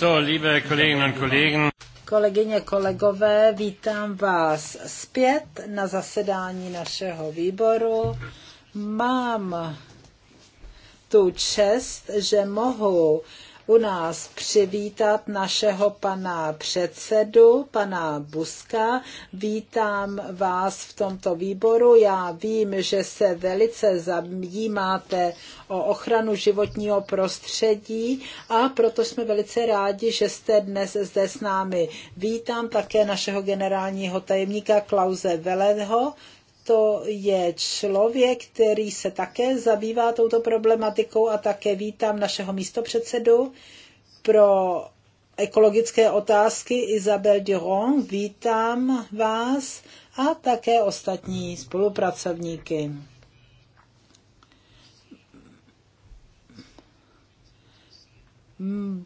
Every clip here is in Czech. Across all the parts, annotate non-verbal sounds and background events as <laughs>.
So, liebe Kolleginnen und Kollegen. Kolegyně, kolegové, vítám vás zpět na zasedání našeho výboru. Mám tu čest, že mohu u nás přivítat našeho pana předsedu, pana Buska. Vítám vás v tomto výboru. Já vím, že se velice zajímáte o ochranu životního prostředí a proto jsme velice rádi, že jste dnes zde s námi. Vítám také našeho generálního tajemníka Klauze Veleho, to je člověk, který se také zabývá touto problematikou a také vítám našeho místopředsedu pro ekologické otázky Isabel Durand. Vítám vás a také ostatní spolupracovníky.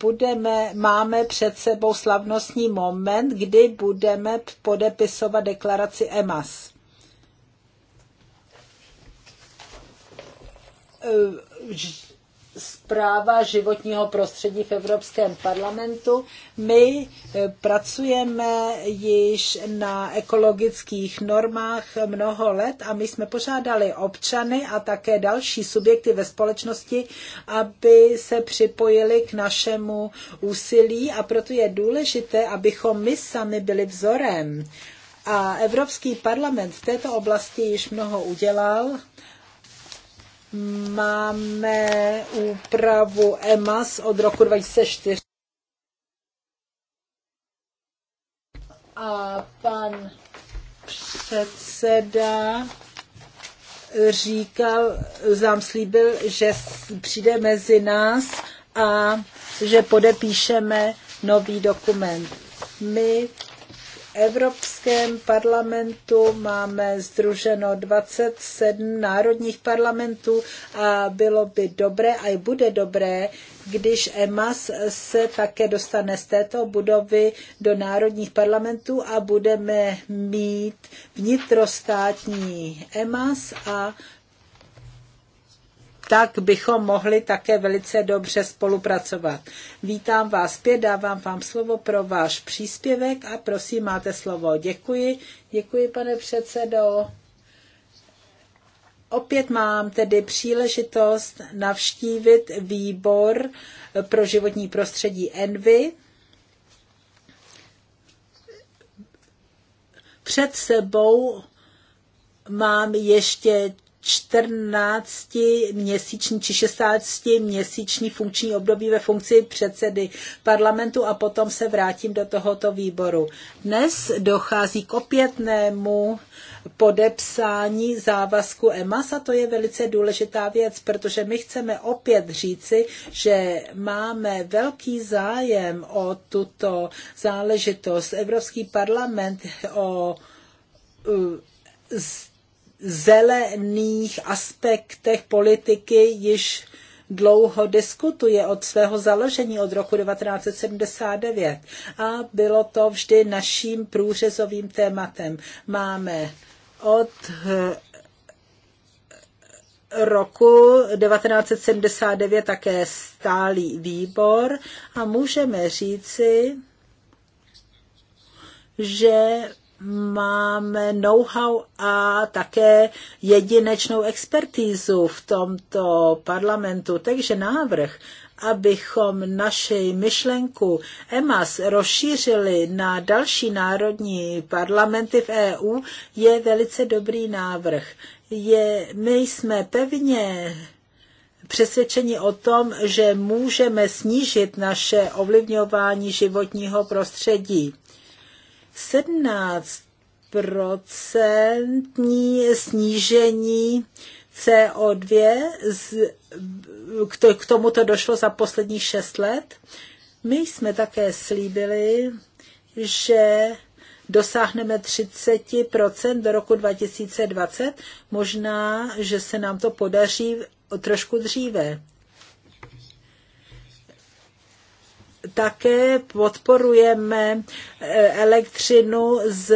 budeme, máme před sebou slavnostní moment, kdy budeme podepisovat deklaraci EMAS. Eh, zpráva životního prostředí v Evropském parlamentu. My eh, pracujeme již na ekologických normách mnoho let a my jsme požádali občany a také další subjekty ve společnosti, aby se připojili k našemu úsilí a proto je důležité, abychom my sami byli vzorem. A Evropský parlament v této oblasti již mnoho udělal Máme úpravu EMAS od roku 2004. A pan předseda říkal, zám slíbil, že přijde mezi nás a že podepíšeme nový dokument. My Evropském parlamentu máme združeno 27 národních parlamentů a bylo by dobré a i bude dobré, když EMAS se také dostane z této budovy do národních parlamentů a budeme mít vnitrostátní EMAS a tak bychom mohli také velice dobře spolupracovat. Vítám vás zpět, dávám vám slovo pro váš příspěvek a prosím, máte slovo. Děkuji, děkuji, pane předsedo. Opět mám tedy příležitost navštívit výbor pro životní prostředí Envy. Před sebou mám ještě 14 měsíční či 16 měsíční funkční období ve funkci předsedy parlamentu a potom se vrátím do tohoto výboru. Dnes dochází k opětnému podepsání závazku EMAS a to je velice důležitá věc, protože my chceme opět říci, že máme velký zájem o tuto záležitost. Evropský parlament o zelených aspektech politiky již dlouho diskutuje od svého založení od roku 1979 a bylo to vždy naším průřezovým tématem. Máme od eh, roku 1979 také stálý výbor a můžeme říci, že máme know-how a také jedinečnou expertízu v tomto parlamentu. Takže návrh, abychom naši myšlenku EMAS rozšířili na další národní parlamenty v EU, je velice dobrý návrh. Je, my jsme pevně přesvědčeni o tom, že můžeme snížit naše ovlivňování životního prostředí 17 procentní snížení CO2, z, k, k to došlo za posledních šest let. My jsme také slíbili, že dosáhneme 30% do roku 2020. Možná, že se nám to podaří trošku dříve. také podporujeme eh, elektřinu z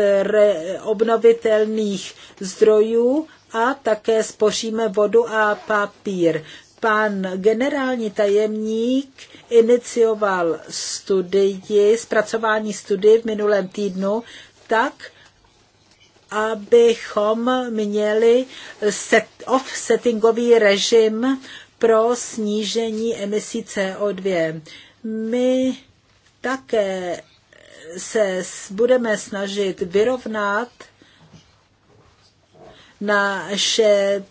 obnovitelných zdrojů a také spoříme vodu a papír. Pan generální tajemník inicioval studii, zpracování studii v minulém týdnu tak, abychom měli set, offsettingový režim pro snížení emisí CO2. My také se budeme snažit vyrovnat naše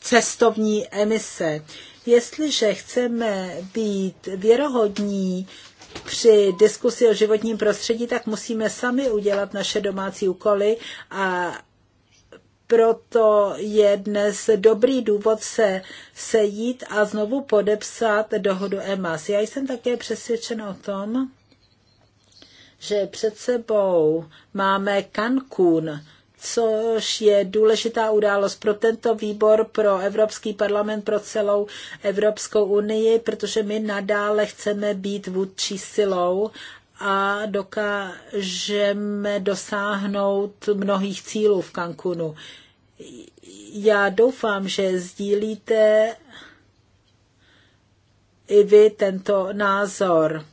cestovní emise. Jestliže chceme být věrohodní při diskusi o životním prostředí, tak musíme sami udělat naše domácí úkoly a proto je dnes dobrý důvod se sejít a znovu podepsat dohodu EMAS. Já jsem také přesvědčen o tom, že před sebou máme Cancún, což je důležitá událost pro tento výbor, pro Evropský parlament, pro celou Evropskou unii, protože my nadále chceme být vůdčí silou a dokážeme dosáhnout mnohých cílů v Cancunu. Já doufám, že sdílíte i vy tento názor.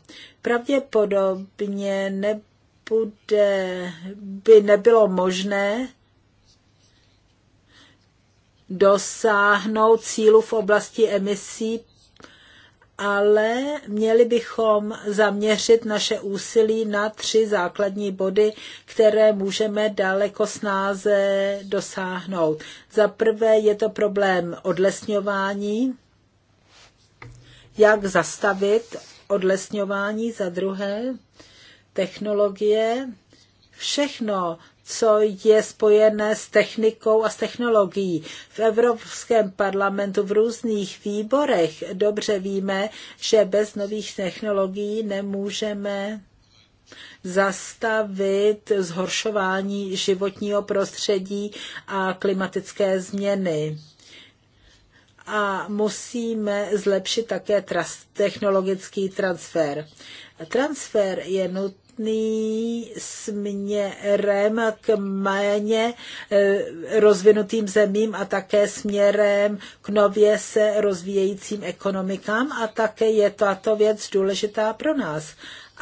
Pravděpodobně nebude, by nebylo možné dosáhnout cílu v oblasti emisí ale měli bychom zaměřit naše úsilí na tři základní body, které můžeme daleko snáze dosáhnout. Za prvé je to problém odlesňování, jak zastavit odlesňování, za druhé technologie, všechno, co je spojené s technikou a s technologií. V Evropském parlamentu v různých výborech dobře víme, že bez nových technologií nemůžeme zastavit zhoršování životního prostředí a klimatické změny. A musíme zlepšit také technologický transfer. Transfer je nutný špatný směrem k méně e, rozvinutým zemím a také směrem k nově se rozvíjejícím ekonomikám a také je tato věc důležitá pro nás.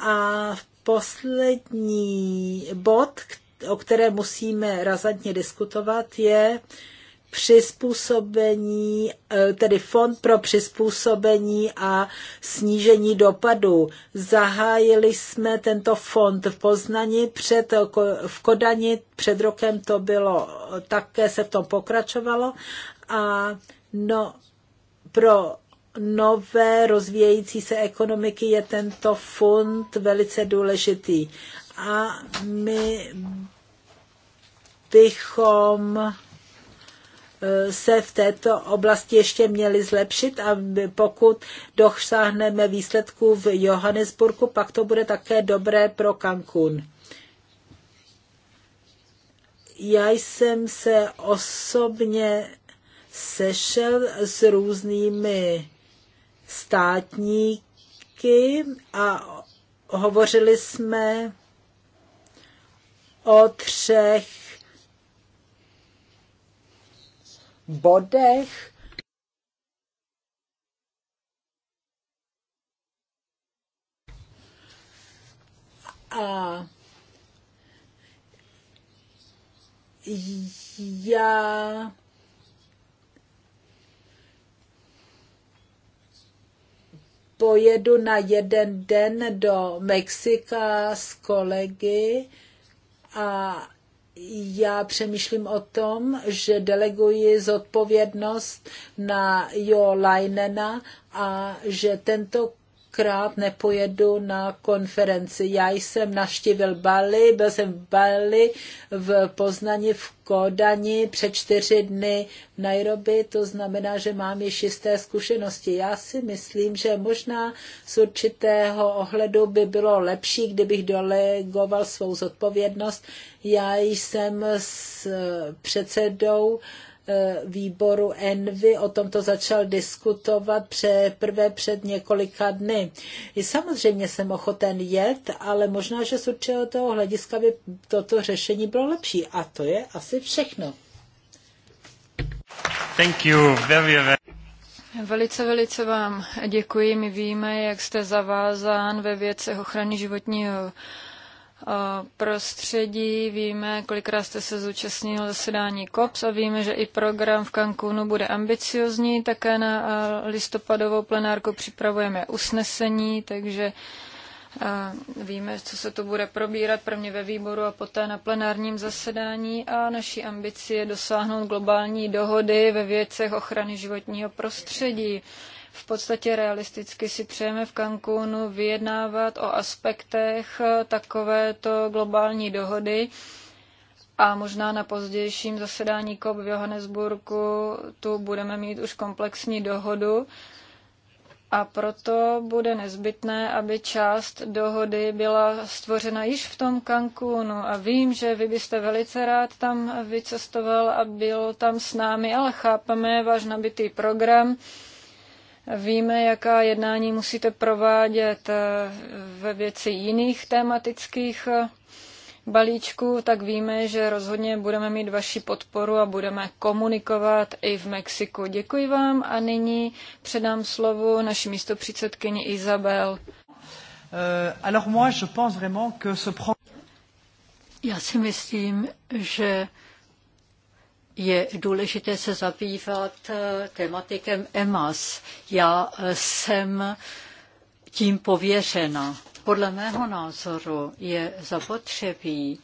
A poslední bod, o které musíme razantně diskutovat, je přizpůsobení, eh, tedy Fond pro přizpůsobení a snížení dopadů. Zahájili jsme tento fond v Poznani, před, eh, v Kodani před rokem to bylo, eh, také se v tom pokračovalo a no, pro nové rozvíjející se ekonomiky je tento fond velice důležitý. A my bychom Eh, se v této oblasti ještě měly zlepšit a pokud dosáhneme výsledků v Johannesburgu, pak to bude také dobré pro Cancún. Já jsem se osobně sešel s různými státníky a hovořili jsme o třech bodech. A já pojedu na jeden den do Mexika s kolegy a já přemýšlím o tom, že deleguji zodpovědnost na Jo Leinena a že tento dvakrát nepojedu na konferenci. Já jsem naštívil Bali, byl jsem v Bali, v Poznani, v Kodani před čtyři dny v Nairobi, to znamená, že mám již jisté zkušenosti. Já si myslím, že možná z určitého ohledu by bylo lepší, kdybych delegoval svou zodpovědnost. Já jsem s předsedou E, výboru Envy o tomto začal diskutovat prvé před několika dny. Samozřejmě jsem ochoten jet, ale možná, že z určitého toho hlediska by toto řešení bylo lepší. A to je asi všechno. Thank you very, very... Velice, velice vám děkuji. My víme, jak jste zavázán ve věce ochrany životního Eh, prostředí. Víme, kolikrát jste se zúčastnil zasedání COPS a víme, že i program v Cancúnu bude ambiciozní. Také na eh, listopadovou plenárku připravujeme usnesení, takže eh, víme, co se to bude probírat prvně ve výboru a poté na plenárním zasedání a naší ambici je dosáhnout globální dohody ve věcech ochrany životního prostředí. V podstatě realisticky si přejeme v Cancúnu vyjednávat o aspektech eh, takovéto globální dohody a možná na pozdějším zasedání COP v Johannesburgu tu budeme mít už komplexní dohodu. A proto bude nezbytné, aby část dohody byla stvořena již v tom Cancúnu. A vím, že vy byste velice rád tam vycestoval a byl tam s námi, ale chápeme váš nabitý program Víme, jaká jednání musíte provádět eh, ve věci jiných tematických eh, balíčků, tak víme, že rozhodně budeme mít vaši podporu a budeme komunikovat i v Mexiku. Děkuji vám a nyní předám slovo naší místopředsedkyni Izabel. Eh, Já si myslím, že je důležité se zabývat eh, tematikem EMAS. Já eh, jsem tím pověřena. Podle mého názoru je zapotřebí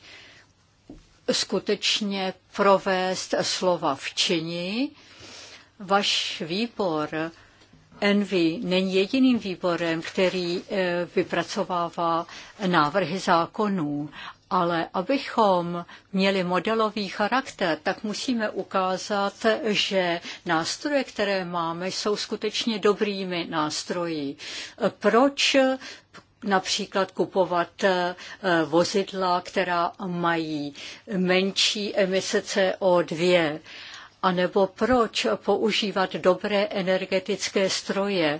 skutečně provést slova v čini. Vaš výbor Envy není jediným výborem, který eh, vypracovává návrhy zákonů, ale abychom měli modelový charakter, tak musíme ukázat, že nástroje, které máme, jsou skutečně dobrými nástroji. Proč například kupovat eh, vozidla, která mají menší emise CO2? A nebo proč používat dobré energetické stroje?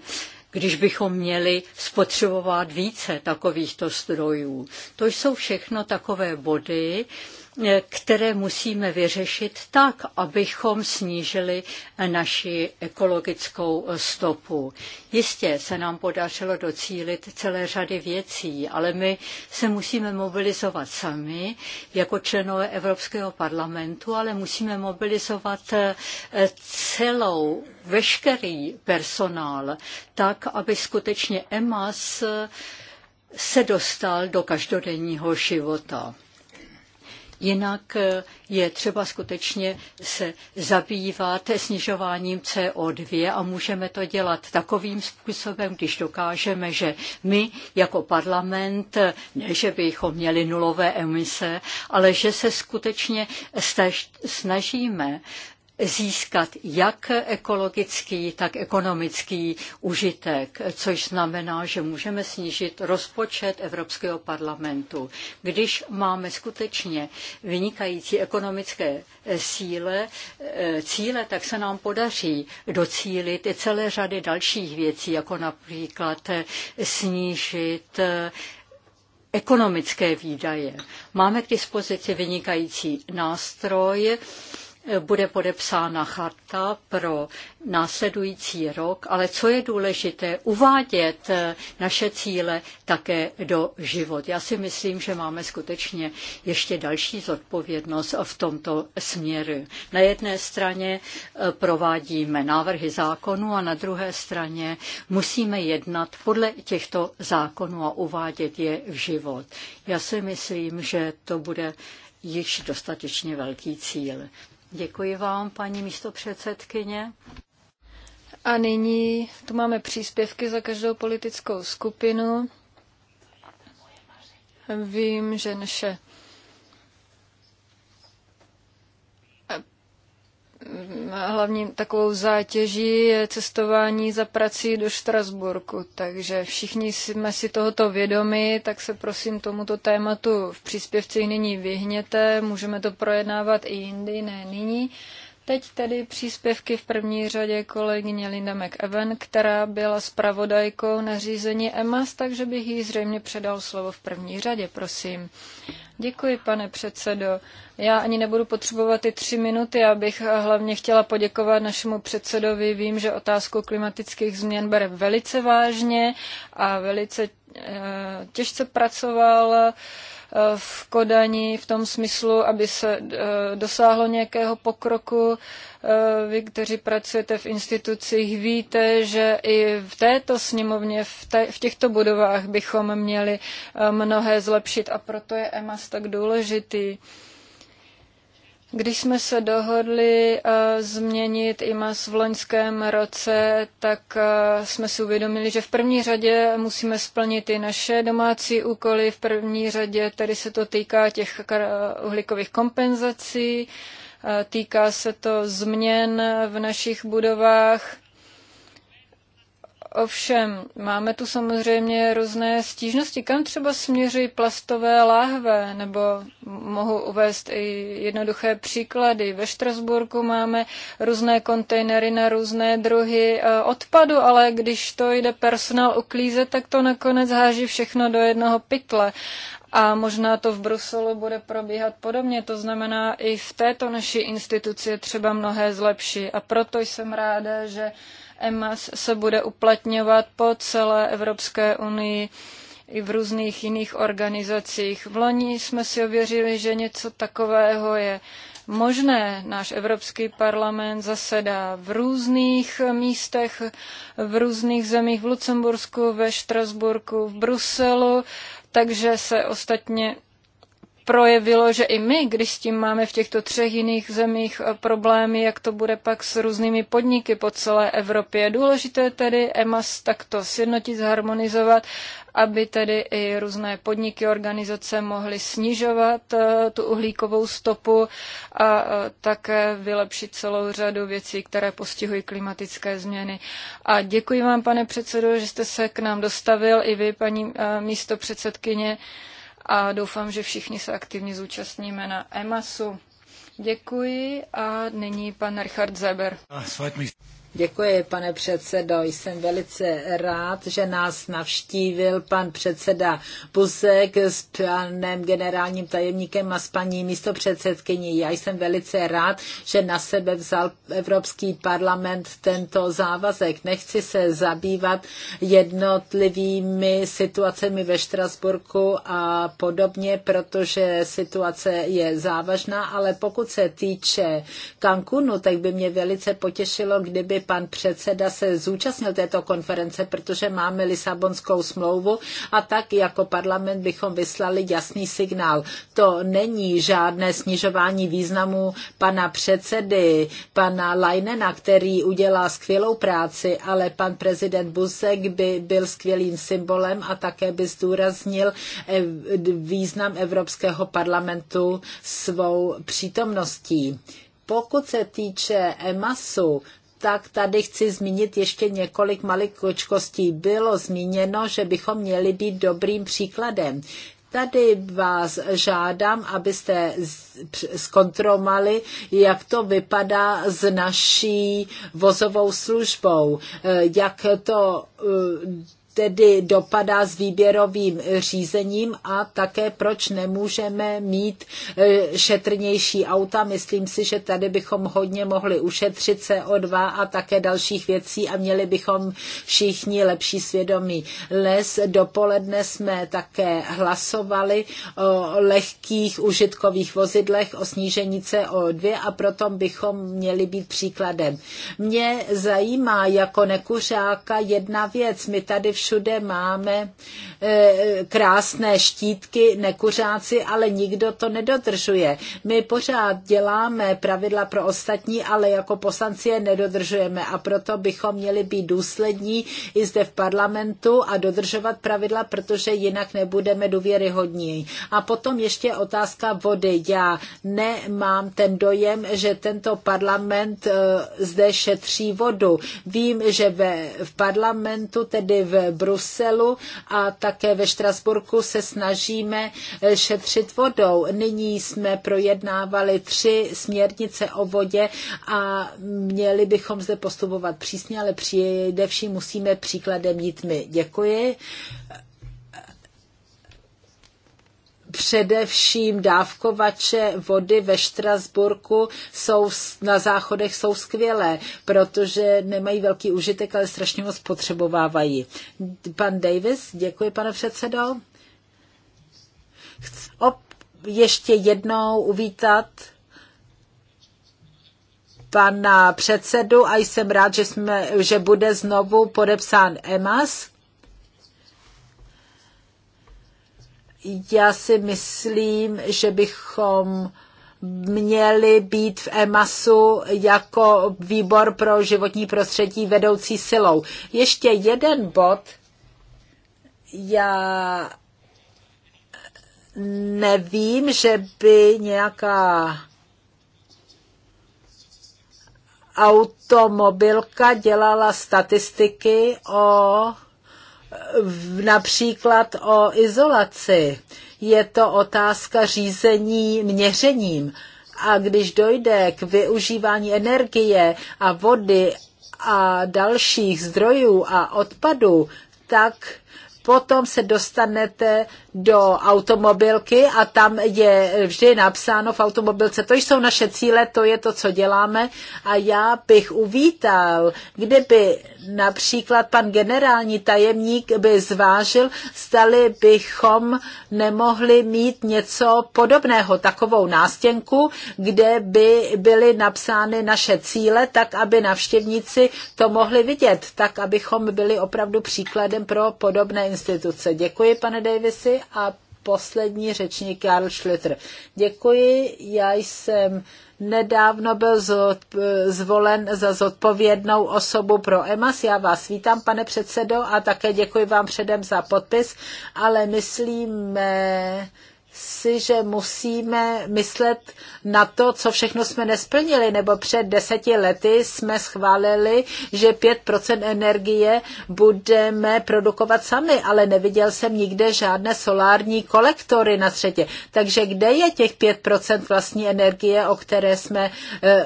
když bychom měli spotřebovat více takovýchto zdrojů. To jsou všechno takové body, které musíme vyřešit tak, abychom snížili naši ekologickou stopu. Jistě se nám podařilo docílit celé řady věcí, ale my se musíme mobilizovat sami jako členové Evropského parlamentu, ale musíme mobilizovat eh, celou, veškerý personál, tak, aby skutečně EMAS eh, se dostal do každodenního života. Jinak eh, je třeba skutečně se zabývat snižováním CO2 a můžeme to dělat takovým způsobem, když dokážeme, že my jako parlament, eh, ne že bychom měli nulové emise, ale že se skutečně snažíme získat jak ekologický, tak ekonomický užitek, což znamená, že můžeme snížit rozpočet Evropského parlamentu. Když máme skutečně vynikající ekonomické eh, síle, eh, cíle, tak se nám podaří docílit i celé řady dalších věcí, jako například eh, snížit ekonomické výdaje. Máme k dispozici vynikající nástroj, bude podepsána charta pro následující rok, ale co je důležité, uvádět eh, naše cíle také do život. Já si myslím, že máme skutečně ještě další zodpovědnost v tomto směru. Na jedné straně eh, provádíme návrhy zákonů a na druhé straně musíme jednat podle těchto zákonů a uvádět je v život. Já si myslím, že to bude již dostatečně velký cíl. Děkuji vám, paní předsedkyně. A nyní tu máme příspěvky za každou politickou skupinu. Vím, že naše hlavní takovou zátěží je cestování za prací do Štrasburku, takže všichni jsme si tohoto vědomi, tak se prosím tomuto tématu v příspěvcích nyní vyhněte, můžeme to projednávat i jindy, ne nyní. Teď tedy příspěvky v první řadě kolegyně Linda McEwen, která byla zpravodajkou na řízení EMAS, takže bych jí zřejmě předal slovo v první řadě, prosím. Děkuji, pane předsedo. Já ani nebudu potřebovat ty tři minuty, abych hlavně chtěla poděkovat našemu předsedovi. Vím, že otázku klimatických změn bere velice vážně a velice eh, těžce pracoval v Kodani v tom smyslu, aby se eh, dosáhlo nějakého pokroku. Eh, vy, kteří pracujete v institucích, víte, že i v této sněmovně, v, te, v těchto budovách bychom měli eh, mnohé zlepšit a proto je EMAS tak důležitý. Uh, když jsme se dohodli eh, změnit IMAS v loňském roce, tak eh, jsme si uvědomili, že v první řadě musíme splnit i naše domácí úkoly. V první řadě tady se to týká těch uhlíkových kompenzací, eh, týká se to změn v našich budovách Ovšem, máme tu samozřejmě různé stížnosti, kam třeba směřují plastové láhve, nebo mohu uvést i jednoduché příklady. Ve Štrasburku máme různé kontejnery na různé druhy eh, odpadu, ale když to jde personál uklízet, tak to nakonec háží všechno do jednoho pytle. A možná to v Bruselu bude probíhat podobně. To znamená, i v této naší instituci je třeba mnohé zlepší. A proto jsem ráda, že EMAS se bude uplatňovat po celé Evropské unii i v různých jiných organizacích. V loni jsme si ověřili, že něco takového je možné. Náš Evropský parlament zasedá v různých místech, v různých zemích, v Lucembursku, ve Štrasburku, v Bruselu, takže se ostatně projevilo, že i my, když s tím máme v těchto třech jiných zemích eh, problémy, jak to bude pak s různými podniky po celé Evropě. Důležité tedy EMAS takto sjednotit, zharmonizovat, aby tedy i různé podniky, organizace mohly snižovat eh, tu uhlíkovou stopu a eh, také vylepšit celou řadu věcí, které postihují klimatické změny. A děkuji vám, pane předsedo, že jste se k nám dostavil, i vy, paní místo předsedkyně a doufám, že všichni se aktivně zúčastníme na EMASu. Děkuji a nyní pan Richard Zeber. Ah, Děkuji, pane předsedo. Jsem velice rád, že nás navštívil pan předseda Buzek s panem generálním tajemníkem a s paní místopředsedkyní. Já jsem velice rád, že na sebe vzal Evropský parlament tento závazek. Nechci se zabývat jednotlivými situacemi ve Štrasburku a podobně, protože situace je závažná, ale pokud se týče Cancunu, tak by mě velice potěšilo, kdyby pan předseda se zúčastnil této konference, protože máme Lisabonskou smlouvu a tak jako parlament bychom vyslali jasný signál. To není žádné snižování významu pana předsedy, pana Leinena, který udělá skvělou práci, ale pan prezident Busek by byl skvělým symbolem a také by zdůraznil význam Evropského parlamentu svou přítomností. Pokud se týče EMASu, tak tady chci zmínit ještě několik malikočkostí. Bylo zmíněno, že bychom měli být dobrým příkladem. Tady vás žádám, abyste zkontrolovali, jak to vypadá s naší vozovou službou, eh, jak to eh, tedy dopadá s výběrovým řízením a také proč nemůžeme mít e, šetrnější auta. Myslím si, že tady bychom hodně mohli ušetřit CO2 a také dalších věcí a měli bychom všichni lepší svědomí. Les dopoledne jsme také hlasovali o lehkých užitkových vozidlech, o snížení CO2 a proto bychom měli být příkladem. Mě zajímá jako nekuřáka jedna věc. My tady všichni všude máme e, krásné štítky, nekuřáci, ale nikdo to nedodržuje. My pořád děláme pravidla pro ostatní, ale jako poslanci je nedodržujeme a proto bychom měli být důslední i zde v parlamentu a dodržovat pravidla, protože jinak nebudeme důvěryhodní. A potom ještě otázka vody. Já nemám ten dojem, že tento parlament e, zde šetří vodu. Vím, že ve, v parlamentu, tedy v Bruselu a také ve Štrasburku se snažíme eh, šetřit vodou. Nyní jsme projednávali tři směrnice o vodě a měli bychom zde postupovat přísně, ale především musíme příkladem jít my. Děkuji především dávkovače vody ve Štrasburku jsou na záchodech jsou skvělé, protože nemají velký užitek, ale strašně moc potřebovávají. Pan Davis, děkuji pane předsedo. Chci op, ještě jednou uvítat pana předsedu a jsem rád, že, jsme, že bude znovu podepsán EMAS já si myslím, že bychom měli být v EMASu jako výbor pro životní prostředí vedoucí silou. Ještě jeden bod. Já nevím, že by nějaká automobilka dělala statistiky o například o izolaci. Je to otázka řízení měřením. A když dojde k využívání energie a vody a dalších zdrojů a odpadů, tak potom se dostanete do automobilky a tam je vždy napsáno v automobilce, to jsou naše cíle, to je to, co děláme a já bych uvítal, kdyby například pan generální tajemník by zvážil, stali bychom nemohli mít něco podobného, takovou nástěnku, kde by byly napsány naše cíle, tak aby navštěvníci to mohli vidět, tak abychom byli opravdu příkladem pro podobné instituce. Děkuji, pane Davisi a poslední řečník Karl Schlitter. Děkuji, já jsem nedávno byl zvolen za zodpovědnou osobu pro EMAS. Já vás vítám, pane předsedo, a také děkuji vám předem za podpis, ale myslíme, si, že musíme myslet na to, co všechno jsme nesplnili, nebo před deseti lety jsme schválili, že 5% energie budeme produkovat sami, ale neviděl jsem nikde žádné solární kolektory na třetě. Takže kde je těch 5% vlastní energie, o které jsme eh,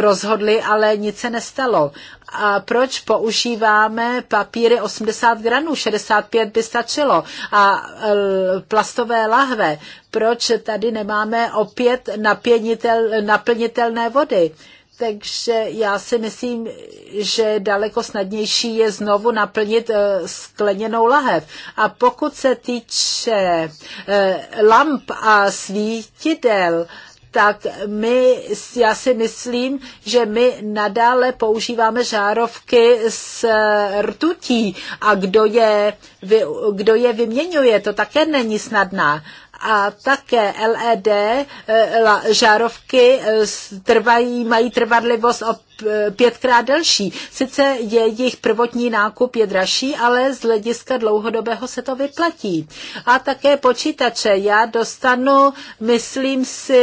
rozhodli, ale nic se nestalo a proč používáme papíry 80 granů, 65 by stačilo a e, plastové lahve, proč tady nemáme opět napěnitel, naplnitelné vody. Takže já si myslím, že daleko snadnější je znovu naplnit e, skleněnou lahev. A pokud se týče e, lamp a svítidel, tak my, já si myslím, že my nadále používáme žárovky s rtutí a kdo je, kdo je vyměňuje, to také není snadná a také LED eh, žárovky eh, trvají, mají trvadlivost o pětkrát delší. Sice jejich prvotní nákup je dražší, ale z hlediska dlouhodobého se to vyplatí. A také počítače. Já dostanu, myslím si,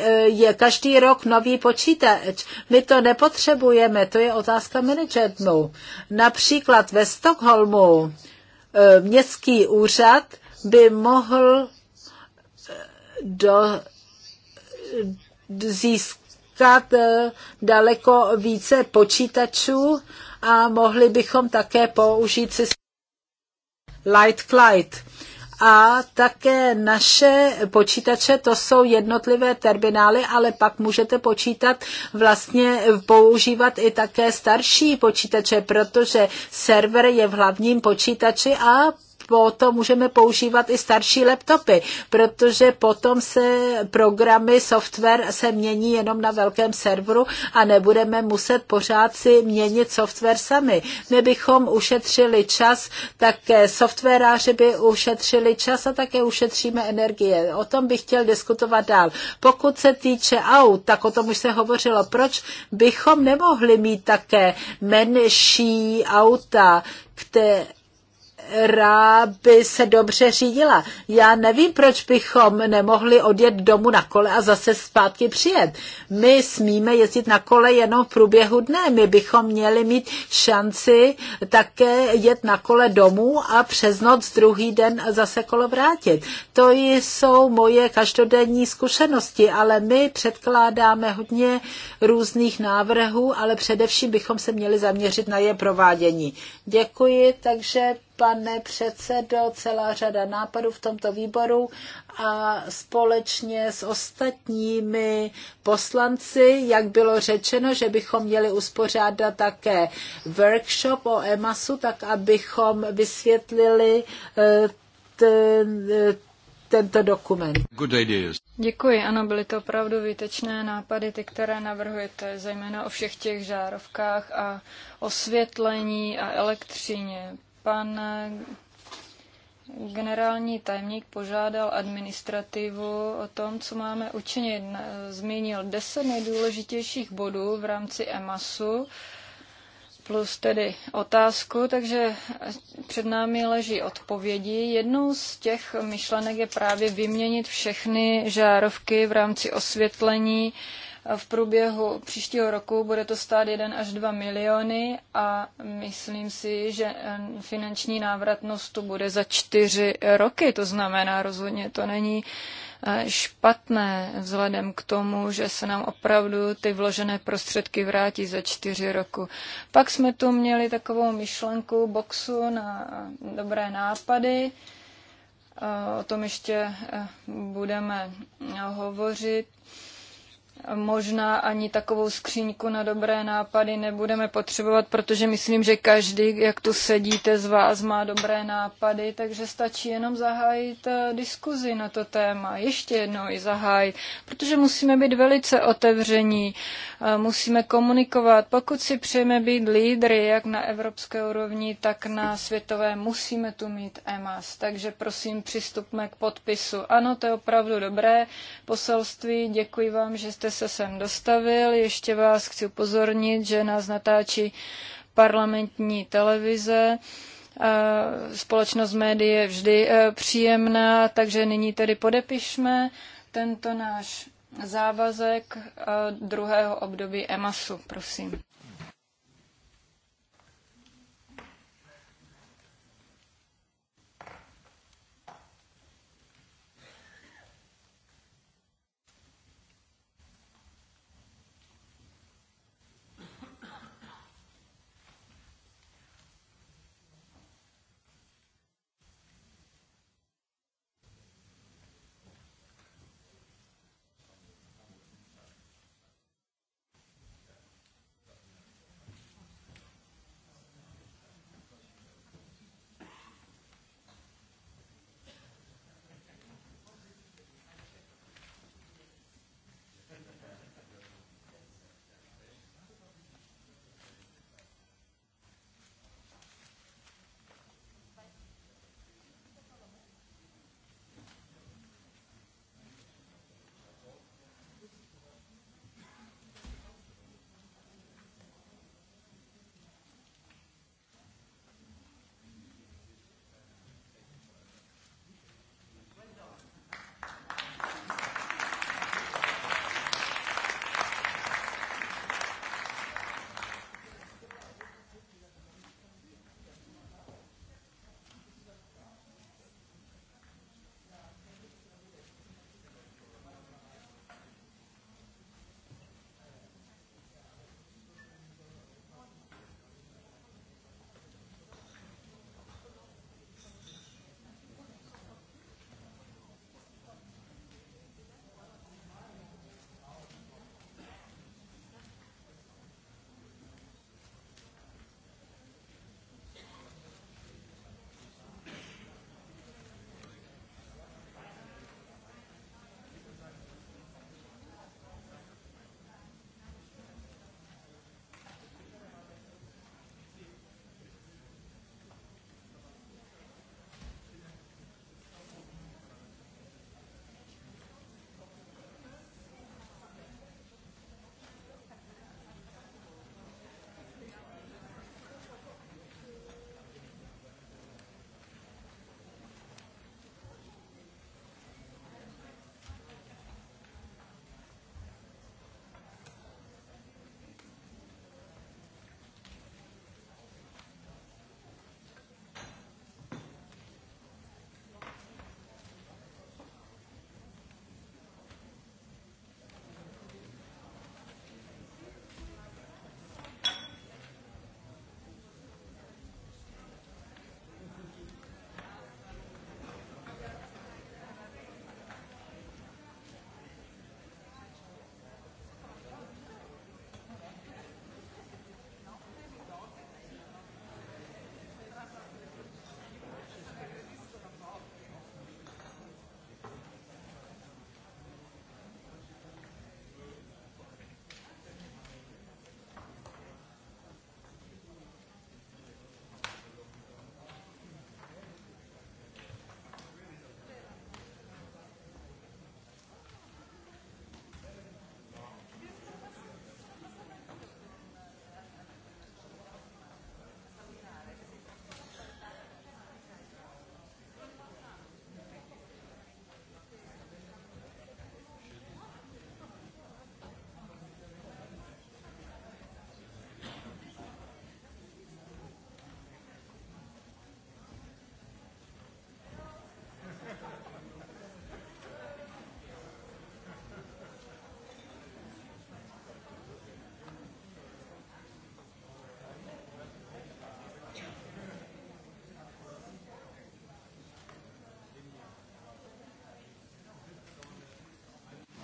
eh, je každý rok nový počítač. My to nepotřebujeme, to je otázka managementu. Například ve Stockholmu městský úřad by mohl do, získat eh, daleko více počítačů a mohli bychom také použít systém Light Clyde. A také naše počítače, to jsou jednotlivé terminály, ale pak můžete počítat vlastně používat i také starší počítače, protože server je v hlavním počítači a potom můžeme používat i starší laptopy, protože potom se programy, software se mění jenom na velkém serveru a nebudeme muset pořád si měnit software sami. My bychom ušetřili čas, také softwaráři by ušetřili čas a také ušetříme energie. O tom bych chtěl diskutovat dál. Pokud se týče aut, tak o tom už se hovořilo, proč bychom nemohli mít také menší auta, které která by se dobře řídila. Já nevím, proč bychom nemohli odjet domů na kole a zase zpátky přijet. My smíme jezdit na kole jenom v průběhu dne. My bychom měli mít šanci také jet na kole domů a přes noc druhý den zase kolo vrátit. To jsou moje každodenní zkušenosti, ale my předkládáme hodně různých návrhů, ale především bychom se měli zaměřit na je provádění. Děkuji, takže pane předsedo, celá řada nápadů v tomto výboru a společně s ostatními poslanci, jak bylo řečeno, že bychom měli uspořádat také workshop o EMASu, tak abychom vysvětlili eh, ten, eh, tento dokument. Good ideas. Děkuji, ano, byly to opravdu výtečné nápady, ty, které navrhujete, zejména o všech těch žárovkách a osvětlení a elektřině. Pan generální tajemník požádal administrativu o tom, co máme učinit. Zmínil deset nejdůležitějších bodů v rámci EMASu plus tedy otázku, takže před námi leží odpovědi. Jednou z těch myšlenek je právě vyměnit všechny žárovky v rámci osvětlení v průběhu příštího roku bude to stát 1 až 2 miliony a myslím si, že eh, finanční návratnost tu bude za 4 roky. To znamená, rozhodně to není eh, špatné vzhledem k tomu, že se nám opravdu ty vložené prostředky vrátí za čtyři roku. Pak jsme tu měli takovou myšlenku boxu na dobré nápady. Eh, o tom ještě budeme hovořit možná ani takovou skříňku na dobré nápady nebudeme potřebovat, protože myslím, že každý, jak tu sedíte z vás, má dobré nápady, takže stačí jenom zahájit eh, diskuzi na to téma, ještě jednou ji zahájit, protože musíme být velice otevření, eh, musíme komunikovat. Pokud si přejeme být lídry, jak na evropské úrovni, tak na světové, musíme tu mít EMAS, takže prosím přistupme k podpisu. Ano, to je opravdu dobré poselství, děkuji vám, že jste se sem dostavil. Ještě vás chci upozornit, že nás natáčí parlamentní televize. Společnost médií je vždy e, příjemná, takže nyní tedy podepišme tento náš závazek e, druhého období EMASu, prosím.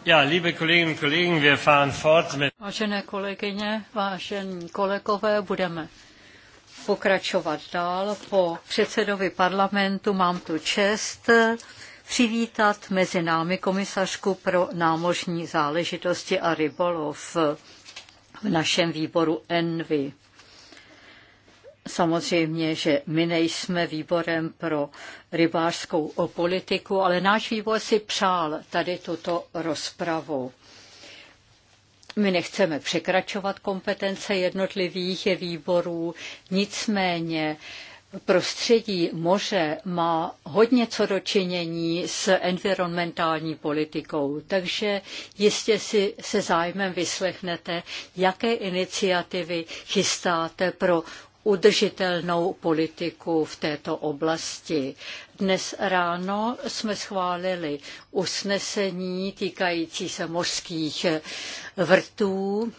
Ja, liebe Kolleginnen Kollegen, wir fahren fort mit... Vážené kolegyně, vážení kolegové, budeme pokračovat dál. Po předsedovi parlamentu mám tu čest přivítat mezi námi komisařku pro námořní záležitosti a rybolov v našem výboru ENVY. Samozřejmě, že my nejsme výborem pro rybářskou politiku, ale náš výbor si přál tady tuto rozpravu. My nechceme překračovat kompetence jednotlivých výborů, nicméně prostředí moře má hodně co dočinění s environmentální politikou, takže jistě si se zájmem vyslechnete, jaké iniciativy chystáte pro udržitelnou politiku v této oblasti. Dnes ráno jsme schválili usnesení týkající se mořských vrtů.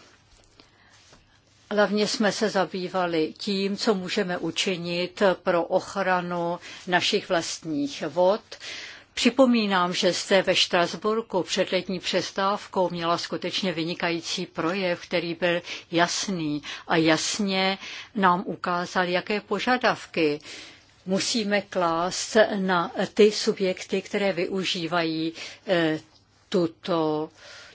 Hlavně jsme se zabývali tím, co můžeme učinit pro ochranu našich vlastních vod Připomínám, že jste ve Štrasburku před letní přestávkou měla skutečně vynikající projev, který byl jasný a jasně nám ukázal, jaké požadavky musíme klást na ty subjekty, které využívají eh, tuto,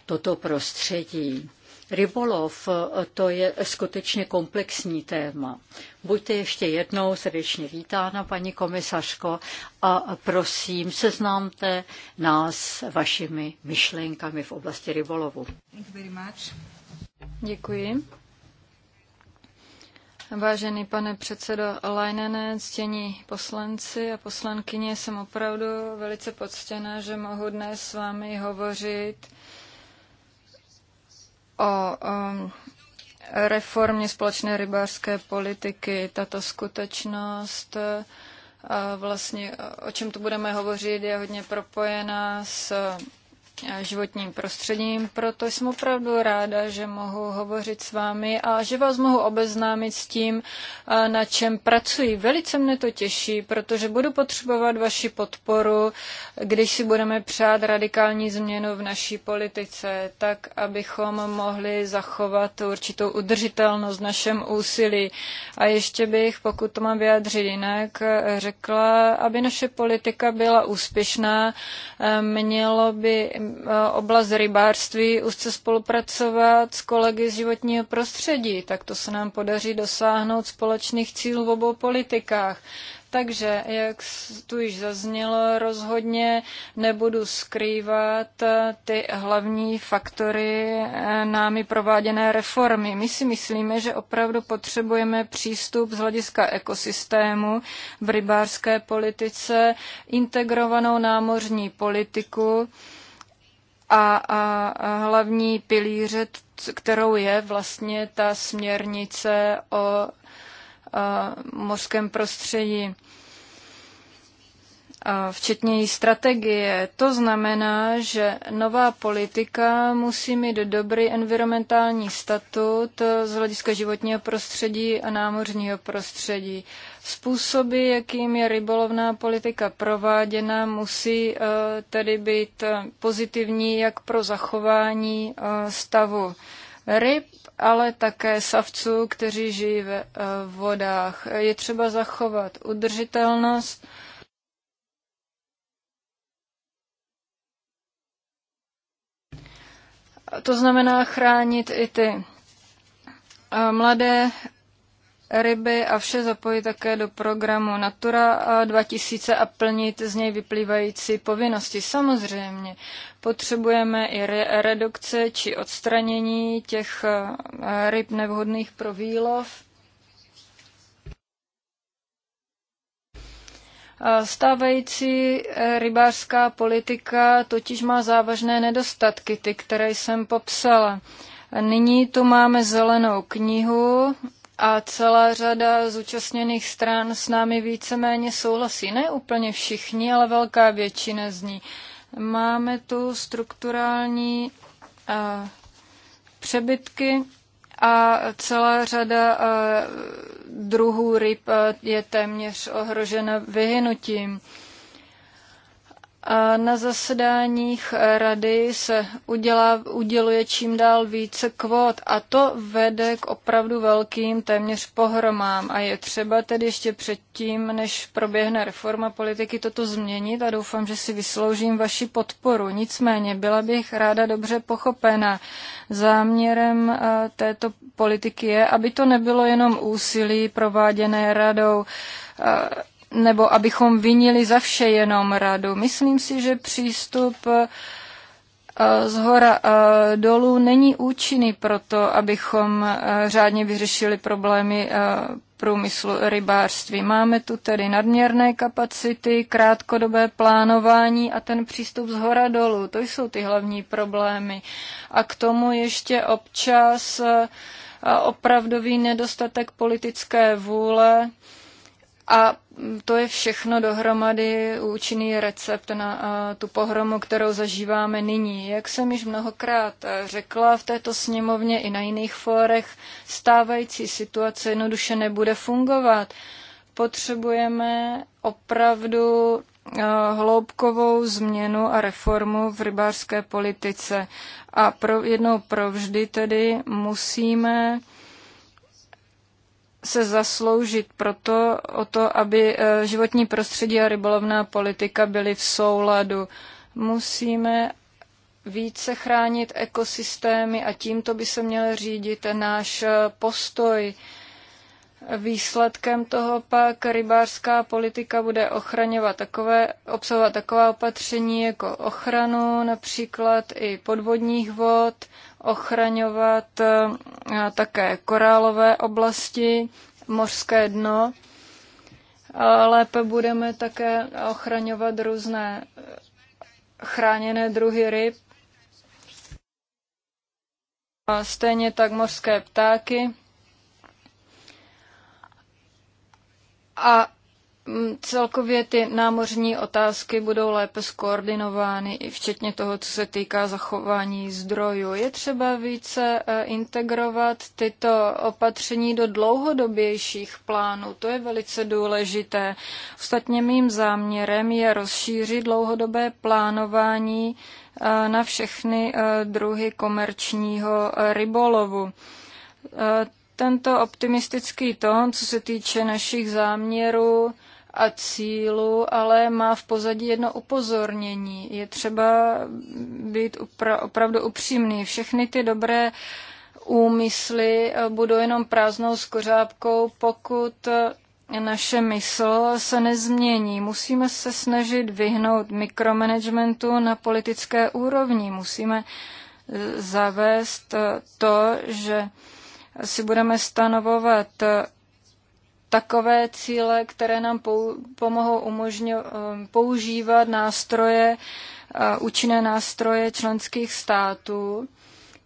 toto prostředí. Rybolov to je skutečně komplexní téma. Buďte ještě jednou srdečně vítána, paní komisařko, a prosím, seznámte nás vašimi myšlenkami v oblasti rybolovu. Děkuji. Vážený pane předsedo Lajnene, ctění poslanci a poslankyně, jsem opravdu velice poctěna, že mohu dnes s vámi hovořit o um, reformě společné rybářské politiky. Tato skutečnost, e, vlastně o čem tu budeme hovořit, je hodně propojená s životním prostředím, proto jsem opravdu ráda, že mohu hovořit s vámi a že vás mohu obeznámit s tím, na čem pracuji. Velice mne to těší, protože budu potřebovat vaši podporu, když si budeme přát radikální změnu v naší politice, tak abychom mohli zachovat určitou udržitelnost v našem úsilí. A ještě bych, pokud to mám vyjádřit jinak, řekla, aby naše politika byla úspěšná, mělo by, oblast rybářství úzce spolupracovat s kolegy z životního prostředí, tak to se nám podaří dosáhnout společných cílů v obou politikách. Takže, jak tu již zaznělo, rozhodně nebudu skrývat eh, ty hlavní faktory eh, námi prováděné reformy. My si myslíme, že opravdu potřebujeme přístup z hlediska ekosystému v rybářské politice, integrovanou námořní politiku, a, a, hlavní pilíře, kterou je vlastně ta směrnice o mořském prostředí včetně její strategie. To znamená, že nová politika musí mít dobrý environmentální statut z hlediska životního prostředí a námořního prostředí. Způsoby, jakým je rybolovná politika prováděna, musí eh, tedy být eh, pozitivní jak pro zachování eh, stavu ryb, ale také savců, kteří žijí v vodách. Je třeba zachovat udržitelnost To znamená chránit i ty mladé ryby a vše zapojit také do programu Natura 2000 a plnit z něj vyplývající povinnosti. Samozřejmě potřebujeme i re- redukce či odstranění těch eh, ryb nevhodných pro výlov. Stávající eh, rybářská politika totiž má závažné nedostatky, ty, které jsem popsala. Nyní tu máme zelenou knihu a celá řada zúčastněných stran s námi víceméně souhlasí. Ne úplně všichni, ale velká většina z ní. Máme tu strukturální a, eh, přebytky a celá řada a, eh, druhů ryb eh, je téměř ohrožena vyhynutím. A na zasedáních rady se udělá, uděluje čím dál více kvót a to vede k opravdu velkým téměř pohromám a je třeba tedy ještě předtím, než proběhne reforma politiky, toto změnit a doufám, že si vysloužím vaši podporu. Nicméně byla bych ráda dobře pochopena. Záměrem eh, této politiky je, aby to nebylo jenom úsilí prováděné radou eh, nebo abychom vinili za vše jenom radu. Myslím si, že přístup eh, z hora eh, dolů není účinný pro to, abychom eh, řádně vyřešili problémy průmyslu rybářství. Máme tu tedy nadměrné kapacity, krátkodobé plánování a ten přístup z hora dolů. To jsou ty hlavní problémy. A k tomu ještě občas opravdový nedostatek politické vůle a to je všechno dohromady účinný recept na tu pohromu, kterou zažíváme nyní. Jak jsem již mnohokrát řekla v této sněmovně i na jiných fórech, stávající situace jednoduše nebude fungovat. Potřebujeme opravdu hloubkovou změnu a reformu v rybářské politice. A pro, jednou provždy tedy musíme se zasloužit proto o to, aby eh, životní prostředí a rybolovná politika byly v souladu. Musíme více chránit ekosystémy a tímto by se měl řídit náš eh, postoj. Výsledkem toho pak rybářská politika bude ochraňovat takové, obsahovat taková opatření jako ochranu například i podvodních vod, ochraňovat eh, také korálové oblasti, mořské dno. Lépe budeme také ochraňovat různé eh, chráněné druhy ryb. A stejně tak mořské ptáky. A Mm, celkově ty námořní otázky budou lépe skoordinovány, i včetně toho, co se týká zachování zdrojů. Je třeba více eh, integrovat tyto opatření do dlouhodobějších plánů. To je velice důležité. Ostatně mým záměrem je rozšířit dlouhodobé plánování eh, na všechny eh, druhy komerčního rybolovu tento optimistický tón, co se týče našich záměrů, a cílu, ale má v pozadí jedno upozornění. Je třeba být upra- opravdu upřímný. Všechny ty dobré úmysly eh, budou jenom prázdnou skořápkou, pokud eh, naše mysl se nezmění. Musíme se snažit vyhnout mikromanagementu na politické úrovni. Musíme eh, zavést to, že si budeme stanovovat takové cíle, které nám pomohou umožňo, eh, používat nástroje, eh, účinné nástroje členských států,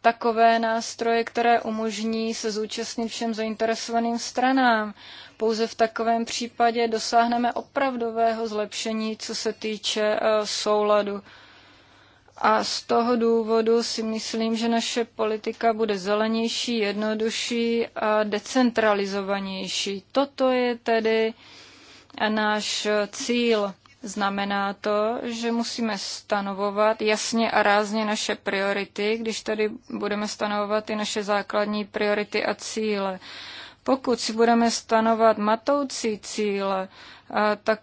takové nástroje, které umožní se zúčastnit všem zainteresovaným stranám. Pouze v takovém případě dosáhneme opravdového zlepšení, co se týče eh, souladu a z toho důvodu si myslím, že naše politika bude zelenější, jednodušší a decentralizovanější. Toto je tedy náš cíl. Znamená to, že musíme stanovovat jasně a rázně naše priority, když tady budeme stanovovat i naše základní priority a cíle. Pokud si budeme stanovat matoucí cíle, tak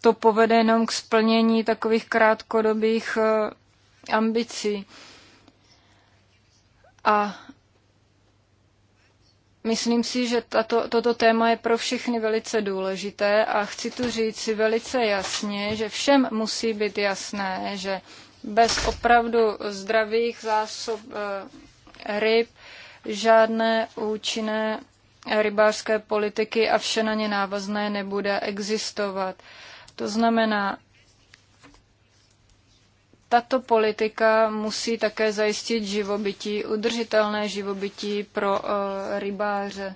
to povede jenom k splnění takových krátkodobých eh, ambicí. A myslím si, že tato, toto téma je pro všechny velice důležité a chci tu říct si velice jasně, že všem musí být jasné, že bez opravdu zdravých zásob eh, ryb žádné účinné rybářské politiky a vše na ně návazné nebude existovat. To znamená, tato politika musí také zajistit živobytí, udržitelné živobytí pro uh, rybáře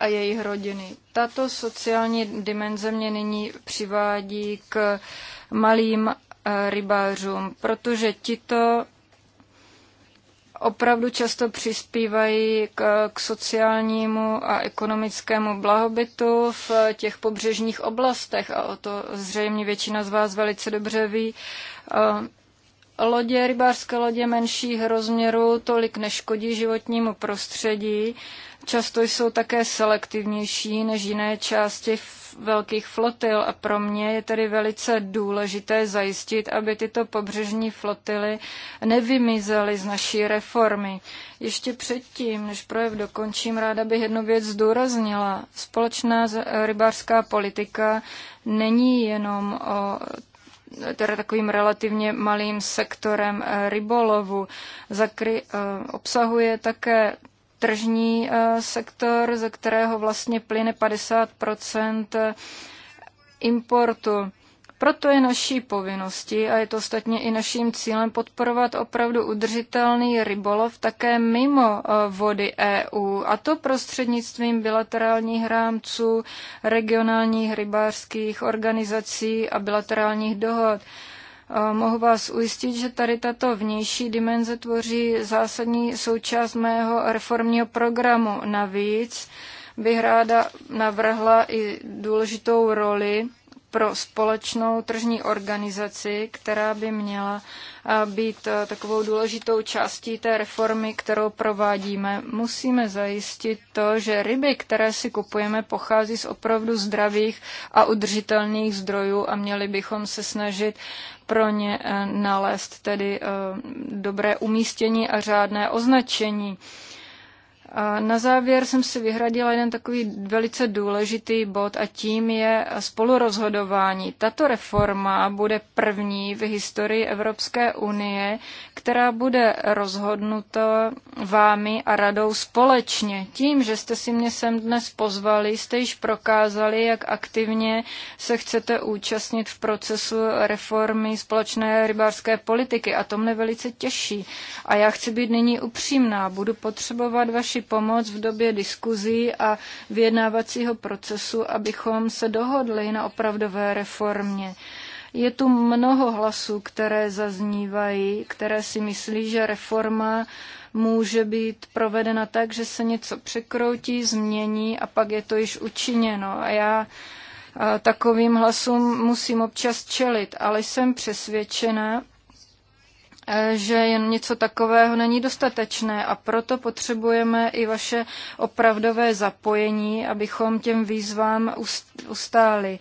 a jejich rodiny. Tato sociální dimenze mě nyní přivádí k malým eh, rybářům, protože tito opravdu často přispívají k, k sociálnímu a ekonomickému blahobytu v těch pobřežních oblastech a o to zřejmě většina z vás velice dobře ví lodě, rybářské lodě menších rozměrů tolik neškodí životnímu prostředí. Často jsou také selektivnější než jiné části velkých flotil a pro mě je tedy velice důležité zajistit, aby tyto pobřežní flotily nevymizely z naší reformy. Ještě předtím, než projev dokončím, ráda bych jednu věc zdůraznila. Společná rybářská politika není jenom o teda takovým relativně malým sektorem eh, rybolovu. Zakry, eh, obsahuje také tržní eh, sektor, ze kterého vlastně plyne 50 importu. Proto je naší povinností a je to ostatně i naším cílem podporovat opravdu udržitelný rybolov také mimo eh, vody EU a to prostřednictvím bilaterálních rámců, regionálních rybářských organizací a bilaterálních dohod. Eh, mohu vás ujistit, že tady tato vnější dimenze tvoří zásadní součást mého reformního programu. Navíc bych ráda navrhla i důležitou roli pro společnou tržní organizaci, která by měla eh, být eh, takovou důležitou částí té reformy, kterou provádíme. Musíme zajistit to, že ryby, které si kupujeme, pochází z opravdu zdravých a udržitelných zdrojů a měli bychom se snažit pro ně eh, nalézt tedy dobré umístění a řádné označení. A na závěr jsem si vyhradila jeden takový velice důležitý bod a tím je spolurozhodování. Tato reforma bude první v historii Evropské unie, která bude rozhodnuta vámi a radou společně. Tím, že jste si mě sem dnes pozvali, jste již prokázali, jak aktivně se chcete účastnit v procesu reformy společné rybářské politiky a to mne velice těší. A já chci být nyní upřímná, budu potřebovat vaši pomoc v době diskuzí a vyjednávacího procesu, abychom se dohodli na opravdové reformě. Je tu mnoho hlasů, které zaznívají, které si myslí, že reforma může být provedena tak, že se něco překroutí, změní a pak je to již učiněno. A já takovým hlasům musím občas čelit, ale jsem přesvědčena, E, že jen něco takového není dostatečné a proto potřebujeme i vaše opravdové zapojení, abychom těm výzvám ustáli.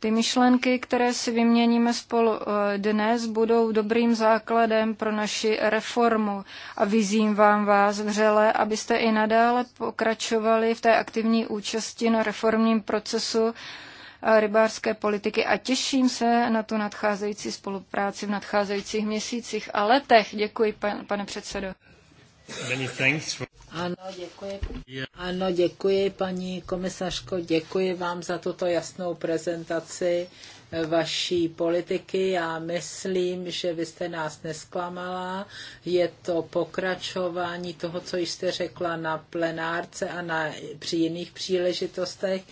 Ty myšlenky, které si vyměníme spolu e, dnes, budou dobrým základem pro naši reformu a vyzývám vás vřele, abyste i nadále pokračovali v té aktivní účasti na reformním procesu, rybářské politiky a těším se na tu nadcházející spolupráci v nadcházejících měsících a letech. Děkuji, pan, pane předsedo. Ano, děkuji. Ano, děkuji, paní komisařko, děkuji vám za tuto jasnou prezentaci vaší politiky. Já myslím, že vy jste nás nesklamala. Je to pokračování toho, co jste řekla na plenárce a na, při jiných příležitostech.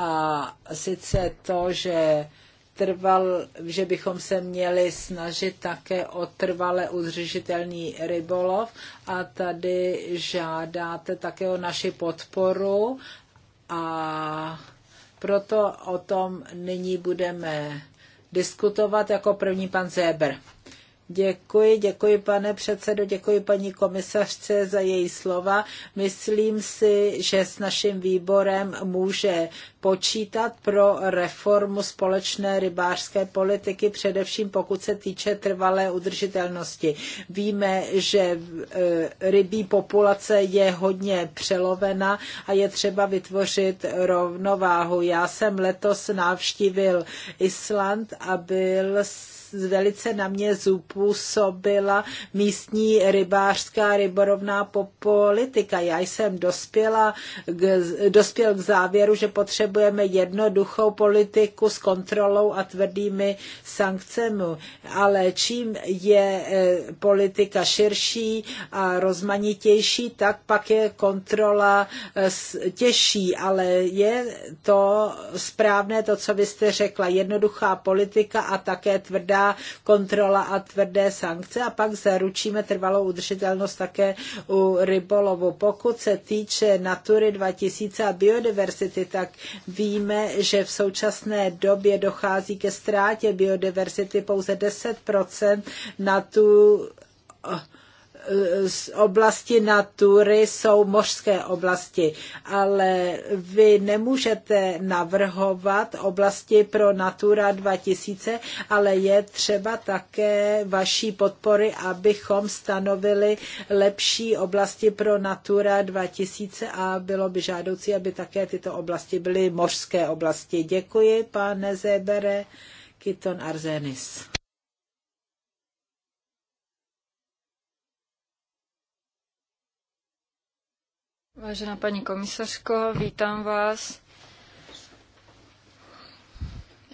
A sice to, že trval, že bychom se měli snažit také o trvale udržitelný rybolov a tady žádáte také o naši podporu a proto o tom nyní budeme diskutovat jako první pan Zéber. Děkuji, děkuji pane předsedo, děkuji paní komisařce za její slova. Myslím si, že s naším výborem může počítat pro reformu společné rybářské politiky, především pokud se týče trvalé udržitelnosti. Víme, že e, rybí populace je hodně přelovena a je třeba vytvořit rovnováhu. Já jsem letos navštívil Island a byl jsem velice na mě zupůsobila místní rybářská ryborovná politika. Já jsem dospěla k, dospěl k závěru, že potřebujeme jednoduchou politiku s kontrolou a tvrdými sankcemi. Ale čím je e, politika širší a rozmanitější, tak pak je kontrola e, těžší, ale je to správné to, co vy jste řekla, jednoduchá politika a také tvrdá tvrdá kontrola a tvrdé sankce a pak zaručíme trvalou udržitelnost také u rybolovu. Pokud se týče Natury 2000 a biodiverzity, tak víme, že v současné době dochází ke ztrátě biodiverzity pouze 10% na tu oblasti natury jsou mořské oblasti, ale vy nemůžete navrhovat oblasti pro Natura 2000, ale je třeba také vaší podpory, abychom stanovili lepší oblasti pro Natura 2000 a bylo by žádoucí, aby také tyto oblasti byly mořské oblasti. Děkuji, pane Zebere. Kiton Arzenis. Vážená paní komisařko, vítám vás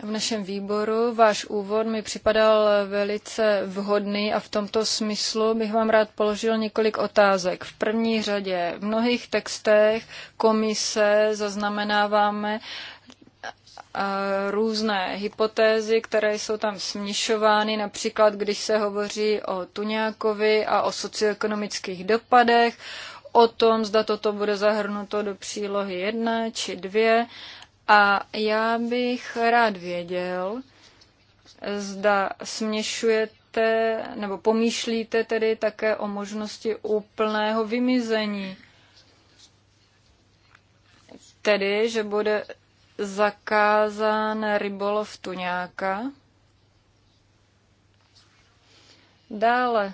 v našem výboru. Váš úvod mi připadal velice vhodný a v tomto smyslu bych vám rád položil několik otázek. V první řadě v mnohých textech komise zaznamenáváme různé hypotézy, které jsou tam směšovány, například když se hovoří o tuňákovi a o socioekonomických dopadech, o tom, zda toto bude zahrnuto do přílohy 1 či 2. A já bych rád věděl, zda směšujete nebo pomýšlíte tedy také o možnosti úplného vymizení. Tedy, že bude zakázán rybolov tuňáka. Dále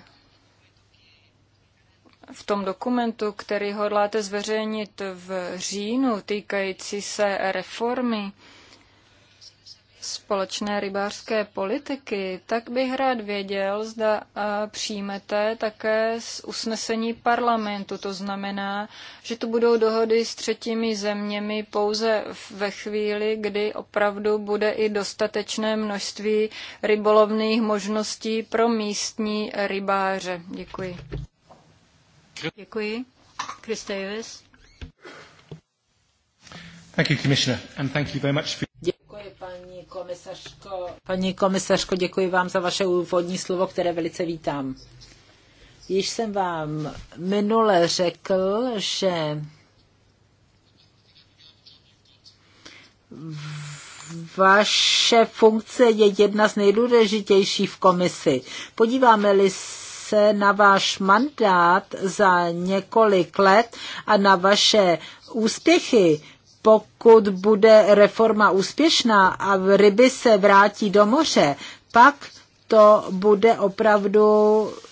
v tom dokumentu, který hodláte zveřejnit v říjnu, týkající se reformy společné rybářské politiky, tak bych rád věděl, zda přijmete také z usnesení parlamentu. To znamená, že to budou dohody s třetími zeměmi pouze ve chvíli, kdy opravdu bude i dostatečné množství rybolovných možností pro místní rybáře. Děkuji. Děkuji. Chris Děkuji, paní komisařko. Paní komisařko, děkuji vám za vaše úvodní slovo, které velice vítám. Již jsem vám minule řekl, že vaše funkce je jedna z nejdůležitějších v komisi. Podíváme-li se na váš mandát za několik let a na vaše úspěchy, pokud bude reforma úspěšná a ryby se vrátí do moře, pak to bude opravdu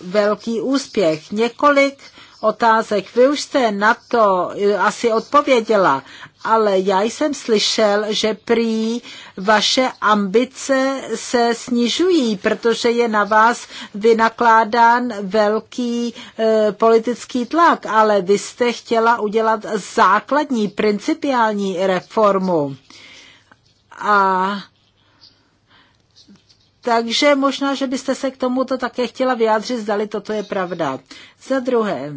velký úspěch. Několik otázek. Vy už jste na to eh, asi odpověděla, ale já jsem slyšel, že prý vaše ambice se snižují, protože je na vás vynakládán velký e, politický tlak, ale vy jste chtěla udělat základní principiální reformu. A takže možná, že byste se k tomuto také chtěla vyjádřit, zdali toto je pravda. Za druhé,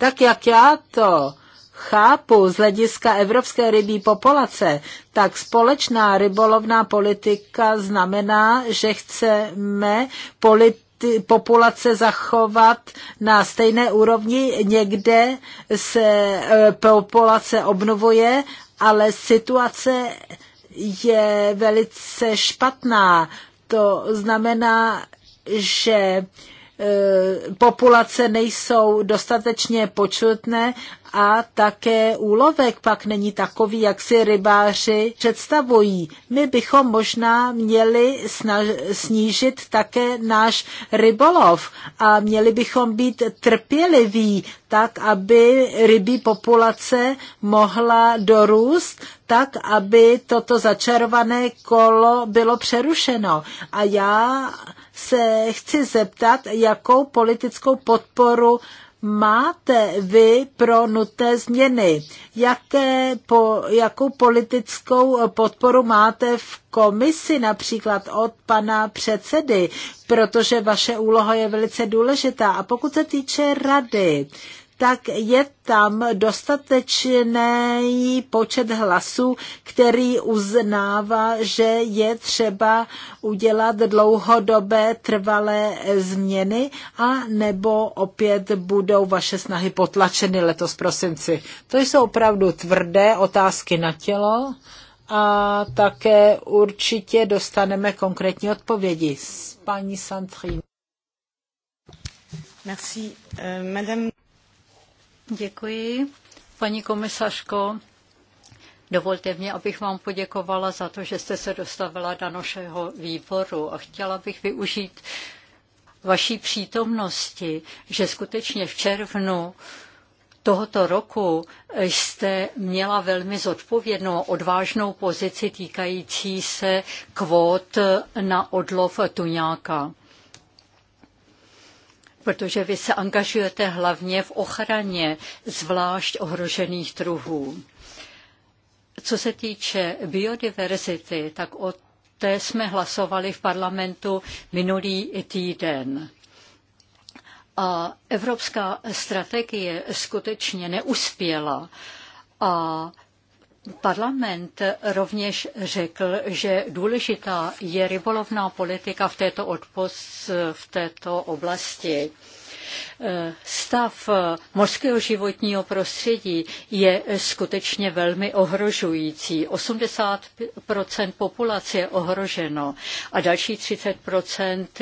Tak jak já to chápu z hlediska evropské rybí populace, tak společná rybolovná politika znamená, že chceme politiku populace zachovat na stejné úrovni. Někde se e, populace obnovuje, ale situace je velice špatná. To znamená, že Eh, populace nejsou dostatečně početné a také úlovek pak není takový, jak si rybáři představují. My bychom možná měli snížit také náš rybolov a měli bychom být trpěliví tak, aby rybí populace mohla dorůst, tak, aby toto začarované kolo bylo přerušeno. A já se chci zeptat, jakou politickou podporu máte vy pro nutné změny? Jaké po, jakou politickou podporu máte v komisi například od pana předsedy? Protože vaše úloha je velice důležitá. A pokud se týče rady, uh, tak je tam dostatečný počet hlasů, který uznává, že je třeba udělat dlouhodobé trvalé změny a nebo opět budou vaše snahy potlačeny letos prosinci. To jsou opravdu tvrdé otázky na tělo a také určitě dostaneme konkrétní odpovědi. Paní Santrin. Merci, euh, madame. Děkuji. Paní komisařko, dovolte mě, abych vám poděkovala za to, že jste se dostavila do našeho výboru a chtěla bych využít vaší přítomnosti, že skutečně v červnu tohoto roku jste měla velmi zodpovědnou odvážnou pozici týkající se kvót na odlov tuňáka protože vy se angažujete hlavně v ochraně zvlášť ohrožených druhů. Co se týče biodiverzity, tak o té jsme hlasovali v parlamentu minulý týden. A evropská strategie skutečně neuspěla a Parlament rovněž řekl, že důležitá je rybolovná politika v této, odpos, v této oblasti. Stav mořského životního prostředí je skutečně velmi ohrožující. 80 populace je ohroženo a další 30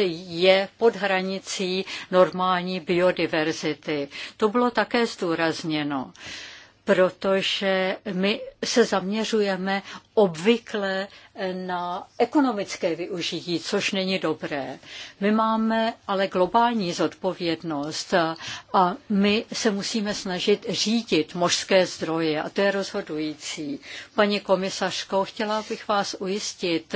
je pod hranicí normální biodiverzity. To bylo také zdůrazněno protože my se zaměřujeme obvykle na ekonomické využití, což není dobré. My máme ale globální zodpovědnost a my se musíme snažit řídit mořské zdroje a to je rozhodující. Paní komisařko, chtěla bych vás ujistit,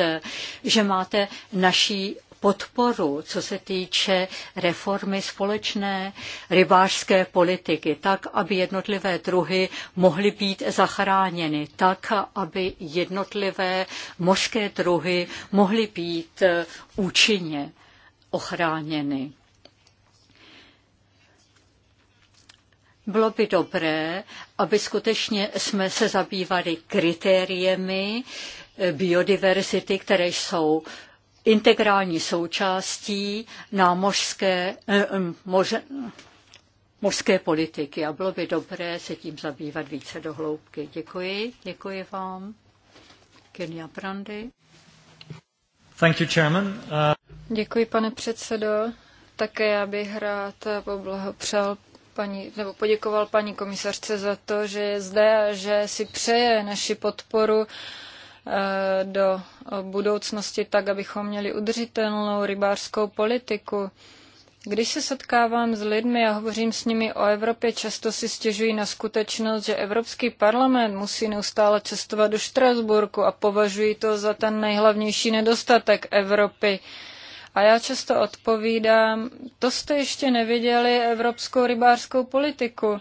že máte naší podporu, co se týče reformy společné rybářské politiky, tak, aby jednotlivé druhy mohly být zachráněny, tak, aby jednotlivé mořské druhy mohly být eh, účinně ochráněny. Bylo by dobré, aby skutečně jsme se zabývali kritériemi eh, biodiverzity, které jsou integrální součástí námořské eh, eh, moře, mořské politiky a bylo by dobré se tím zabývat více do hloubky. Děkuji, děkuji vám. Kenia Prandy. Thank you, Chairman. Uh... Děkuji, pane předsedo. Také já bych rád poblahopřál paní, nebo poděkoval paní komisařce za to, že je zde a že si přeje naši podporu uh, Eh, do budoucnosti tak, abychom měli udržitelnou rybářskou politiku. Když se setkávám s lidmi a hovořím s nimi o Evropě, často si stěžují na skutečnost, že Evropský parlament musí neustále cestovat do Štrasburku a považují to za ten nejhlavnější nedostatek Evropy. A já často odpovídám, to jste ještě neviděli evropskou rybářskou politiku.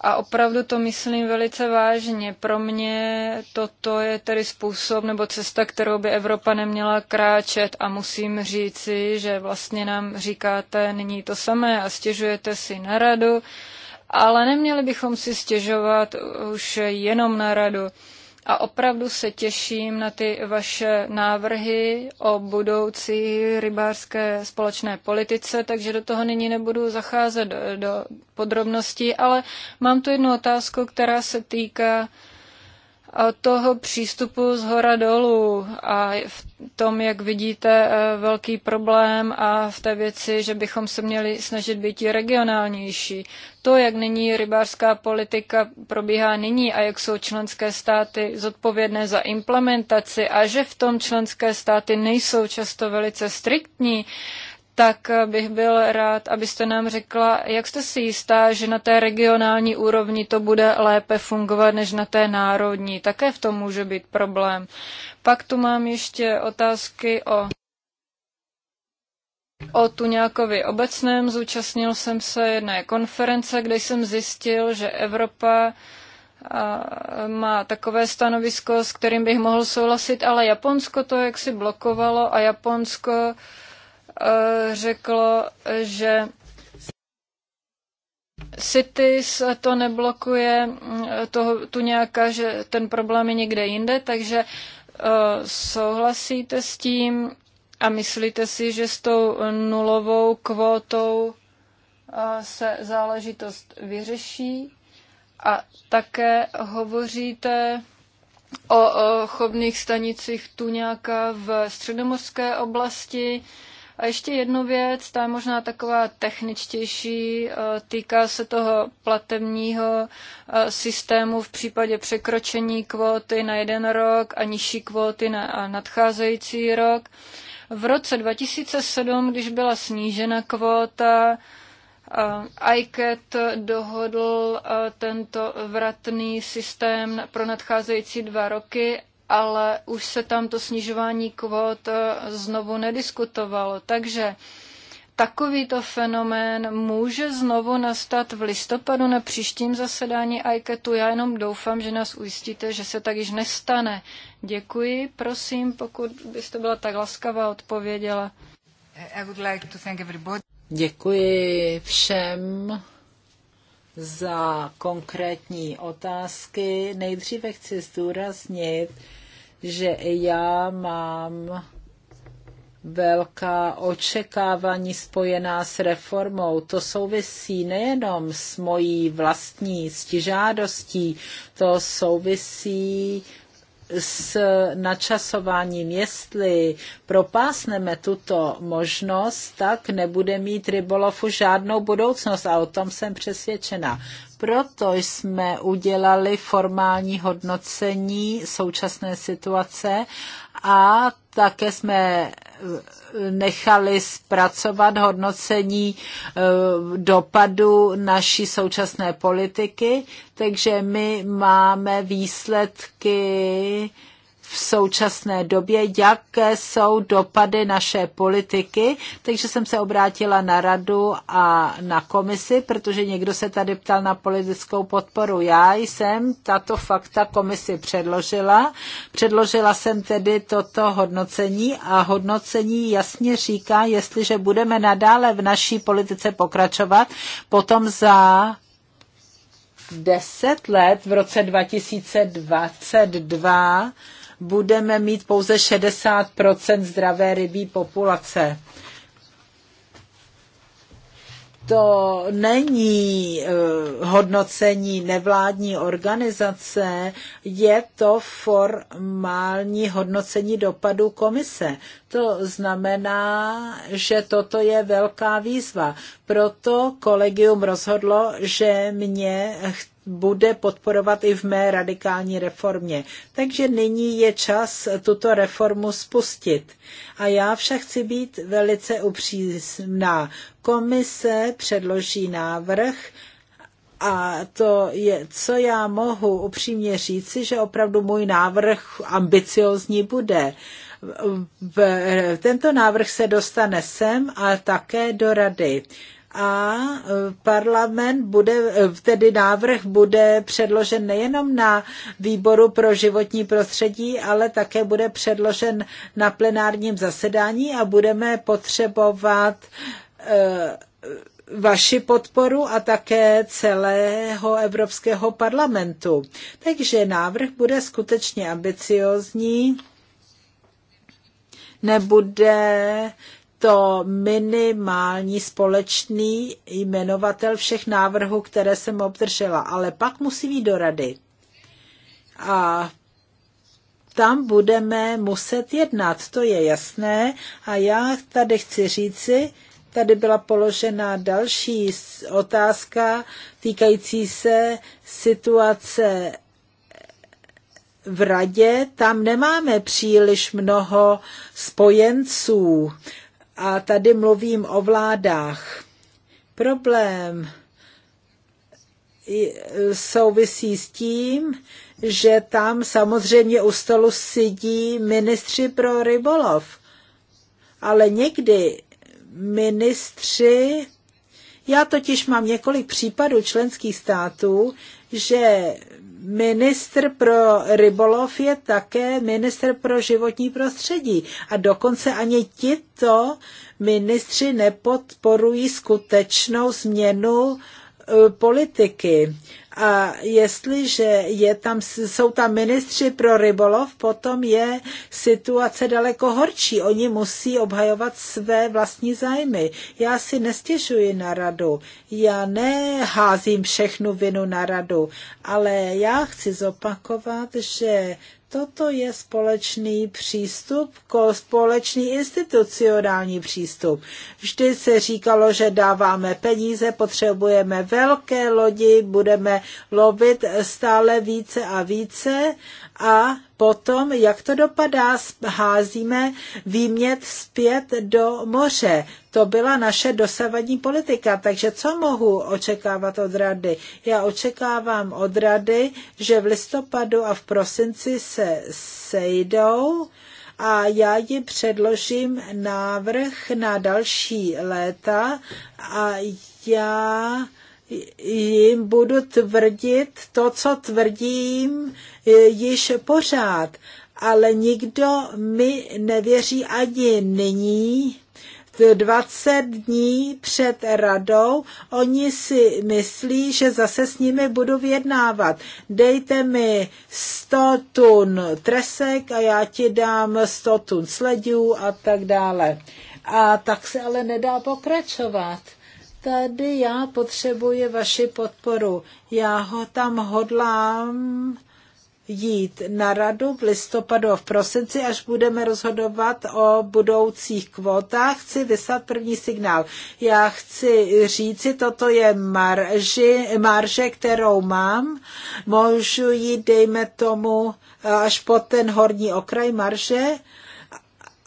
A opravdu to myslím velice vážně. Pro mě toto je tedy způsob nebo cesta, kterou by Evropa neměla kráčet a musím říci, že vlastně nám říkáte nyní to samé a stěžujete si na radu, ale neměli bychom si stěžovat už jenom na radu a opravdu se těším na ty vaše návrhy o budoucí rybářské společné politice, takže do toho nyní nebudu zacházet do, do podrobností, ale mám tu jednu otázku, která se týká toho přístupu z hora dolů a v tom, jak vidíte, eh, velký problém a v té věci, že bychom se měli snažit být regionálnější. To, jak nyní rybářská politika probíhá nyní a jak jsou členské státy zodpovědné za implementaci a že v tom členské státy nejsou často velice striktní, tak bych byl rád, abyste nám řekla, jak jste si jistá, že na té regionální úrovni to bude lépe fungovat než na té národní. Také v tom může být problém. Pak tu mám ještě otázky o o Tuňákovi obecném. Zúčastnil jsem se jedné konference, kde jsem zjistil, že Evropa má takové stanovisko, s kterým bych mohl souhlasit, ale Japonsko to jaksi blokovalo a Japonsko uh, Eh, řeklo, že Cities to neblokuje, mm, toho, tu nějaká, že ten problém je někde jinde, takže eh, souhlasíte s tím a myslíte si, že s tou nulovou kvótou eh, se záležitost vyřeší? A také hovoříte o, o chovných stanicích nějaká v středomorské oblasti. A ještě jednu věc, ta je možná taková techničtější, eh, týká se toho platebního eh, systému v případě překročení kvóty na jeden rok a nižší kvóty na nadcházející rok. V roce 2007, když byla snížena kvóta, eh, ICAT dohodl tento vratný systém pro nadcházející dva roky ale už se tam to snižování kvót eh, znovu nediskutovalo. Takže takovýto fenomén může znovu nastat v listopadu na příštím zasedání ICATu. E Já jenom doufám, že nás ujistíte, že se tak již nestane. Děkuji, prosím, pokud byste byla tak laskavá odpověděla. I would like to thank everybody. Děkuji všem za konkrétní otázky. Nejdříve chci zdůraznit, že já mám velká očekávání spojená s reformou. To souvisí nejenom s mojí vlastní stižádostí, to souvisí s načasováním, jestli propásneme tuto možnost, tak nebude mít rybolovu žádnou budoucnost a o tom jsem přesvědčena proto jsme udělali formální hodnocení současné situace a také jsme eh, nechali zpracovat hodnocení eh, dopadu naší současné politiky, takže my máme výsledky v současné době, jaké jsou dopady naše politiky. Takže jsem se obrátila na radu a na komisi, protože někdo se tady ptal na politickou podporu. Já jsem tato fakta komisi předložila. Předložila jsem tedy toto hodnocení a hodnocení jasně říká, jestliže budeme nadále v naší politice pokračovat, potom za deset let v roce 2022 budeme mít pouze 60 zdravé rybí populace. To není eh, hodnocení nevládní organizace, je to formální hodnocení dopadu komise. To znamená, že toto je velká výzva. Proto kolegium rozhodlo, že mě chce bude podporovat i v mé radikální reformě. Takže nyní je čas tuto reformu spustit. A já však chci být velice upřímná. Komise předloží návrh, a to je, co já mohu upřímně říci, že opravdu můj návrh ambiciozní bude. Tento návrh se dostane sem a také do rady a e, parlament bude, e, tedy návrh bude předložen nejenom na výboru pro životní prostředí, ale také bude předložen na plenárním zasedání a budeme potřebovat e, vaši podporu a také celého Evropského parlamentu. Takže návrh bude skutečně ambiciozní, nebude to minimální společný jmenovatel všech návrhů, které jsem obdržela. Ale pak musím jít do rady. A tam budeme muset jednat, to je jasné. A já tady chci říci, tady byla položena další otázka týkající se situace v radě tam nemáme příliš mnoho spojenců a tady mluvím o vládách. Problém souvisí s tím, že tam samozřejmě u stolu sedí ministři pro rybolov. Ale někdy ministři, já totiž mám několik případů členských států, že ministr pro rybolov je také ministr pro životní prostředí. A dokonce ani tito ministři nepodporují skutečnou změnu eh, politiky. A jestliže je tam, jsou tam ministři pro rybolov, potom je situace daleko horší. Oni musí obhajovat své vlastní zájmy. Já si nestěžuji na radu. Já neházím všechnu vinu na radu. Ale já chci zopakovat, že Toto je společný přístup, společný institucionální přístup. Vždy se říkalo, že dáváme peníze, potřebujeme velké lodi, budeme lovit stále více a více a potom, jak to dopadá, házíme výmět zpět do moře. To byla naše dosavadní politika, takže co mohu očekávat od rady? Já očekávám od rady, že v listopadu a v prosinci se sejdou a já ji předložím návrh na další léta a já jim budu tvrdit to, co tvrdím e, již pořád, ale nikdo mi nevěří ani nyní. 20 dní před radou, oni si myslí, že zase s nimi budu vyjednávat. Dejte mi 100 tun tresek a já ti dám 100 tun sledů a tak dále. A tak se ale nedá pokračovat tady já potřebuji vaši podporu. Já ho tam hodlám jít na radu v listopadu a v prosinci, až budeme rozhodovat o budoucích kvotách. Chci vyslat první signál. Já chci říci, toto je marži, marže, kterou mám. Můžu jít, dejme tomu, až pod ten horní okraj marže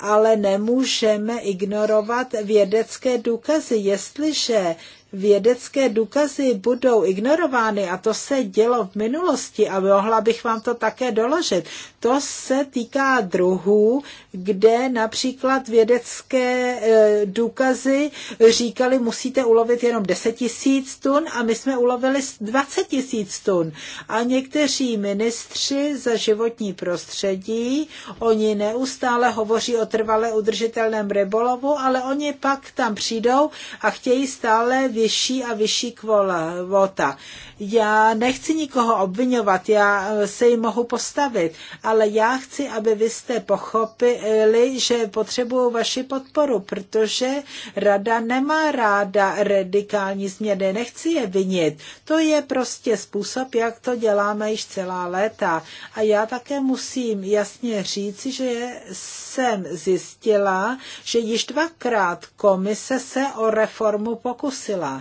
ale nemůžeme ignorovat vědecké důkazy. Jestliže vědecké důkazy budou ignorovány, a to se dělo v minulosti a mohla bych vám to také doložit, to se týká druhů, kde například vědecké e, důkazy říkali, musíte ulovit jenom 10 tisíc tun a my jsme ulovili 20 tisíc tun. A někteří ministři za životní prostředí, oni neustále hovoří o trvale udržitelném rybolovu, ale oni pak tam přijdou a chtějí stále vědět, vyšší a vyšší kvota. Já nechci nikoho obvinovat, já se jim mohu postavit, ale já chci, aby vy jste pochopili, že potřebuju vaši podporu, protože rada nemá ráda radikální změny, nechci je vinit. To je prostě způsob, jak to děláme již celá léta. A já také musím jasně říci, že jsem zjistila, že již dvakrát komise se o reformu pokusila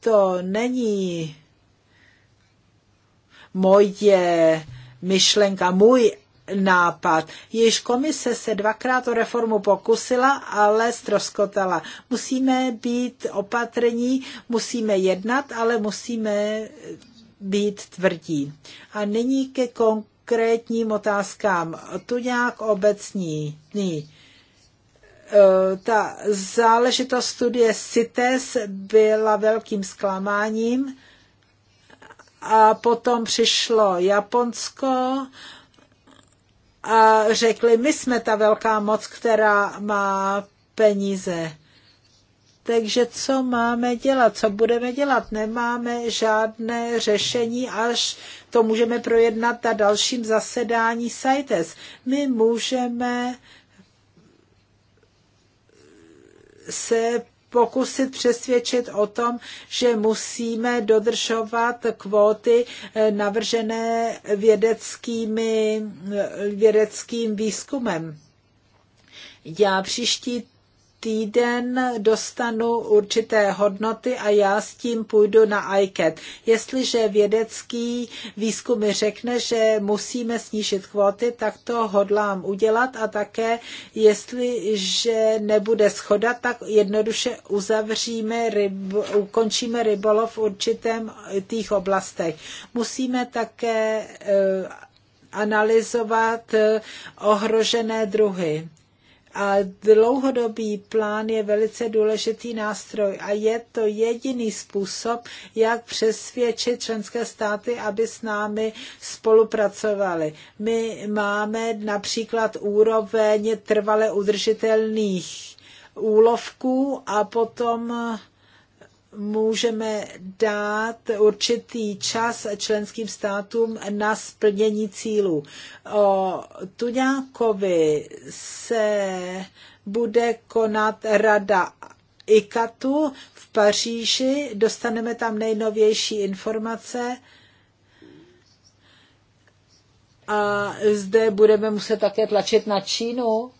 to není moje myšlenka, můj nápad. Již komise se dvakrát o reformu pokusila, ale stroskotala. Musíme být opatrní, musíme jednat, ale musíme být tvrdí. A nyní ke konkrétním otázkám. Tu nějak obecní. Nyní Eh, ta záležitost studie CITES byla velkým zklamáním a potom přišlo Japonsko a řekli, my jsme ta velká moc, která má peníze. Takže co máme dělat? Co budeme dělat? Nemáme žádné řešení, až to můžeme projednat na dalším zasedání CITES. My můžeme uh, se pokusit přesvědčit o tom, že musíme dodržovat kvóty eh, navržené vědeckými, eh, vědeckým výzkumem. Já příští týden dostanu určité hodnoty a já s tím půjdu na ICAT. Jestliže vědecký výzkum mi řekne, že musíme snížit kvóty, tak to hodlám udělat a také, jestliže nebude schoda, tak jednoduše uzavříme, ryb, ukončíme rybolov v určitém těch oblastech. Musíme také eh, analyzovat eh, ohrožené druhy a dlouhodobý plán je velice důležitý nástroj a je to jediný způsob, jak přesvědčit členské státy, aby s námi spolupracovali. My máme například úroveň trvale udržitelných úlovků a potom můžeme dát určitý čas členským státům na splnění cílů. O Tuňákovi se bude konat rada IKATu v Paříži, dostaneme tam nejnovější informace a zde budeme muset také tlačit na Čínu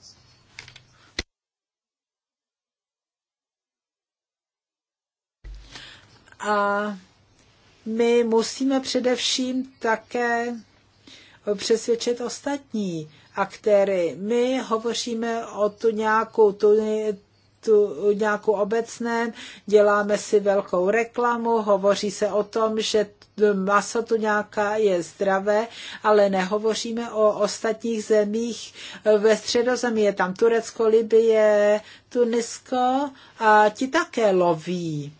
A my musíme především také přesvědčit ostatní aktéry. My hovoříme o tu nějakou, tu, tu nějakou obecné, děláme si velkou reklamu, hovoří se o tom, že maso tu nějaká je zdravé, ale nehovoříme o ostatních zemích ve středozemí. Je tam Turecko, Libie, Tunisko a ti také loví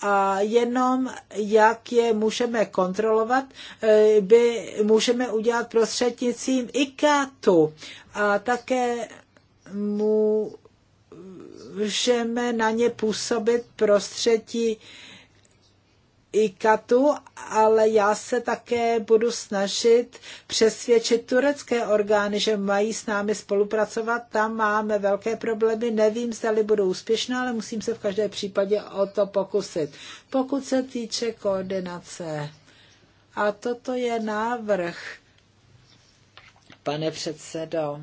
a jenom jak je můžeme kontrolovat, eh, by můžeme udělat prostřednicím IKATu a také můžeme na ně působit prostředí ICATu, ale já se také budu snažit přesvědčit turecké orgány, že mají s námi spolupracovat. Tam máme velké problémy, nevím, zda-li budou úspěšné, ale musím se v každém případě o to pokusit. Pokud se týče koordinace, a toto je návrh, pane předsedo.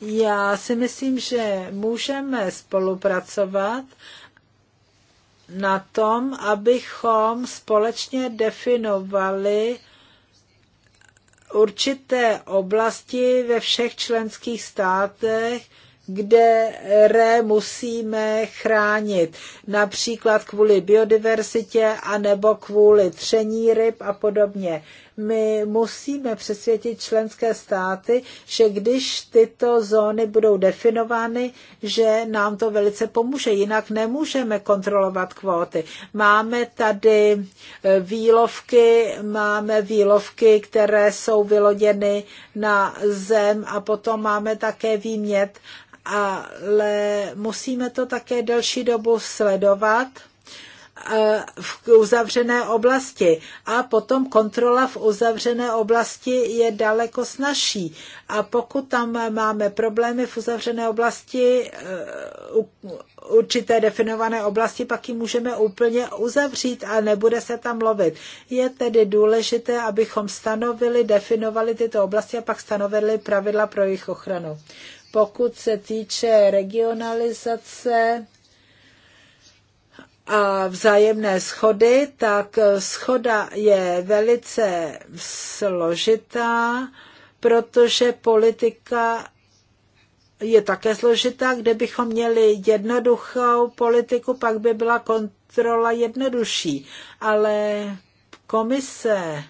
Já si myslím, že můžeme spolupracovat, na tom, abychom společně definovali určité oblasti ve všech členských státech, kde musíme chránit, například kvůli biodiverzitě anebo kvůli tření ryb a podobně. My musíme přesvědčit členské státy, že když tyto zóny budou definovány, že nám to velice pomůže. Jinak nemůžeme kontrolovat kvóty. Máme tady e, výlovky, máme výlovky, které jsou vyloděny na zem a potom máme také výmět ale musíme to také delší dobu sledovat Eh, v uzavřené oblasti. A potom kontrola v uzavřené oblasti je daleko snažší. A pokud tam máme problémy v uzavřené oblasti, eh, určité definované oblasti, pak ji můžeme úplně uzavřít a nebude se tam lovit. Je tedy důležité, abychom stanovili, definovali tyto oblasti a pak stanovili pravidla pro jejich ochranu. Pokud se týče regionalizace, a vzájemné schody, tak schoda je velice složitá, protože politika je také složitá. Kdybychom měli jednoduchou politiku, pak by byla kontrola jednodušší. Ale komise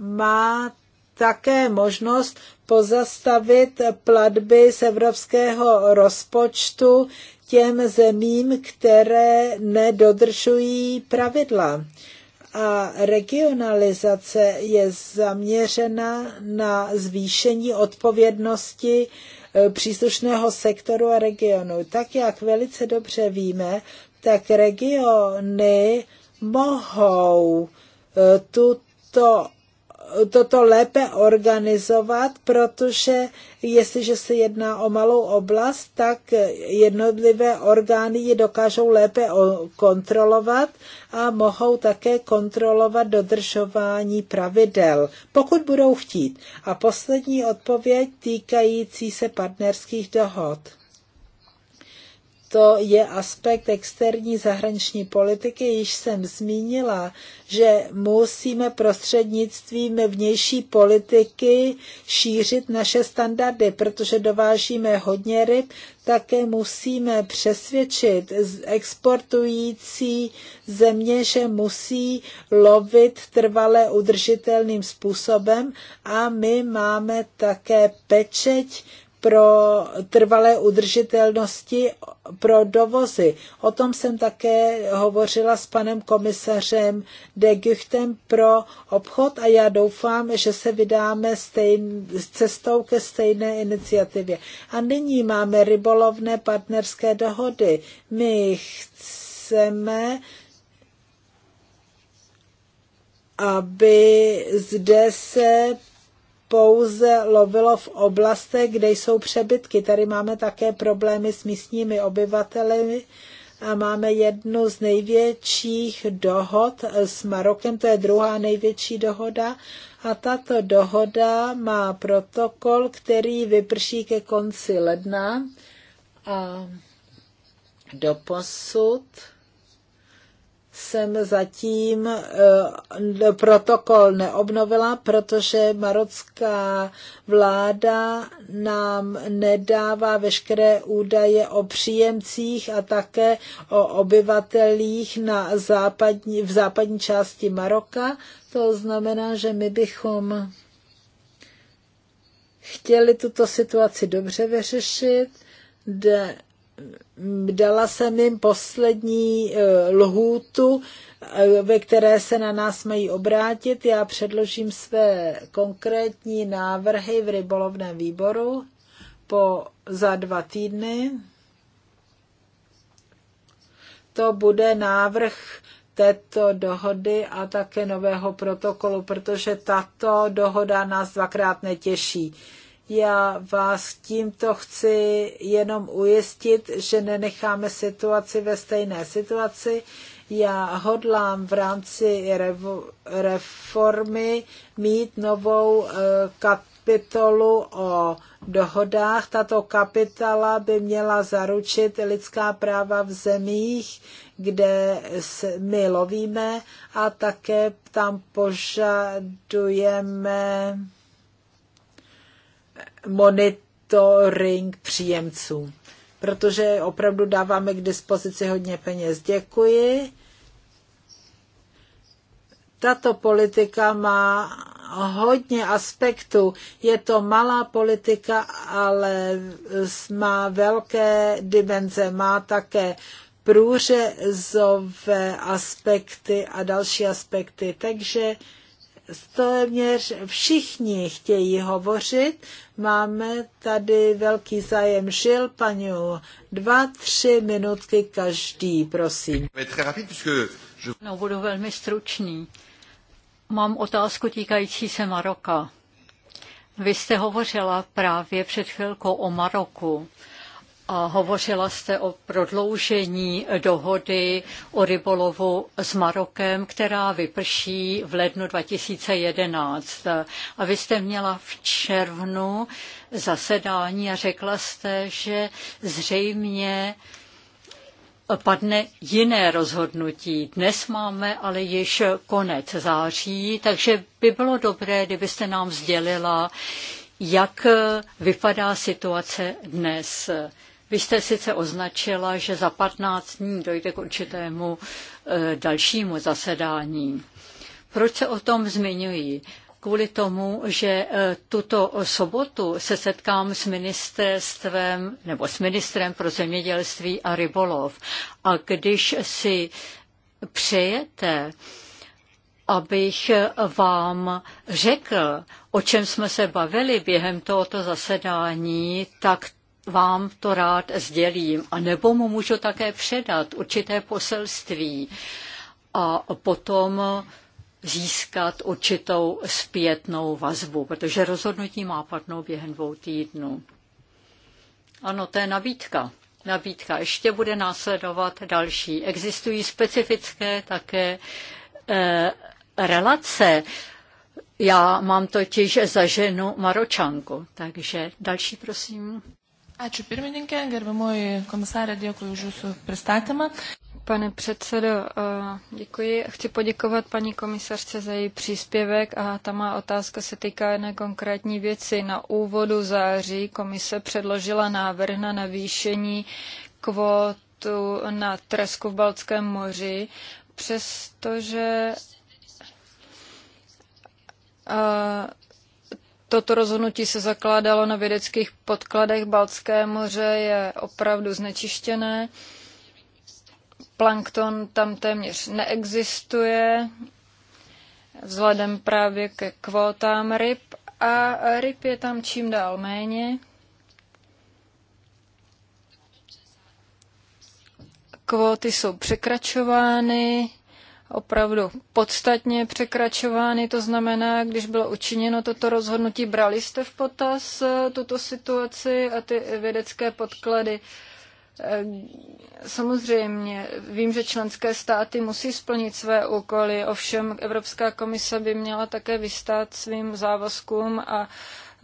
má také možnost pozastavit platby z evropského rozpočtu, těm zemím, které nedodržují pravidla. A regionalizace je zaměřena na zvýšení odpovědnosti eh, příslušného sektoru a regionu. Tak, jak velice dobře víme, tak regiony mohou eh, tuto toto lépe organizovat, protože jestliže se jedná o malou oblast, tak jednotlivé orgány ji dokážou lépe kontrolovat a mohou také kontrolovat dodržování pravidel, pokud budou chtít. A poslední odpověď týkající se partnerských dohod to je aspekt externí zahraniční politiky, již jsem zmínila, že musíme prostřednictvím vnější politiky šířit naše standardy, protože dovážíme hodně ryb, také musíme přesvědčit exportující země, že musí lovit trvale udržitelným způsobem a my máme také pečeť pro trvalé udržitelnosti pro dovozy. O tom jsem také hovořila s panem komisařem de Guchtem pro obchod a já doufám, že se vydáme stejn, cestou ke stejné iniciativě. A nyní máme rybolovné partnerské dohody. My chceme aby zde se pouze lovilo v oblastech, kde jsou přebytky. Tady máme také problémy s místními obyvateli a máme jednu z největších dohod s Marokem, to je druhá největší dohoda. A tato dohoda má protokol, který vyprší ke konci ledna. A doposud posud jsem zatím eh, protokol neobnovila, protože marocká vláda nám nedává veškeré údaje o příjemcích a také o obyvatelích na západní, v západní části Maroka. To znamená, že my bychom chtěli tuto situaci dobře vyřešit. De, dala jsem jim poslední eh, lhůtu, eh, ve které se na nás mají obrátit. Já předložím své konkrétní návrhy v rybolovném výboru po, za dva týdny. To bude návrh této dohody a také nového protokolu, protože tato dohoda nás dvakrát netěší já vás tímto chci jenom ujistit, že nenecháme situaci ve stejné situaci. Já hodlám v rámci reformy mít novou eh, kapitolu o dohodách. Tato kapitola by měla zaručit lidská práva v zemích, kde my lovíme a také tam požadujeme monitoring příjemců, protože opravdu dáváme k dispozici hodně peněz. Děkuji. Tato politika má hodně aspektů. Je to malá politika, ale má velké dimenze, má také průřezové aspekty a další aspekty. Takže téměř všichni chtějí hovořit. Máme tady velký zájem žil, paní dva, tři minutky každý, prosím. No, budu velmi stručný. Mám otázku týkající se Maroka. Vy jste hovořila právě před chvilkou o Maroku a hovořila jste o prodloužení dohody o rybolovu s Marokem, která vyprší v lednu 2011. A vy jste měla v červnu zasedání a řekla jste, že zřejmě padne jiné rozhodnutí. Dnes máme ale již konec září, takže by bylo dobré, kdybyste nám sdělila, jak vypadá situace dnes. Vy jste sice označila, že za 15 dní dojde k určitému e, dalšímu zasedání. Proč se o tom zmiňuji? kvůli tomu, že e, tuto sobotu se setkám s ministerstvem nebo s ministrem pro zemědělství a rybolov. A když si přejete, abych vám řekl, o čem jsme se bavili během tohoto zasedání, tak vám to rád sdělím, a nebo mu můžu také předat určité poselství a potom získat určitou zpětnou vazbu, protože rozhodnutí má padnout během dvou týdnů. Ano, to je nabídka. Nabídka. Ještě bude následovat další. Existují specifické také eh, relace. Já mám totiž za ženu Maročanku, takže další prosím. Ačiū pirmininkė, gerbiamoji komisarė, dėkui už jūsų pristatymą. Pane předsedo, děkuji. Chci poděkovat paní komisařce za její příspěvek a ta má otázka se týká jedné konkrétní věci. Na úvodu září komise předložila návrh na navýšení kvotu na tresku v Baltském moři, přestože Toto rozhodnutí se zakládalo na vědeckých podkladech. Baltské moře je opravdu znečištěné. Plankton tam téměř neexistuje, vzhledem právě ke kvótám ryb a ryb je tam čím dál méně. Kvóty jsou překračovány, opravdu podstatně překračovány. To znamená, když bylo učiněno toto rozhodnutí, brali jste v potaz eh, tuto situaci a ty vědecké podklady. Eh, samozřejmě, vím, že členské státy musí splnit své úkoly, ovšem Evropská komise by měla také vystát svým závazkům a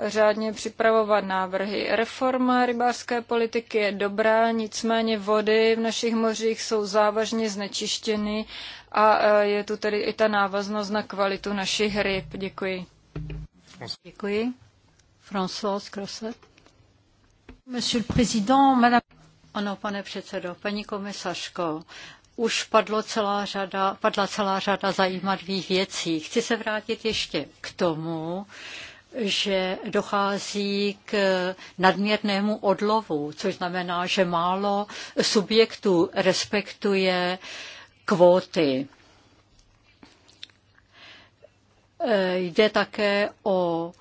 řádně připravovat návrhy. Reforma rybářské politiky je dobrá, nicméně vody v našich mořích jsou závažně znečištěny a e, je tu tedy i ta návaznost na kvalitu našich ryb. Děkuji. Děkuji. François Croset. Monsieur le Président, Madame... Ano, pane předsedo, paní komisařko, už padlo celá řada, padla celá řada zajímavých věcí. Chci se vrátit ještě k tomu, že dochází k nadměrnému odlovu, což znamená, že málo subjektů respektuje uh, kvóty. E, jde také o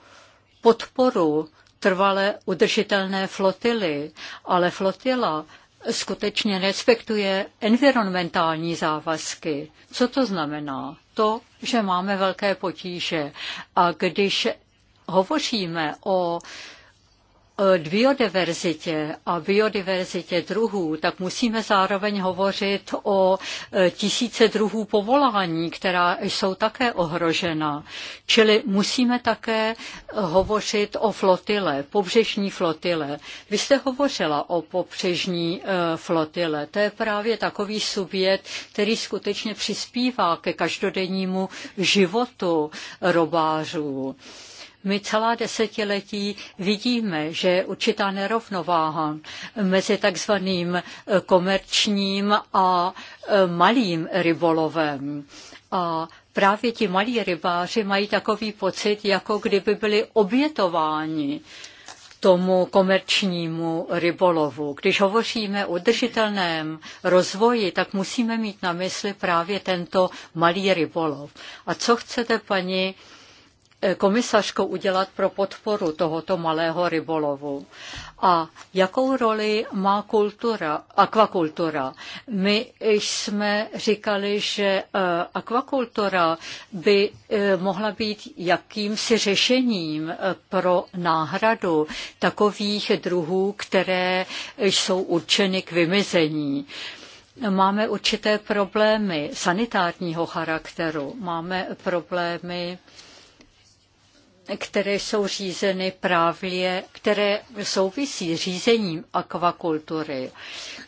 podporu trvale udržitelné flotily, ale flotila skutečně respektuje environmentální závazky. Co to znamená? To, že máme velké potíže. A když hovoříme o biodiverzitě a biodiverzitě druhů, tak musíme zároveň hovořit o e, tisíce druhů povolání, která jsou také ohrožena. Čili musíme také e, hovořit o flotile, pobřežní flotile. Vy jste hovořila o pobřežní e, flotile. To je právě takový subjekt, který skutečně přispívá ke každodennímu životu robářů. My celá desetiletí vidíme, že je určitá nerovnováha mezi takzvaným eh, komerčním a eh, malým rybolovem. A právě ti malí rybáři mají takový pocit, jako kdyby byli obětováni tomu komerčnímu rybolovu. Když hovoříme o držitelném rozvoji, tak musíme mít na mysli právě tento malý rybolov. A co chcete, paní Komisařko, udělat pro podporu tohoto malého rybolovu? A jakou roli má kultura, akvakultura? My jsme říkali, že eh, akvakultura by eh, mohla být jakýmsi řešením eh, pro náhradu takových druhů, které jsou určeny k vymizení máme určité problémy sanitárního charakteru, máme problémy které jsou řízeny právě, které souvisí s řízením akvakultury.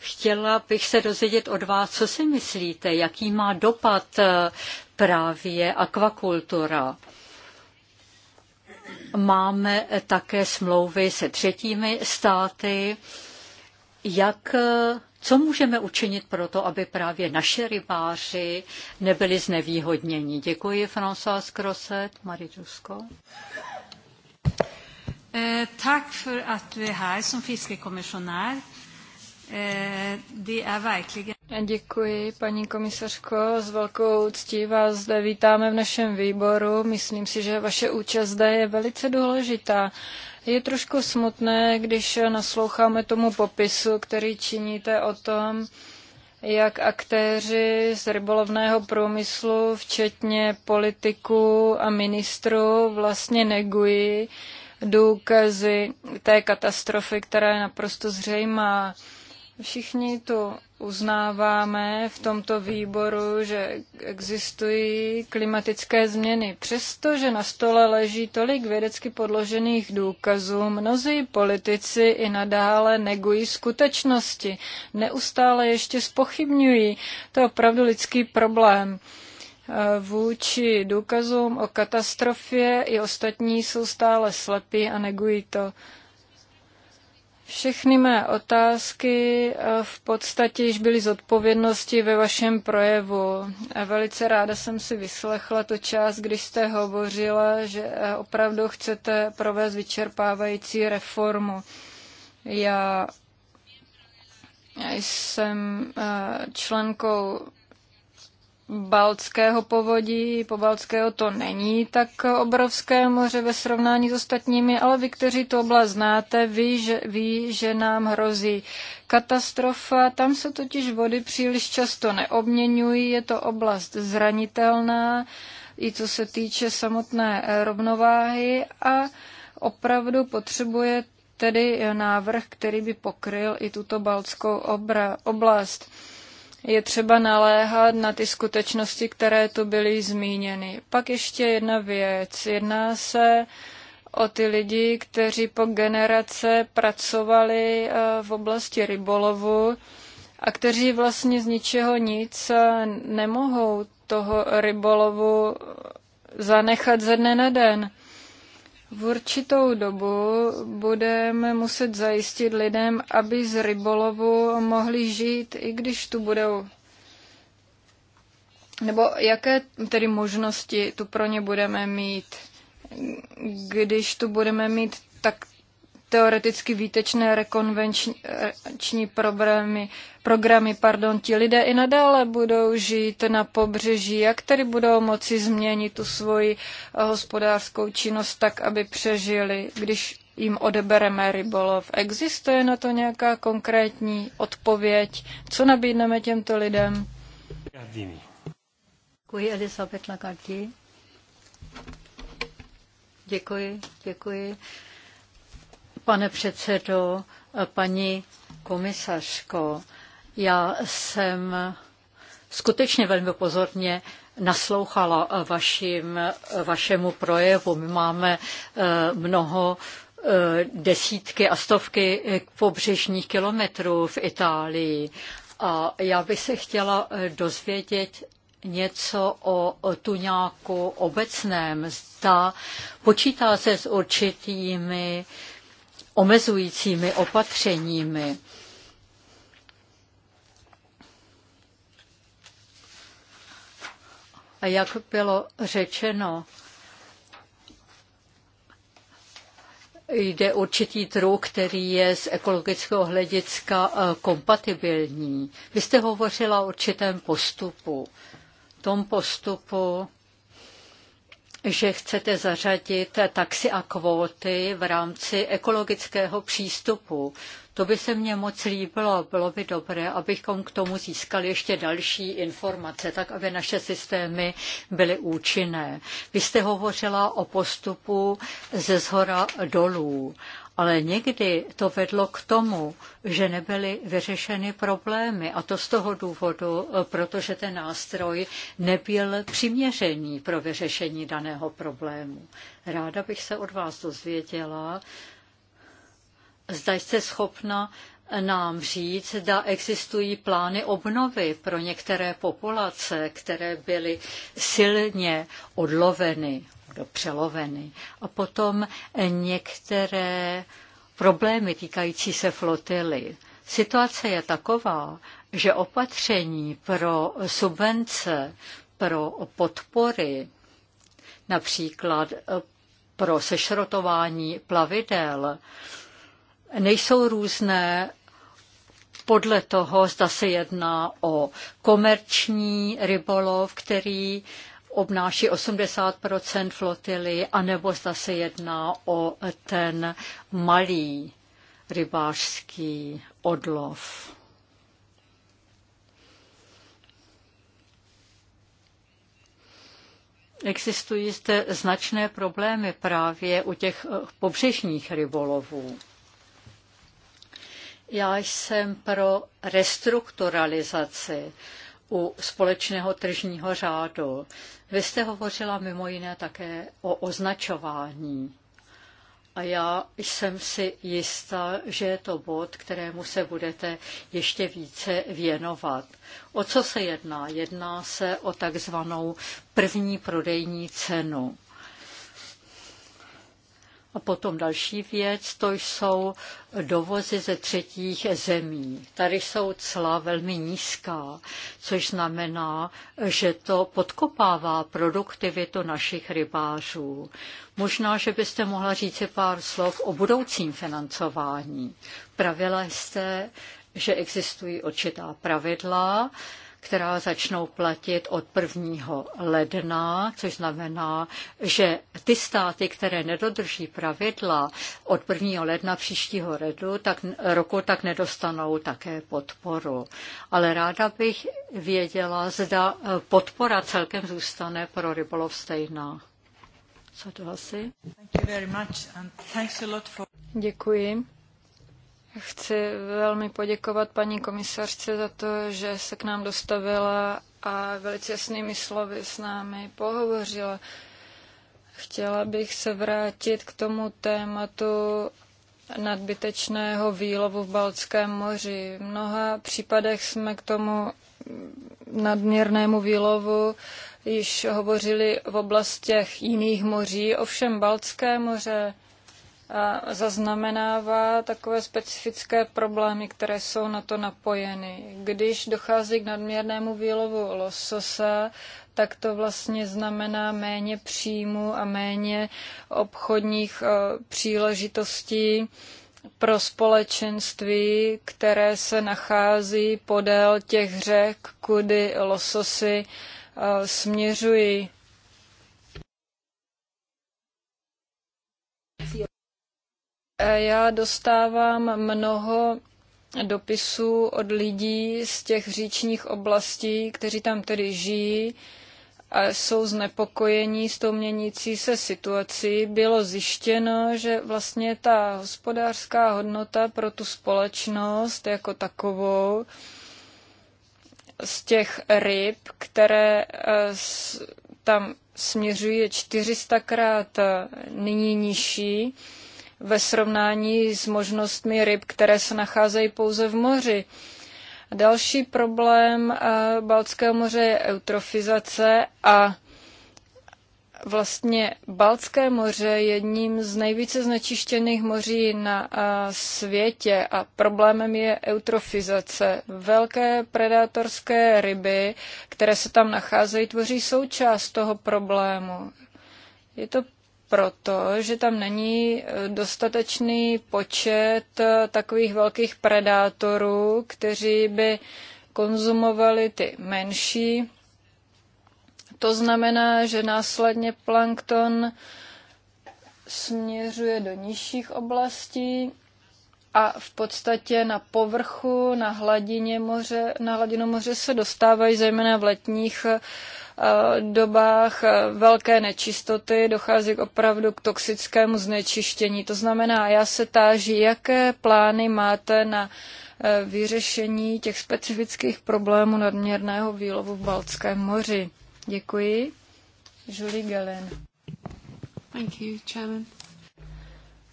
Chtěla bych se dozvědět od vás, co si myslíte, jaký má dopad eh, právě akvakultura. Máme eh, také smlouvy se třetími státy. Jak eh, co můžeme učinit pro to, aby právě naše rybáři nebyli znevýhodněni? Děkuji, François Croset, Maridusko. Eh, tak för att du som eh, Děkuji, paní komisařko. S velkou ctí vás zde vítáme v našem výboru. Myslím si, že vaše účast zde je velice důležitá. Je trošku smutné, když nasloucháme tomu popisu, který činíte o tom, jak aktéři z rybolovného průmyslu, včetně politiků a ministrů, vlastně negují důkazy té katastrofy, která je naprosto zřejmá. Všichni to uznáváme v tomto výboru, že existují klimatické změny. Přestože na stole leží tolik vědecky podložených důkazů, mnozí politici i nadále negují skutečnosti. Neustále ještě spochybňují. To je opravdu lidský problém vůči důkazům o katastrofě i ostatní jsou stále slepí a negují to. Všechny mé otázky eh, v podstatě již byly zodpovědnosti ve vašem projevu. Velice ráda jsem si vyslechla to část, když jste hovořila, že eh, opravdu chcete provést vyčerpávající reformu. Já jsem eh, členkou Baltského povodí, po Baltského to není tak obrovské moře ve srovnání s ostatními, ale vy, kteří tu oblast znáte, ví že, ví, že nám hrozí katastrofa. Tam se totiž vody příliš často neobměňují, je to oblast zranitelná, i co se týče samotné rovnováhy a opravdu potřebuje tedy návrh, který by pokryl i tuto baltskou obra, oblast je třeba naléhat na ty skutečnosti, které tu byly zmíněny. Pak ještě jedna věc. Jedná se o ty lidi, kteří po generace pracovali eh, v oblasti rybolovu a kteří vlastně z ničeho nic eh, nemohou toho rybolovu eh, zanechat ze dne na den. V určitou dobu budeme muset zajistit lidem, aby z rybolovu mohli žít, i když tu budou. Nebo jaké tedy možnosti tu pro ně budeme mít, když tu budeme mít tak teoreticky výtečné rekonvenční programy, programy pardon, ti lidé i nadále budou žít na pobřeží, jak tedy budou moci změnit tu svoji eh, hospodářskou činnost tak, aby přežili, když jim odebereme rybolov. Existuje na to nějaká konkrétní odpověď? Co nabídneme těmto lidem? Gardini. Děkuji, Elisabeth Lagardi. Děkuji, děkuji. Pane předsedo, paní komisařko, já jsem skutečně velmi pozorně naslouchala vašim, vašemu projevu. My máme eh, mnoho eh, desítky a stovky pobřežních kilometrů v Itálii. A já bych se chtěla eh, dozvědět něco o, o tuňáku obecném. Zda počítá se s určitými uh, omezujícími opatřeními. A jak bylo řečeno, jde určitý druh, který je z ekologického hlediska eh, kompatibilní. Vy jste hovořila o určitém postupu. V tom postupu že chcete zařadit taxi a kvóty v rámci ekologického přístupu. To by se mně moc líbilo, bylo by dobré, abychom k tomu získali ještě další informace, tak aby naše systémy byly účinné. Vy jste hovořila o postupu ze zhora dolů ale někdy to vedlo k tomu, že nebyly vyřešeny problémy a to z toho důvodu, protože ten nástroj nebyl přiměřený pro vyřešení daného problému. Ráda bych se od vás dozvěděla, zda jste schopna nám říct, zda existují plány obnovy pro některé populace, které byly silně odloveny přeloveny. A potom eh, některé problémy týkající se flotily. Situace je taková, že opatření pro subvence, pro podpory, například eh, pro sešrotování plavidel, nejsou různé podle toho, zda se jedná o komerční rybolov, který obnáší 80 flotily, anebo zda se jedná o ten malý rybářský odlov. Existují zde značné problémy právě u těch eh, pobřežních rybolovů. Já jsem pro restrukturalizaci u společného tržního řádu. Vy jste hovořila mimo jiné také o označování. A já jsem si jistá, že je to bod, kterému se budete ještě více věnovat. O co se jedná? Jedná se o takzvanou první prodejní cenu. A potom další věc, to jsou dovozy ze třetích zemí. Tady jsou cla velmi nízká, což znamená, že to podkopává produktivitu našich rybářů. Možná, že byste mohla říct pár slov o budoucím financování. Pravila jste, že existují určitá pravidla, která začnou platit od 1. ledna, což znamená, že ty státy, které nedodrží pravidla od 1. ledna příštího redu, tak, roku, tak nedostanou také podporu. Ale ráda bych věděla, zda eh, podpora celkem zůstane pro rybolov stejná. Co to asi? Děkuji. Chci velmi poděkovat paní komisařce za to, že se k nám dostavila a velice jasnými slovy s námi pohovořila. Chtěla bych se vrátit k tomu tématu nadbytečného výlovu v Balckém moři. V mnoha případech jsme k tomu nadměrnému výlovu již hovořili v oblastech jiných moří, ovšem Balcké moře zaznamenává takové specifické problémy, které jsou na to napojeny. Když dochází k nadměrnému výlovu lososa, tak to vlastně znamená méně příjmu a méně obchodních e, příležitostí pro společenství, které se nachází podél těch řek, kudy lososy e, směřují Já dostávám mnoho dopisů od lidí z těch říčních oblastí, kteří tam tedy žijí a jsou znepokojení s tou měnící se situací. Bylo zjištěno, že vlastně ta hospodářská hodnota pro tu společnost jako takovou z těch ryb, které e, tam směřuje 400krát e, nyní nižší ve srovnání s možnostmi ryb, které se nacházejí pouze v moři. Další problém eh, Balckého moře je eutrofizace a vlastně Balcké moře je jedním z nejvíce znečištěných moří na eh, světě a problémem je eutrofizace. Velké predátorské ryby, které se tam nacházejí, tvoří součást toho problému. Je to proto, že tam není eh, dostatečný počet eh, takových velkých predátorů, kteří by konzumovali ty menší. To znamená, že následně plankton směřuje do nižších oblastí a v podstatě na povrchu, na hladině moře, na hladinu moře se dostávají zejména v letních eh, Eh, dobách eh, velké nečistoty dochází opravdu k toxickému znečištění. To znamená, já se táží, jaké plány máte na eh, vyřešení těch specifických problémů nadměrného výlovu v Baltském moři. Děkuji. Julie Galen. Thank you, Chairman.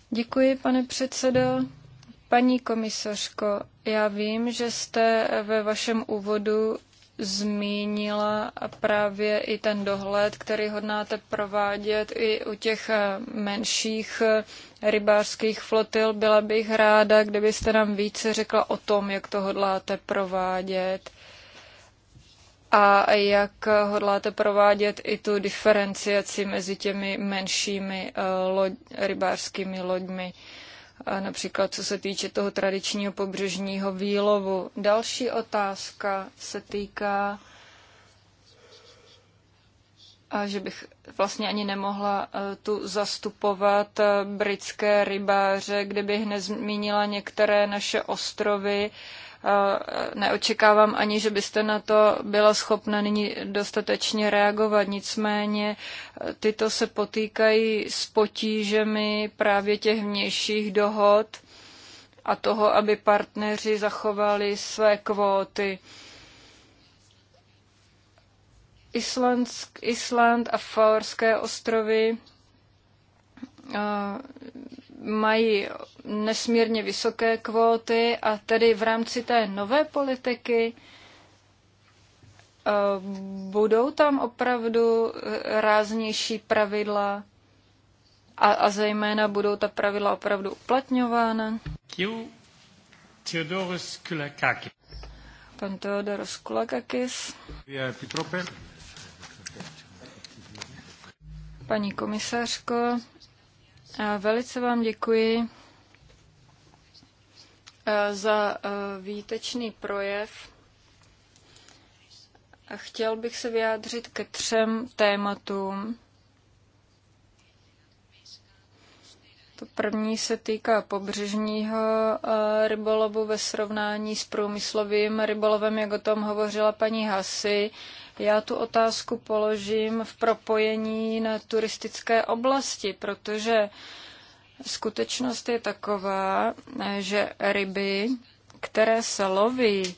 Děkuji, pane předsedo. Paní komisařko, já vím, že jste ve vašem úvodu zmínila právě i ten dohled, který hodnáte provádět i u těch eh, menších eh, rybářských flotil. Byla bych ráda, kdybyste nám více řekla o tom, jak to hodláte provádět a jak hodláte provádět i tu diferenciaci mezi těmi menšími eh, loď, rybářskými loďmi. Uh, a například co se týče toho tradičního pobřežního výlovu. Další otázka se týká, a že bych vlastně ani nemohla e, tu zastupovat e, britské rybáře, kdybych nezmínila některé naše ostrovy, E, neočekávám ani, že byste na to byla schopna nyní dostatečně reagovat. Nicméně e, tyto se potýkají s potížemi právě těch vnějších dohod a toho, aby partneři zachovali své kvóty. Islandsk, Island a Faorské ostrovy e, mají nesmírně vysoké kvóty a tedy v rámci té nové politiky eh, budou tam opravdu ráznější pravidla a, a zejména budou ta pravidla opravdu uplatňována. Pan Teodoros Kulakakis. Paní komisařko, Velice vám děkuji e, za e, výtečný projev. Chtěl bych se vyjádřit ke třem tématům. To první se týká pobřežního e, rybolovu ve srovnání s průmyslovým rybolovem, jak o tom hovořila paní Hasy. Já tu otázku položím v propojení na turistické oblasti, protože skutečnost je taková, že ryby, které se loví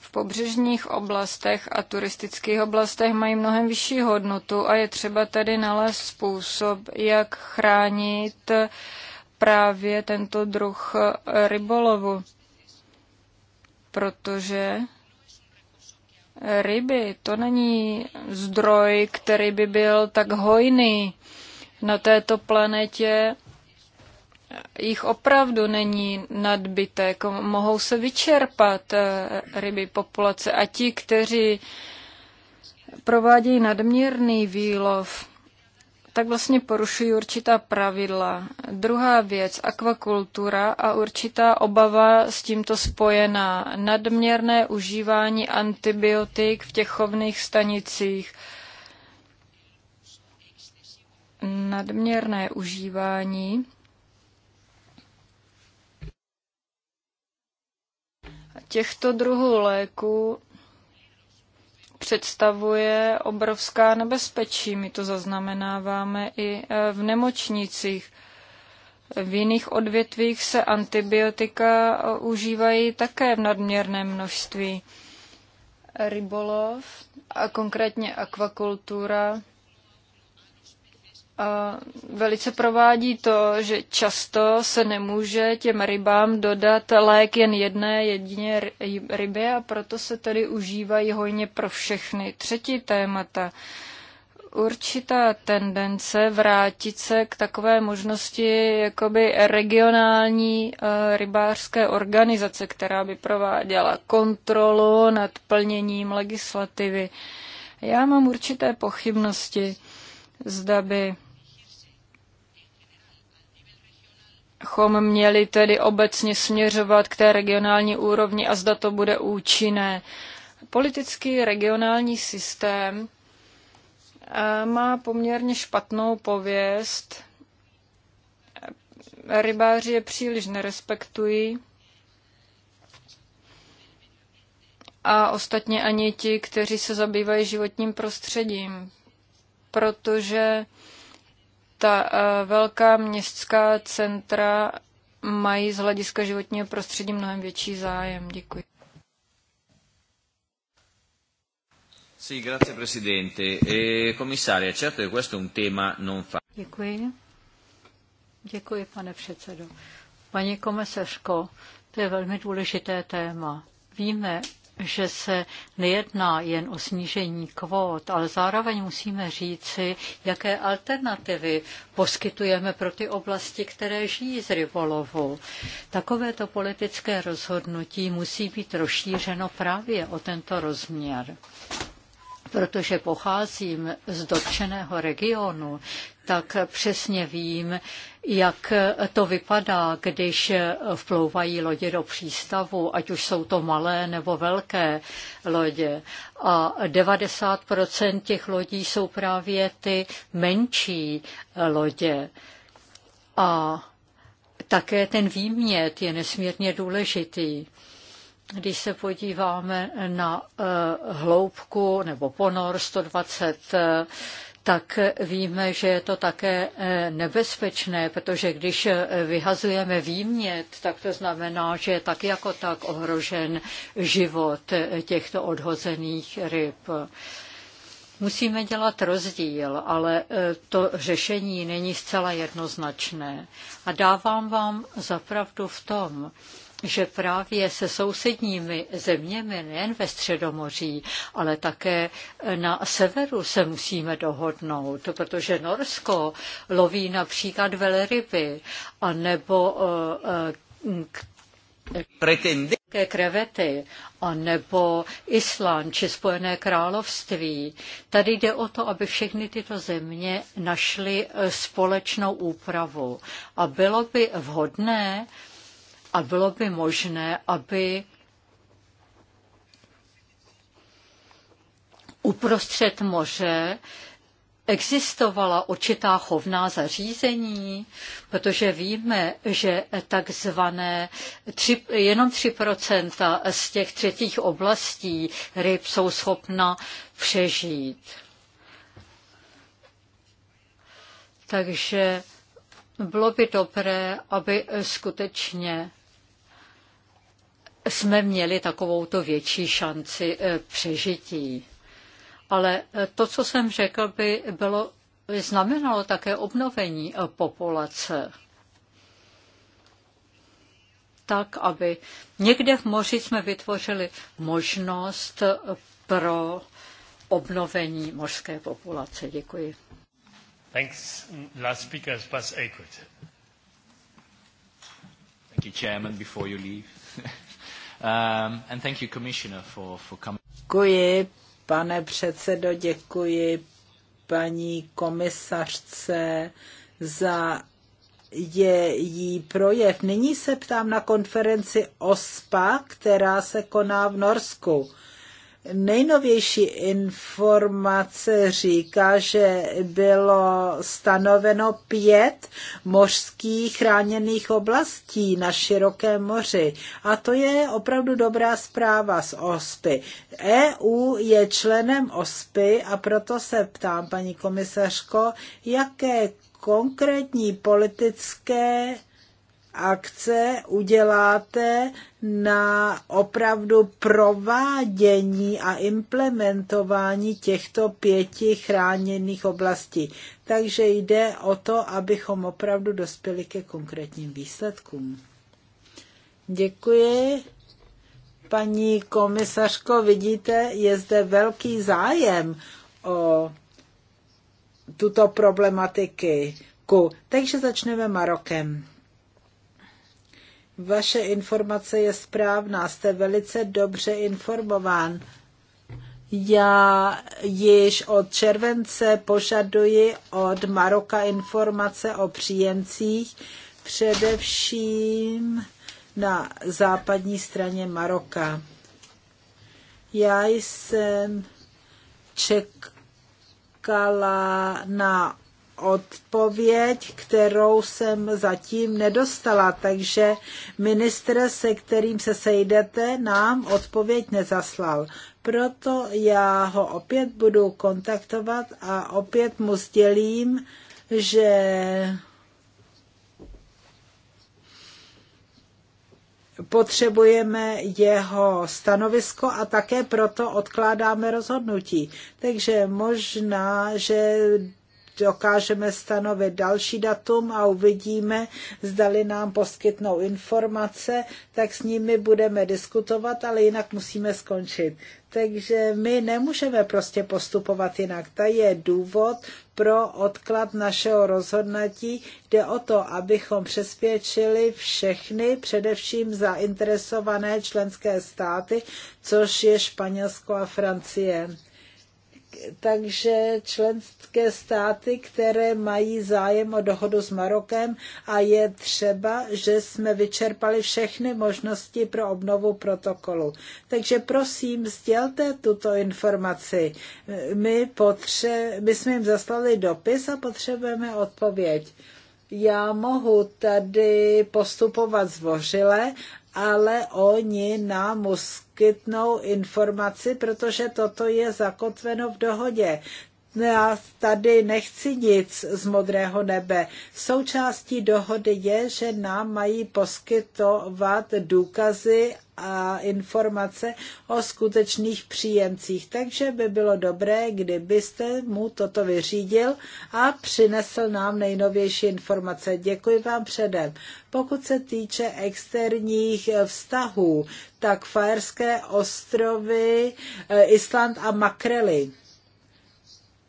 v pobřežních oblastech a turistických oblastech, mají mnohem vyšší hodnotu a je třeba tedy nalézt způsob, jak chránit právě tento druh rybolovu. Protože ryby. To není zdroj, který by byl tak hojný na této planetě. Jich opravdu není nadbytek. Mohou se vyčerpat eh, ryby populace. A ti, kteří provádějí nadměrný výlov, tak vlastně porušují určitá pravidla. Druhá věc, akvakultura a určitá obava s tímto spojená. Nadměrné užívání antibiotik v těch chovných stanicích. Nadměrné užívání těchto druhů léků představuje obrovská nebezpečí. My to zaznamenáváme i eh, v nemocnicích. V jiných odvětvích se antibiotika eh, užívají také v nadměrném množství. Rybolov a konkrétně akvakultura velice provádí to, že často se nemůže těm rybám dodat lék jen jedné jedině rybě a proto se tedy užívají hojně pro všechny. Třetí témata. Určitá tendence vrátit se k takové možnosti jakoby regionální e, rybářské organizace, která by prováděla kontrolu nad plněním legislativy. Já mám určité pochybnosti zda by chom měli tedy obecně směřovat k té regionální úrovni a zda to bude účinné. Politický regionální systém eh, má poměrně špatnou pověst. Rybáři je příliš nerespektují. A ostatně ani ti, kteří se zabývají životním prostředím, protože ta eh, velká městská centra mají z hlediska životního prostředí mnohem větší zájem. Děkuji. Sì, grazie Presidente. E, commissaria, certo che questo è un tema non facile. Děkuji. Děkuji, pane předsedo. Paní komisařko, to je velmi důležité téma. Víme, že se nejedná jen o snížení kvót, ale zároveň musíme říci, jaké alternativy poskytujeme pro ty oblasti, které žijí z rybolovu. Takovéto politické rozhodnutí musí být rozšířeno právě o tento rozměr protože pocházím z dotčeného regionu, tak přesně vím, jak to vypadá, když vplouvají lodě do přístavu, ať už jsou to malé nebo velké lodě. A 90% těch lodí jsou právě ty menší lodě. A také ten výmět je nesmírně důležitý. Když se podíváme na eh, hloubku nebo ponor 120 eh, tak víme, že je to také eh, nebezpečné, protože když vyhazujeme výmět, tak to znamená, že je tak jako tak ohrožen život těchto odhozených ryb. Musíme dělat rozdíl, ale to řešení není zcela jednoznačné. A dávám vám zapravdu v tom, že právě se sousedními zeměmi nejen ve Středomoří, ale také na severu se musíme dohodnout, protože Norsko loví například velryby, nebo eh, eh, pretende krevety, nebo Island či Spojené království. Tady jde o to, aby všechny tyto země našly eh, společnou úpravu. A bylo by vhodné, a bylo by možné, aby uprostřed moře existovala určitá chovná zařízení, protože víme, že takzvané tři, jenom 3% z těch třetích oblastí ryb jsou schopna přežít. Takže bylo by dobré, aby skutečně jsme měli takovou to větší šanci eh, přežití. Ale eh, to, co jsem řekl, by bylo, znamenalo také obnovení eh, populace. Tak, aby někde v moři jsme vytvořili možnost pro obnovení mořské populace. Děkuji. Thanks. Last speaker is Bas Aykut. Thank you, Chairman, before you leave. <laughs> Um, and thank you, Commissioner, for, for coming. Děkuji, pane předsedo, děkuji paní komisařce za je jí projev. Nyní se ptám na konferenci OSPA, která se koná v Norsku. Nejnovější informace říká, že bylo stanoveno pět mořských chráněných oblastí na širokém moři. A to je opravdu dobrá zpráva z OSPy. EU je členem OSPy a proto se ptám, paní komisařko, jaké konkrétní politické akce uděláte na opravdu provádění a implementování těchto pěti chráněných oblastí. Takže jde o to, abychom opravdu dospěli ke konkrétním výsledkům. Děkuji. Paní komisařko, vidíte, je zde velký zájem o tuto problematiku. Takže začneme Marokem. Vaše informace je správná, jste velice dobře informován. Já již od července požaduji od Maroka informace o příjemcích, především na západní straně Maroka. Já jsem čekala na odpověď, kterou jsem zatím nedostala, takže ministr, se kterým se sejdete, nám odpověď nezaslal. Proto já ho opět budu kontaktovat a opět mu sdělím, že potřebujeme jeho stanovisko a také proto odkládáme rozhodnutí. Takže možná, že dokážeme stanovit další datum a uvidíme, zdali nám poskytnou informace, tak s nimi budeme diskutovat, ale jinak musíme skončit. Takže my nemůžeme prostě postupovat jinak. To je důvod pro odklad našeho rozhodnutí. Jde o to, abychom přesvědčili všechny, především zainteresované členské státy, což je Španělsko a Francie takže členské státy, které mají zájem o dohodu s Marokem a je třeba, že jsme vyčerpali všechny možnosti pro obnovu protokolu. Takže prosím, sdělte tuto informaci. My, potře- my jsme jim zaslali dopis a potřebujeme odpověď. Já mohu tady postupovat zvořile, ale oni nám musí poskytnou informaci, protože toto je zakotveno v dohodě já tady nechci nic z modrého nebe. Součástí dohody je, že nám mají poskytovat důkazy a informace o skutečných příjemcích. Takže by bylo dobré, kdybyste mu toto vyřídil a přinesl nám nejnovější informace. Děkuji vám předem. Pokud se týče externích vztahů, tak Fajerské ostrovy, e, Island a Makrely.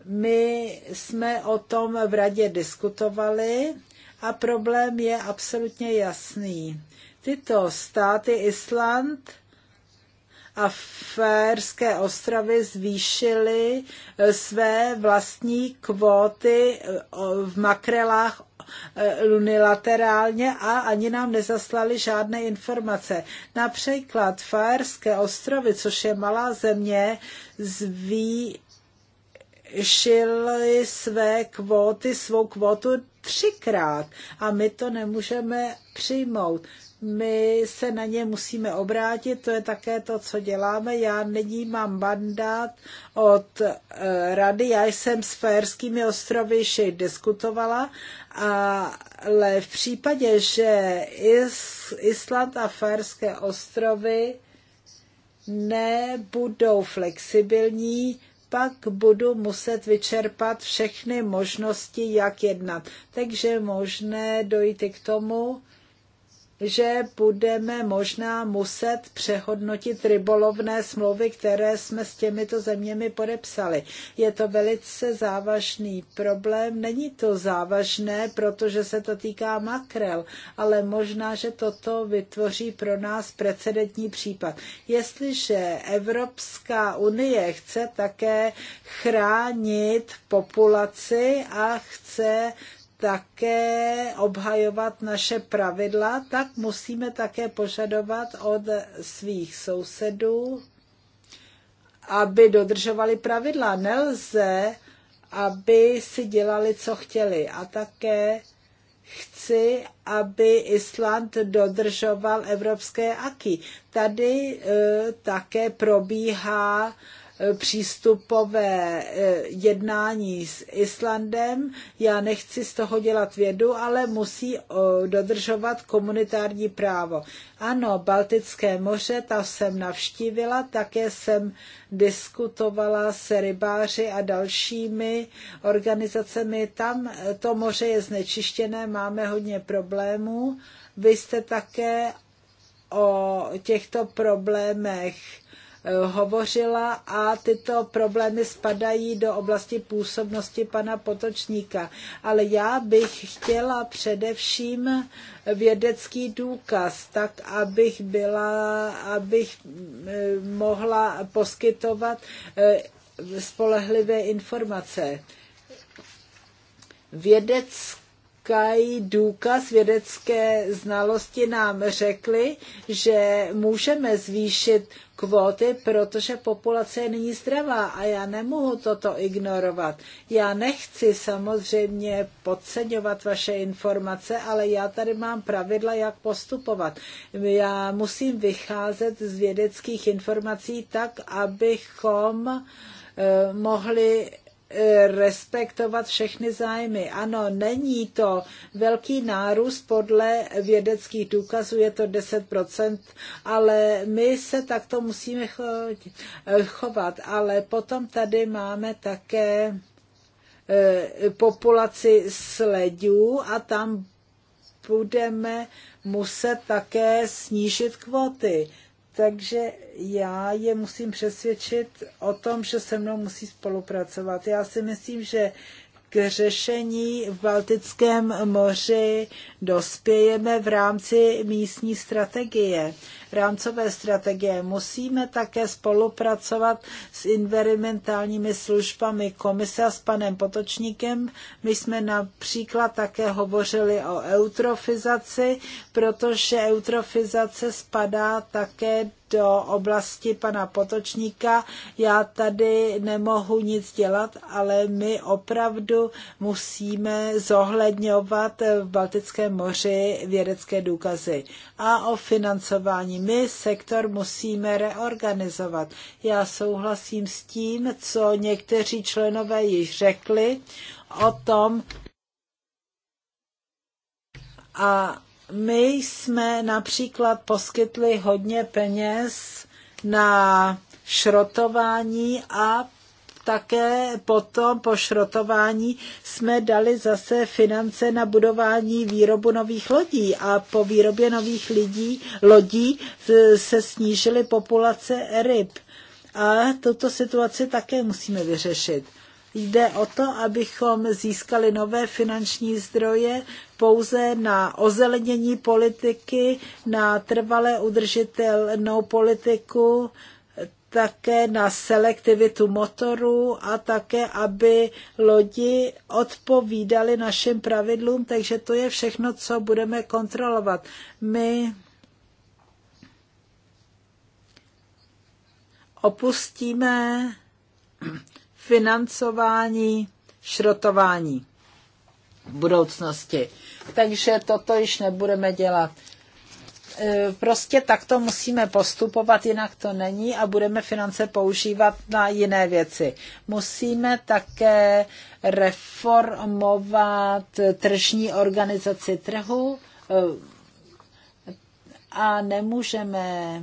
My jsme o tom v radě diskutovali a problém je absolutně jasný. Tyto státy Island a Férské ostrovy zvýšily eh, své vlastní kvóty eh, v makrelách eh, unilaterálně a ani nám nezaslali žádné informace. Například Fajerské ostrovy, což je malá země, zvýšily své kvóty, svou kvótu třikrát a my to nemůžeme přijmout my se na ně musíme obrátit, to je také to, co děláme. Já nyní mám mandát od eh, rady, já jsem s Fajerskými ostrovy diskutovala, ale v případě, že Is, Island a Fajerské ostrovy nebudou flexibilní, pak budu muset vyčerpat všechny možnosti, jak jednat. Takže možné dojít i k tomu, že budeme možná muset přehodnotit rybolovné smlouvy, které jsme s těmito zeměmi podepsali. Je to velice závažný problém. Není to závažné, protože se to týká makrel, ale možná, že toto vytvoří pro nás precedentní případ. Jestliže Evropská unie chce také chránit populaci a chce také obhajovat naše pravidla, tak musíme také požadovat od svých sousedů, aby dodržovali pravidla. Nelze, aby si dělali, co chtěli. A také chci, aby Island dodržoval evropské aky. Tady e, také probíhá e, Eh, přístupové eh, jednání s Islandem. Já nechci z toho dělat vědu, ale musí eh, dodržovat komunitární právo. Ano, Baltické moře, ta jsem navštívila, také jsem diskutovala se rybáři a dalšími organizacemi. Tam to moře je znečištěné, máme hodně problémů. Vy jste také o těchto problémech Eh, hovořila a tyto problémy spadají do oblasti působnosti pana Potočníka. Ale já bych chtěla především vědecký důkaz, tak abych byla, abych eh, mohla poskytovat eh, spolehlivé informace. Vědecký říkají důkaz vědecké znalosti nám řekli, že můžeme zvýšit kvóty, protože populace je nyní zdravá a já nemohu toto ignorovat. Já nechci samozřejmě podceňovat vaše informace, ale já tady mám pravidla, jak postupovat. Já musím vycházet z vědeckých informací tak, abychom eh, mohli respektovat všechny zájmy. Ano, není to velký nárůst podle vědeckých důkazů, je to 10%, ale my se takto musíme chovat. Ale potom tady máme také e, populaci sledů a tam budeme muset také snížit kvóty takže já je musím přesvědčit o tom, že se mnou musí spolupracovat. Já si myslím, že k řešení v Baltickém moři dospějeme v rámci místní strategie rámcové strategie. Musíme také spolupracovat s environmentálními službami komise a s panem Potočníkem. My jsme například také hovořili o eutrofizaci, protože eutrofizace spadá také do oblasti pana Potočníka. Já tady nemohu nic dělat, ale my opravdu musíme zohledňovat v Baltickém moři vědecké důkazy. A o financování my sektor musíme reorganizovat. Já souhlasím s tím, co někteří členové již řekli o tom, a my jsme například poskytli hodně peněz na šrotování a také potom po šrotování jsme dali zase finance na budování výrobu nových lodí a po výrobě nových lidí, lodí se snížily populace ryb. A tuto situaci také musíme vyřešit. Jde o to, abychom získali nové finanční zdroje pouze na ozelenění politiky, na trvale udržitelnou politiku, také na selektivitu motorů a také, aby lodi odpovídaly našim pravidlům, takže to je všechno, co budeme kontrolovat. My opustíme financování šrotování v budoucnosti. Takže toto již nebudeme dělat. E, prostě takto musíme postupovat, jinak to není a budeme finance používat na jiné věci. Musíme také reformovat tržní organizaci trhu e, a nemůžeme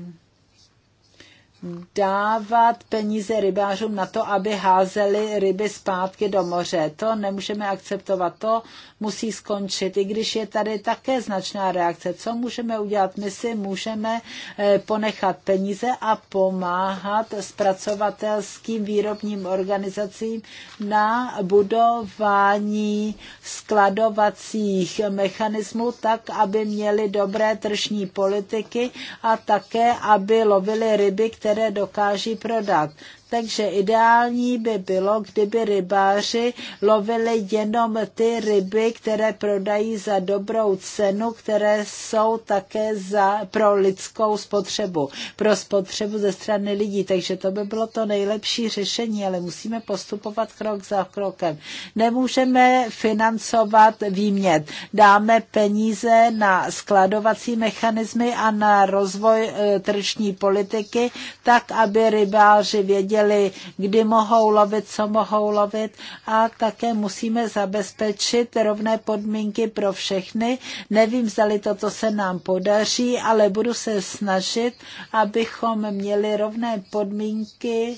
dávat peníze rybářům na to, aby házeli ryby zpátky do moře. To nemůžeme akceptovat. To musí skončit, i když je tady také značná reakce. Co můžeme udělat? My si můžeme eh, ponechat peníze a pomáhat zpracovatelským výrobním organizacím na budování skladovacích mechanismů tak, aby měli dobré tržní politiky a také, aby lovili ryby, které dokáží prodat. Takže ideální by bylo, kdyby rybáři lovili jenom ty ryby, které prodají za dobrou cenu, které jsou také za, pro lidskou spotřebu, pro spotřebu ze strany lidí. Takže to by bylo to nejlepší řešení, ale musíme postupovat krok za krokem. Nemůžeme financovat výmět. Dáme peníze na skladovací mechanismy a na rozvoj e, tržní politiky, tak aby rybáři věděli, věděli, kdy mohou lovit, co mohou lovit a také musíme zabezpečit rovné podmínky pro všechny. Nevím, zda-li toto se nám podaří, ale budu se snažit, abychom měli rovné podmínky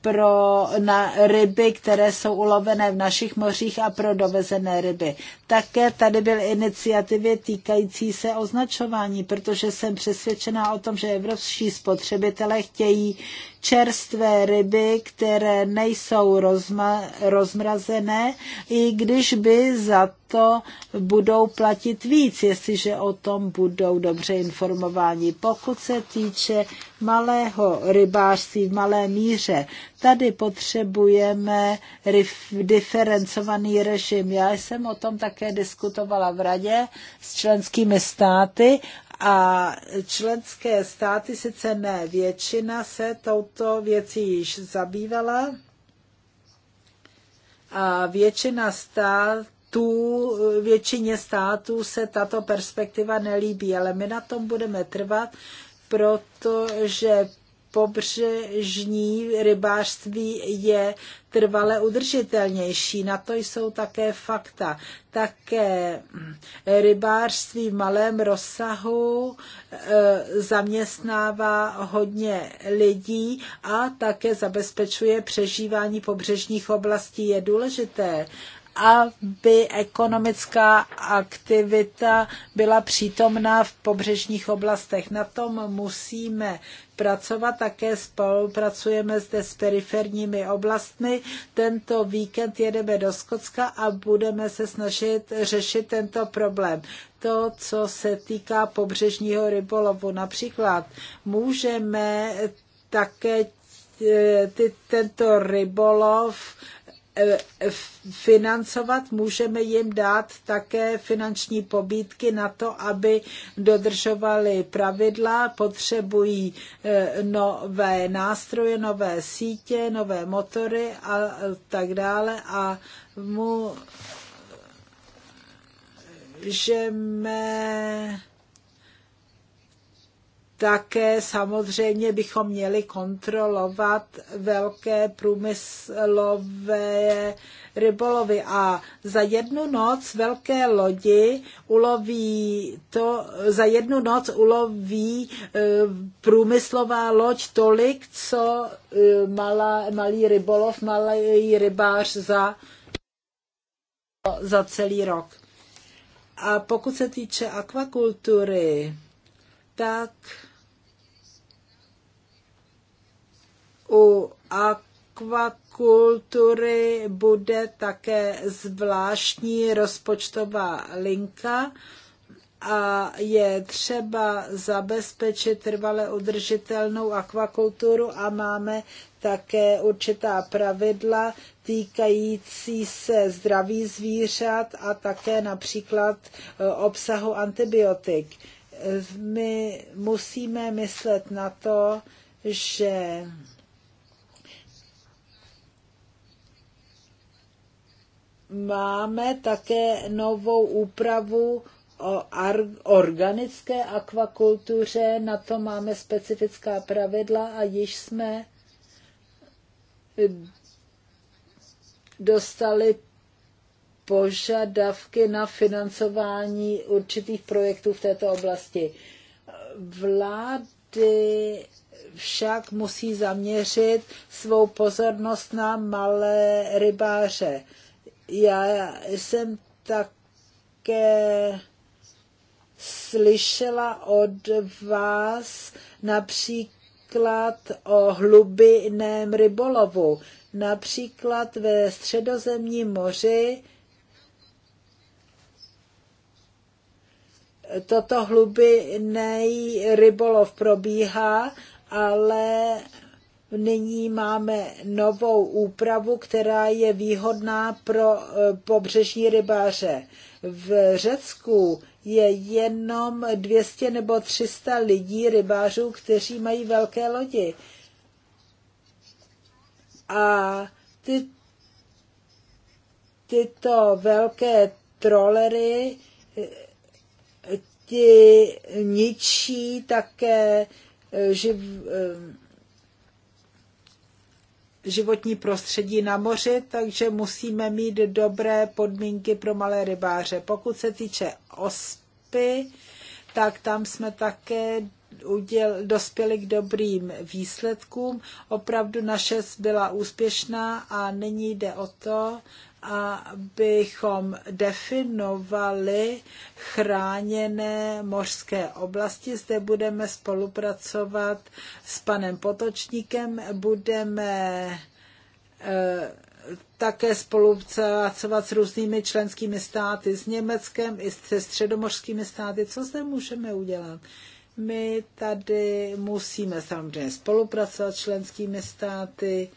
pro na ryby, které jsou ulovené v našich mořích a pro dovezené ryby. Také tady byly iniciativy týkající se označování, protože jsem přesvědčená o tom, že evropští spotřebitelé chtějí čerstvé ryby, které nejsou rozma, rozmrazené, i když by za to budou platit víc, jestliže o tom budou dobře informováni. Pokud se týče malého rybářství v malé míře, Tady potřebujeme diferencovaný režim. Já jsem o tom také diskutovala v radě s členskými státy a členské státy, sice ne většina, se touto věcí již zabývala a většina států, většině států se tato perspektiva nelíbí, ale my na tom budeme trvat, protože pobřežní rybářství je trvale udržitelnější. Na to jsou také fakta. Také mm, rybářství v malém rozsahu e, zaměstnává hodně lidí a také zabezpečuje přežívání pobřežních oblastí. Je důležité, aby ekonomická aktivita byla přítomná v pobřežních oblastech. Na tom musíme pracovat, také spolupracujeme zde s periferními oblastmi. Tento víkend jedeme do Skotska a budeme se snažit řešit tento problém. To, co se týká pobřežního rybolovu například, můžeme také eh, ty, tento rybolov Eh, financovat, můžeme jim dát také finanční pobídky na to, aby dodržovali pravidla, potřebují eh, nové nástroje, nové sítě, nové motory a tak dále a mu můžeme eh, také samozřejmě bychom měli kontrolovat velké průmyslové rybolovy a za jednu noc velké lodi uloví to, za jednu noc uloví e, průmyslová loď tolik, co e, malá, malý rybolov, malý rybář za, za celý rok. A pokud se týče akvakultury, tak u akvakultury bude také zvláštní rozpočtová linka a je třeba zabezpečit trvale udržitelnou akvakulturu a máme také určitá pravidla týkající se zdraví zvířat a také například e, obsahu antibiotik my musíme myslet na to, že máme také novou úpravu o organické akvakultuře, na to máme specifická pravidla a již jsme dostali požadavky na financování určitých projektů v této oblasti. Vlády však musí zaměřit svou pozornost na malé rybáře. Já jsem také slyšela od vás například o hlubinném rybolovu. Například ve středozemním moři toto hlubinej rybolov probíhá, ale nyní máme novou úpravu, která je výhodná pro e, pobřežní rybáře. V Řecku je jenom 200 nebo 300 lidí, rybářů, kteří mají velké lodi. A ty, tyto velké trolery ti ničí také eh, živ, eh, životní prostředí na moři, takže musíme mít dobré podmínky pro malé rybáře. Pokud se týče ospy, tak tam jsme také uděl, dospěli k dobrým výsledkům. Opravdu naše byla úspěšná a nyní jde o to, abychom definovali chráněné mořské oblasti. Zde budeme spolupracovat s panem Potočníkem, budeme eh, také spolupracovat s různými členskými státy, s Německem i se středomořskými státy. Co zde můžeme udělat? My tady musíme samozřejmě spolupracovat s členskými státy,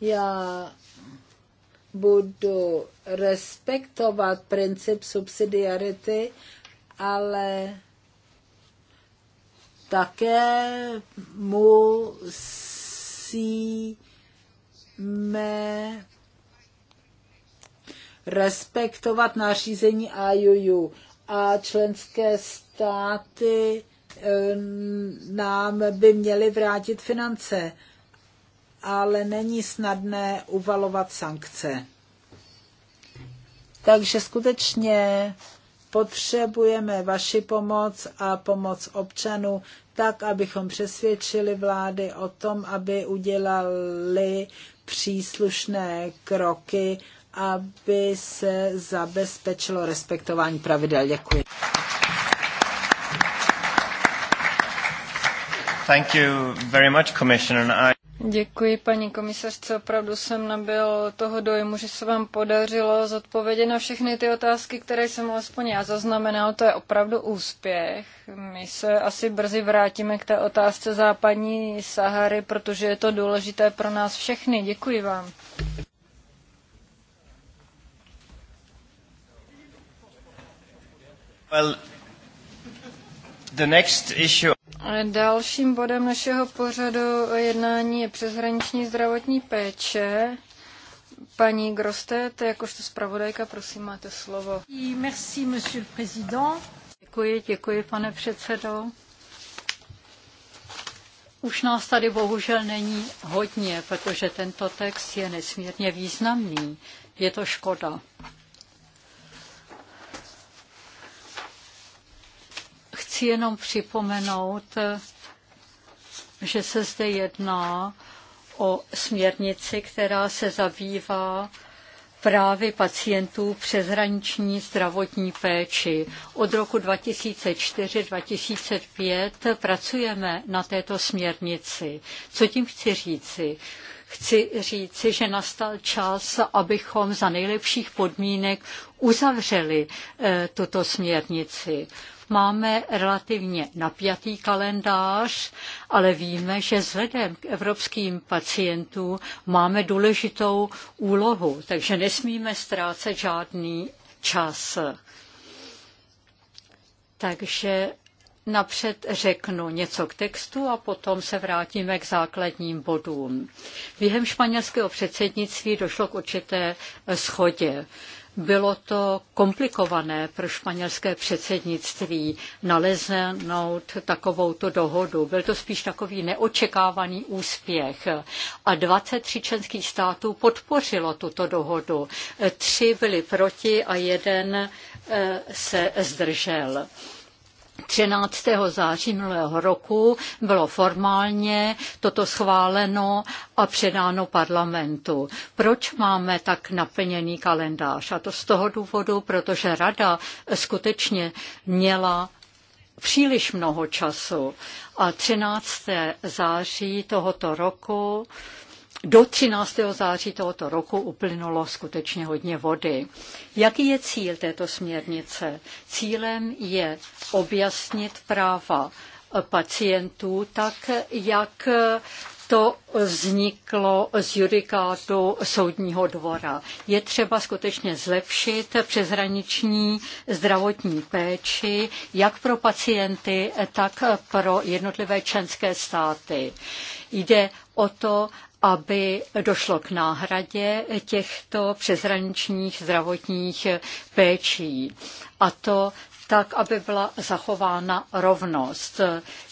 Já budu respektovat princip subsidiarity, ale také musíme respektovat nařízení IUU a členské státy eh, nám by měly vrátit finance ale není snadné uvalovat sankce. Takže skutečně potřebujeme vaši pomoc a pomoc občanů, tak, abychom přesvědčili vlády o tom, aby udělali příslušné kroky, aby se zabezpečilo respektování pravidel. Děkuji. Thank you very much, Commissioner. I... Děkuji, paní komisařce. Opravdu jsem nabil toho dojmu, že se vám podařilo zodpovědět na všechny ty otázky, které jsem alespoň já zaznamenal. To je opravdu úspěch. My se asi brzy vrátíme k té otázce západní Sahary, protože je to důležité pro nás všechny. Děkuji vám. Well, the next issue. Dalším bodem našeho pořadu jednání je přeshraniční zdravotní péče. Paní Grostet, jakožto zpravodajka, prosím, máte slovo. Merci, monsieur le président. Děkuji, děkuji, pane předsedo. Už nás tady bohužel není hodně, protože tento text je nesmírně významný. Je to škoda. chci jenom připomenout, že se zde jedná o směrnici, která se zabývá právy pacientů přeshraniční zdravotní péči. Od roku 2004-2005 pracujeme na této směrnici. Co tím chci říci? Chci říci, že nastal čas, abychom za nejlepších podmínek uzavřeli e, tuto směrnici. Máme relativně napjatý kalendář, ale víme, že vzhledem k evropským pacientům máme důležitou úlohu, takže nesmíme ztrácet žádný čas. Takže Napřed řeknu něco k textu a potom se vrátíme k základním bodům. Během španělského předsednictví došlo k určité schodě. Bylo to komplikované pro španělské předsednictví naleznout takovouto dohodu. Byl to spíš takový neočekávaný úspěch. A 23 členských států podpořilo tuto dohodu. Tři byli proti a jeden eh, se zdržel. 13. září minulého roku bylo formálně toto schváleno a předáno parlamentu. Proč máme tak naplněný kalendář? A to z toho důvodu, protože rada skutečně měla příliš mnoho času. A 13. září tohoto roku do 13. září tohoto roku uplynulo skutečně hodně vody. Jaký je cíl této směrnice? Cílem je objasnit práva pacientů tak, jak to vzniklo z judikátu soudního dvora. Je třeba skutečně zlepšit přeshraniční zdravotní péči jak pro pacienty, tak pro jednotlivé členské státy. Jde o to, aby došlo k náhradě těchto přeshraničních zdravotních péčí. A to tak, aby byla zachována rovnost.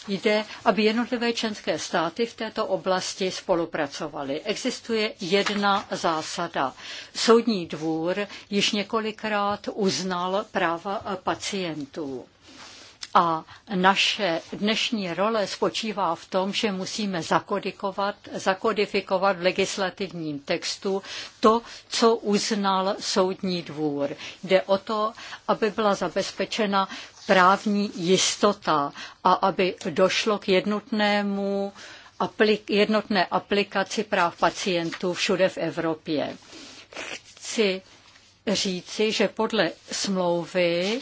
Jde, aby jednotlivé členské státy v této oblasti spolupracovaly. Existuje jedna zásada. Soudní dvůr již několikrát uznal práva pacientů. A naše dnešní role spočívá v tom, že musíme zakodikovat, zakodifikovat v legislativním textu to, co uznal soudní dvůr. Jde o to, aby byla zabezpečena právní jistota a aby došlo k jednotnému aplik, jednotné aplikaci práv pacientů všude v Evropě. Chci říci, že podle smlouvy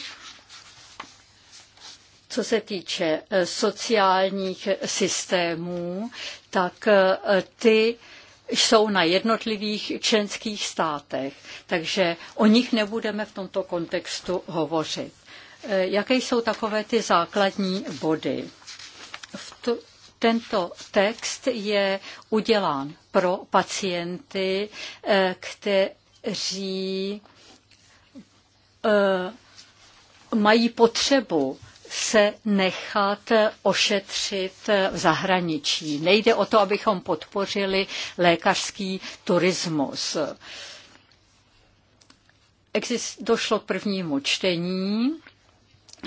co se týče eh, sociálních systémů, tak eh, ty jsou na jednotlivých členských státech, takže o nich nebudeme v tomto kontextu hovořit. Eh, jaké jsou takové ty základní body? V to, tento text je udělán pro pacienty, kteří mají potřebu se nechat ošetřit v zahraničí. Nejde o to, abychom podpořili lékařský turismus. došlo k prvnímu čtení.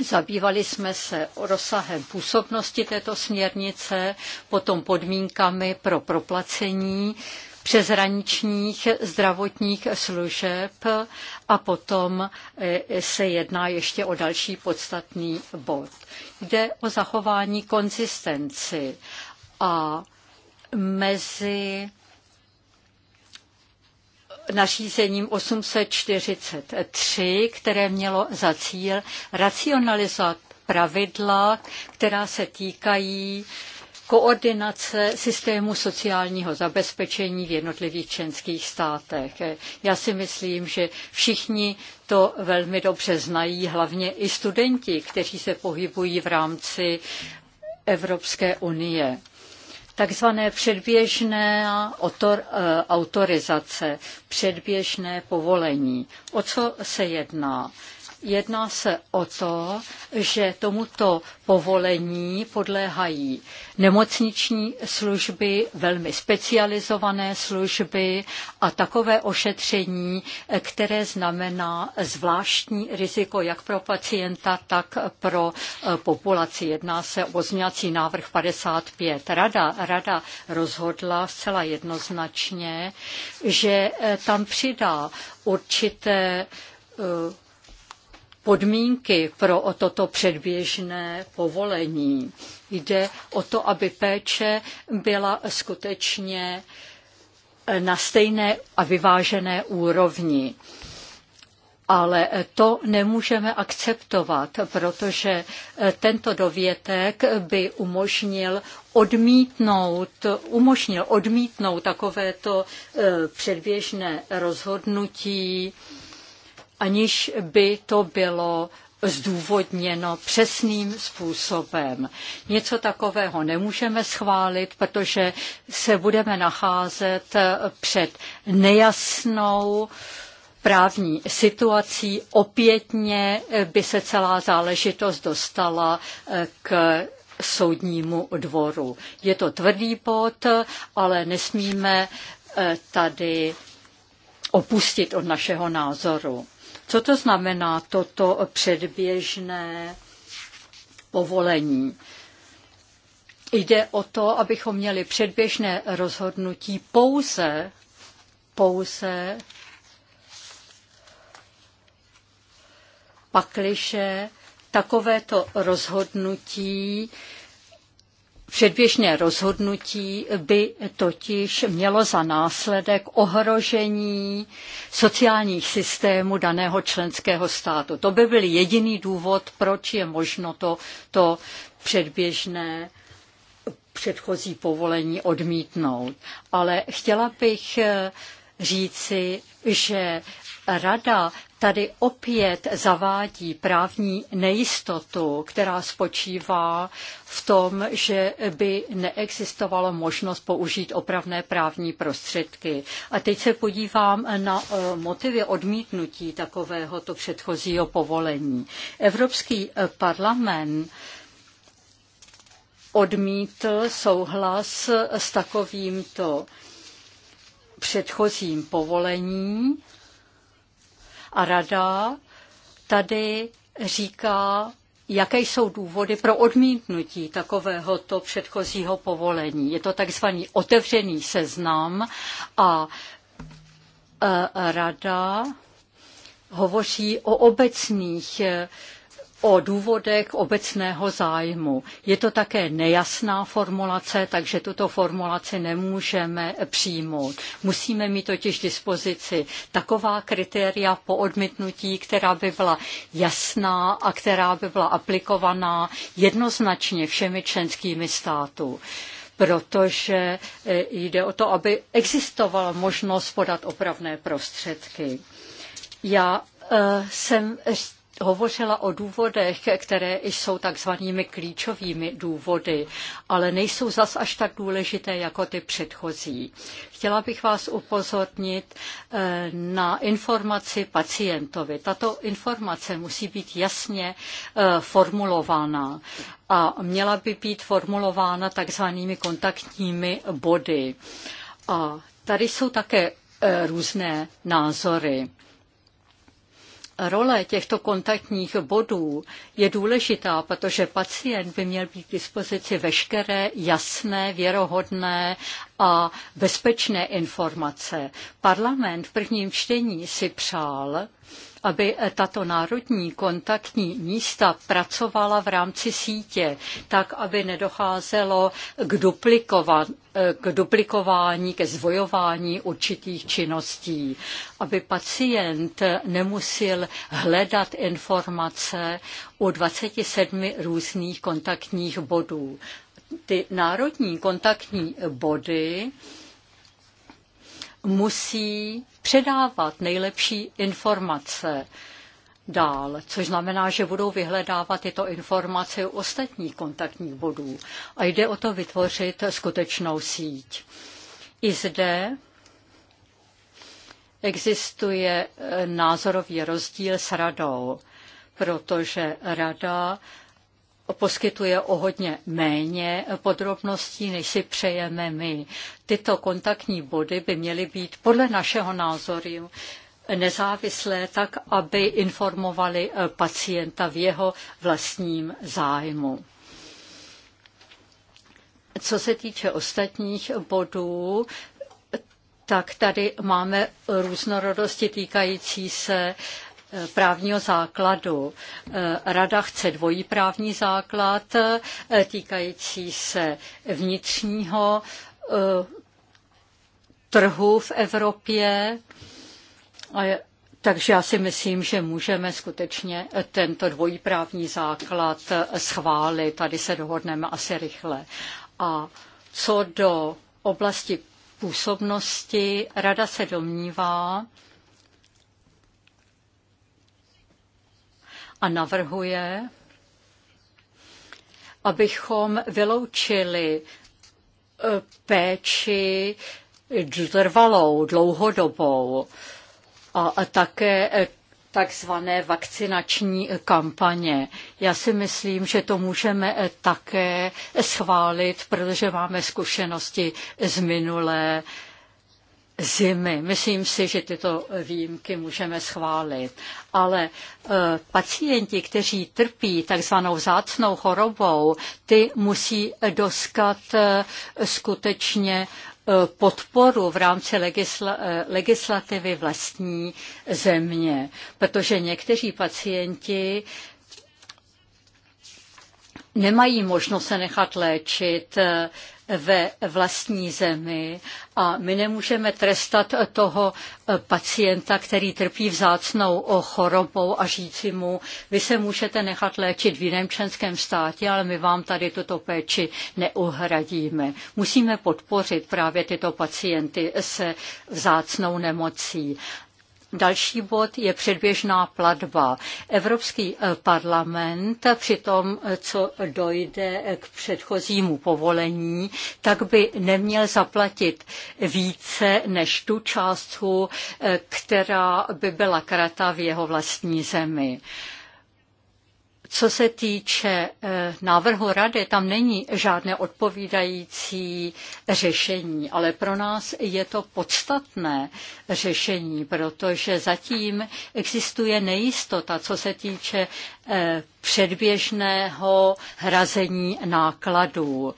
Zabývali jsme se rozsahem působnosti této směrnice, potom podmínkami pro proplacení přeshraničních zdravotních služeb a potom eh, se jedná ještě o další podstatný bod. Jde o zachování konzistenci a mezi nařízením 843, které mělo za cíl racionalizovat pravidla, která se týkají koordinace systému sociálního zabezpečení v jednotlivých členských státech. Já si myslím, že všichni to velmi dobře znají, hlavně i studenti, kteří se pohybují v rámci Evropské unie takzvané předběžné eh, autorizace, předběžné povolení. O co se jedná? Jedná se o to, že tomuto povolení podléhají nemocniční služby, velmi specializované služby a takové ošetření, které znamená zvláštní riziko jak pro pacienta, tak pro eh, populaci. Jedná se o pozměňovací návrh 55. Rada, rada rozhodla zcela jednoznačně, že eh, tam přidá určité eh, podmínky pro toto předběžné povolení. Jde o to, aby péče byla skutečně eh, na stejné a vyvážené úrovni. Ale eh, to nemůžeme akceptovat, protože eh, tento dovětek by umožnil odmítnout, umožnil odmítnout takovéto předběžné rozhodnutí aniž by to bylo zdůvodněno přesným způsobem. Něco takového nemůžeme schválit, protože se budeme nacházet před nejasnou právní situací. Opětně by se celá záležitost dostala k soudnímu dvoru. Je to tvrdý bod, ale nesmíme tady opustit od našeho názoru. Co to znamená toto předběžné povolení? Jde o to, abychom měli předběžné rozhodnutí pouze, pouze pakliže takovéto rozhodnutí Předběžné rozhodnutí by totiž mělo za následek ohrožení sociálních systémů daného členského státu. To by byl jediný důvod, proč je možno to, to předběžné předchozí povolení odmítnout. Ale chtěla bych říci, že Rada tady opět zavádí právní nejistotu, která spočívá v tom, že by neexistovalo možnost použít opravné právní prostředky. A teď se podívám na eh, motivy odmítnutí takovéhoto předchozího povolení. Evropský eh, parlament odmítl souhlas s takovýmto předchozím povolením a rada tady říká, jaké jsou důvody pro odmítnutí takovéhoto předchozího povolení. Je to takzvaný otevřený seznam a e, rada hovoří o obecných e, o důvodech obecného zájmu. Je to také nejasná formulace, takže tuto formulaci nemůžeme přijmout. Musíme mít totiž dispozici taková kritéria po odmítnutí, která by byla jasná a která by byla aplikovaná jednoznačně všemi členskými státy protože e, jde o to, aby existovala možnost podat opravné prostředky. Já e, jsem hovořila o důvodech, které jsou takzvanými klíčovými důvody, ale nejsou zas až tak důležité jako ty předchozí. Chtěla bych vás upozornit eh, na informaci pacientovi. Tato informace musí být jasně eh, formulována a měla by být formulována takzvanými kontaktními body. A tady jsou také eh, různé názory role těchto kontaktních bodů je důležitá, protože pacient by měl být k dispozici veškeré jasné, věrohodné a bezpečné informace. Parlament v prvním čtení si přál, aby tato národní kontaktní místa pracovala v rámci sítě, tak aby nedocházelo k duplikovan- k duplikování, ke zvojování určitých činností, aby pacient nemusel hledat informace u 27 různých kontaktních bodů. Ty národní kontaktní body musí předávat nejlepší informace dál, což znamená, že budou vyhledávat tyto informace u ostatních kontaktních bodů a jde o to vytvořit skutečnou síť. I zde existuje eh, názorový rozdíl s radou, protože rada poskytuje o hodně méně podrobností, než si přejeme my. Tyto kontaktní body by měly být podle našeho názoru nezávislé tak, aby informovali eh, pacienta v jeho vlastním zájmu. Co se týče ostatních bodů, tak tady máme různorodosti týkající se eh, právního základu. Eh, rada chce dvojí právní základ týkající se vnitřního trhu v Evropě a je, takže já si myslím, že můžeme skutečně tento dvojí právní základ schválit. Tady se dohodneme asi rychle. A co do oblasti působnosti, rada se domnívá a navrhuje, abychom vyloučili eh, péči trvalou, dlouhodobou a také eh, takzvané vakcinační kampaně. Já si myslím, že to můžeme eh, také schválit, protože máme zkušenosti z minulé zimy. Myslím si, že tyto výjimky můžeme schválit. Ale eh, pacienti, kteří trpí takzvanou vzácnou chorobou, ty musí dostat skutečně E, podporu v rámci legisla, e, legislativy vlastní země, protože někteří pacienti nemají možnost se nechat léčit e, ve vlastní zemi a my nemůžeme trestat toho eh, pacienta, který trpí vzácnou chorobou a říci mu, vy se můžete nechat léčit v jiném členském státě, ale my vám tady tuto péči neuhradíme. Musíme podpořit právě tyto pacienty se vzácnou nemocí. Další bod je předběžná platba. Evropský eh, parlament při tom, eh, co dojde eh, k předchozímu povolení, tak by neměl zaplatit více než tu částku, která by byla krata v jeho vlastní zemi. Co se týče eh, návrhu rady, tam není žádné odpovídající řešení, ale pro nás je to podstatné řešení, protože zatím existuje nejistota, co se týče eh, předběžného hrazení nákladů.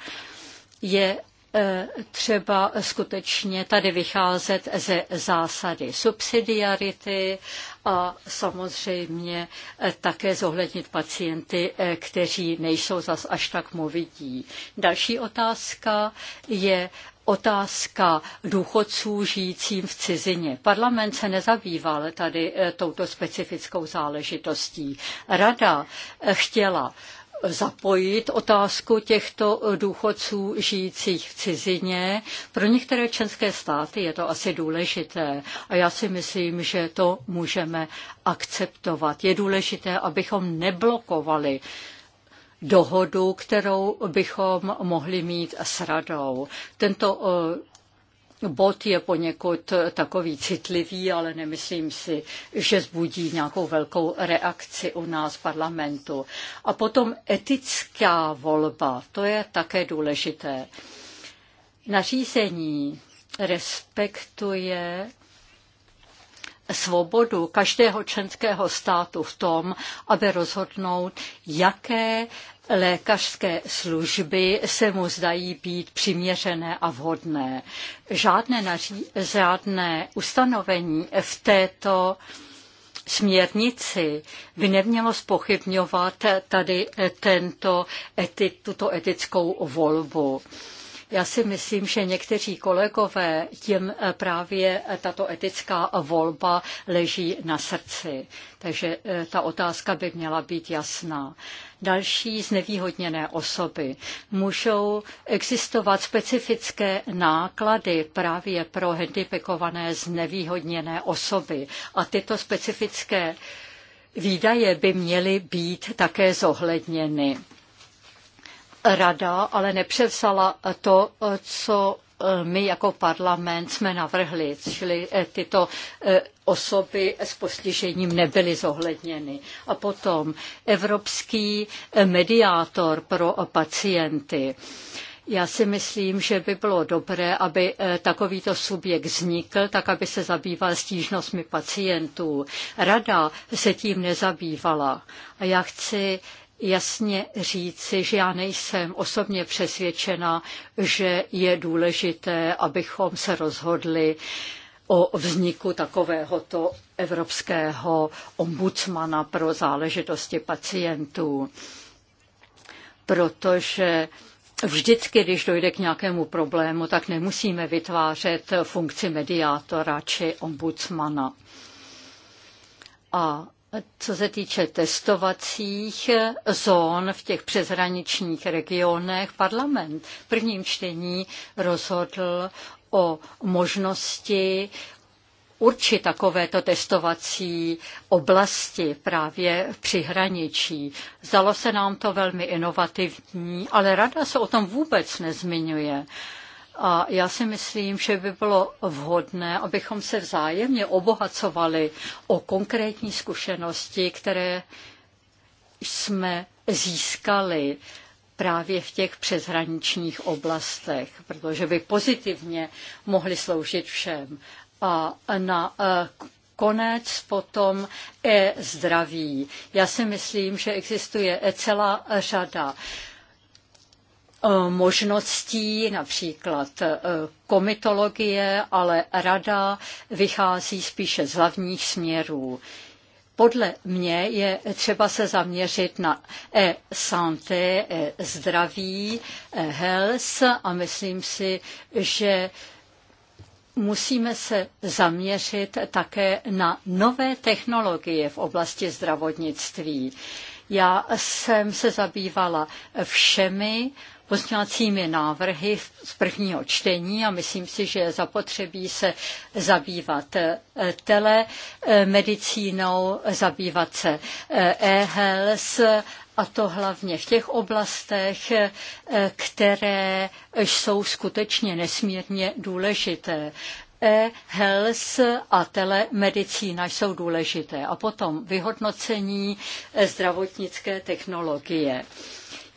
Je E, třeba skutečně tady vycházet ze zásady subsidiarity a samozřejmě e, také zohlednit pacienty, e, kteří nejsou zas až tak movití. Další otázka je otázka důchodců žijícím v cizině. Parlament se nezabýval tady touto specifickou záležitostí. Rada chtěla zapojit otázku těchto důchodců žijících v cizině. Pro některé členské státy je to asi důležité a já si myslím, že to můžeme akceptovat. Je důležité, abychom neblokovali dohodu, kterou bychom mohli mít s radou. Tento eh, bod je poněkud takový citlivý, ale nemyslím si, že zbudí nějakou velkou reakci u nás v parlamentu. A potom etická volba, to je také důležité. Nařízení respektuje svobodu každého členského státu v tom, aby rozhodnout, jaké lékařské služby se mu zdají být přiměřené a vhodné. Žádné, naří, žádné ustanovení v této směrnici by nemělo spochybňovat tady tento, eti, tuto etickou volbu. Já si myslím, že někteří kolegové tím právě tato etická volba leží na srdci. Takže eh, ta otázka by měla být jasná. Další znevýhodněné osoby můžou existovat specifické náklady právě pro handipekované znevýhodněné osoby. A tyto specifické výdaje by měly být také zohledněny. Rada ale nepřevzala to, co eh, my jako parlament jsme navrhli, čili eh, tyto eh, osoby s postižením nebyly zohledněny. A potom evropský mediátor pro pacienty. Já si myslím, že by bylo dobré, aby takovýto subjekt vznikl, tak aby se zabýval stížnostmi pacientů. Rada se tím nezabývala. A já chci jasně říci, že já nejsem osobně přesvědčena, že je důležité, abychom se rozhodli o vzniku takovéhoto evropského ombudsmana pro záležitosti pacientů. Protože Vždycky, když dojde k nějakému problému, tak nemusíme vytvářet funkci mediátora či ombudsmana. A co se týče testovacích zón v těch přeshraničních regionech, parlament v prvním čtení rozhodl o možnosti určit takovéto testovací oblasti právě v přihraničí. Zdalo se nám to velmi inovativní, ale rada se o tom vůbec nezmiňuje. A já si myslím, že by bylo vhodné, abychom se vzájemně obohacovali o konkrétní zkušenosti, které jsme získali právě v těch přeshraničních oblastech, protože by pozitivně mohly sloužit všem. A na e, konec potom e-zdraví. Já si myslím, že existuje celá řada E, možností, například e, komitologie, ale rada vychází spíše z hlavních směrů. Podle mě je třeba se zaměřit na e-santé, e-zdraví, e-health a myslím si, že musíme se zaměřit také na nové technologie v oblasti zdravotnictví. Já jsem se zabývala všemi pozměňovacími návrhy z prvního čtení a myslím si, že je zapotřebí se zabývat eh, telemedicínou, eh, zabývat se eh, e-health, a to hlavně v těch oblastech, které jsou skutečně nesmírně důležité e-health a telemedicína jsou důležité. A potom vyhodnocení zdravotnické technologie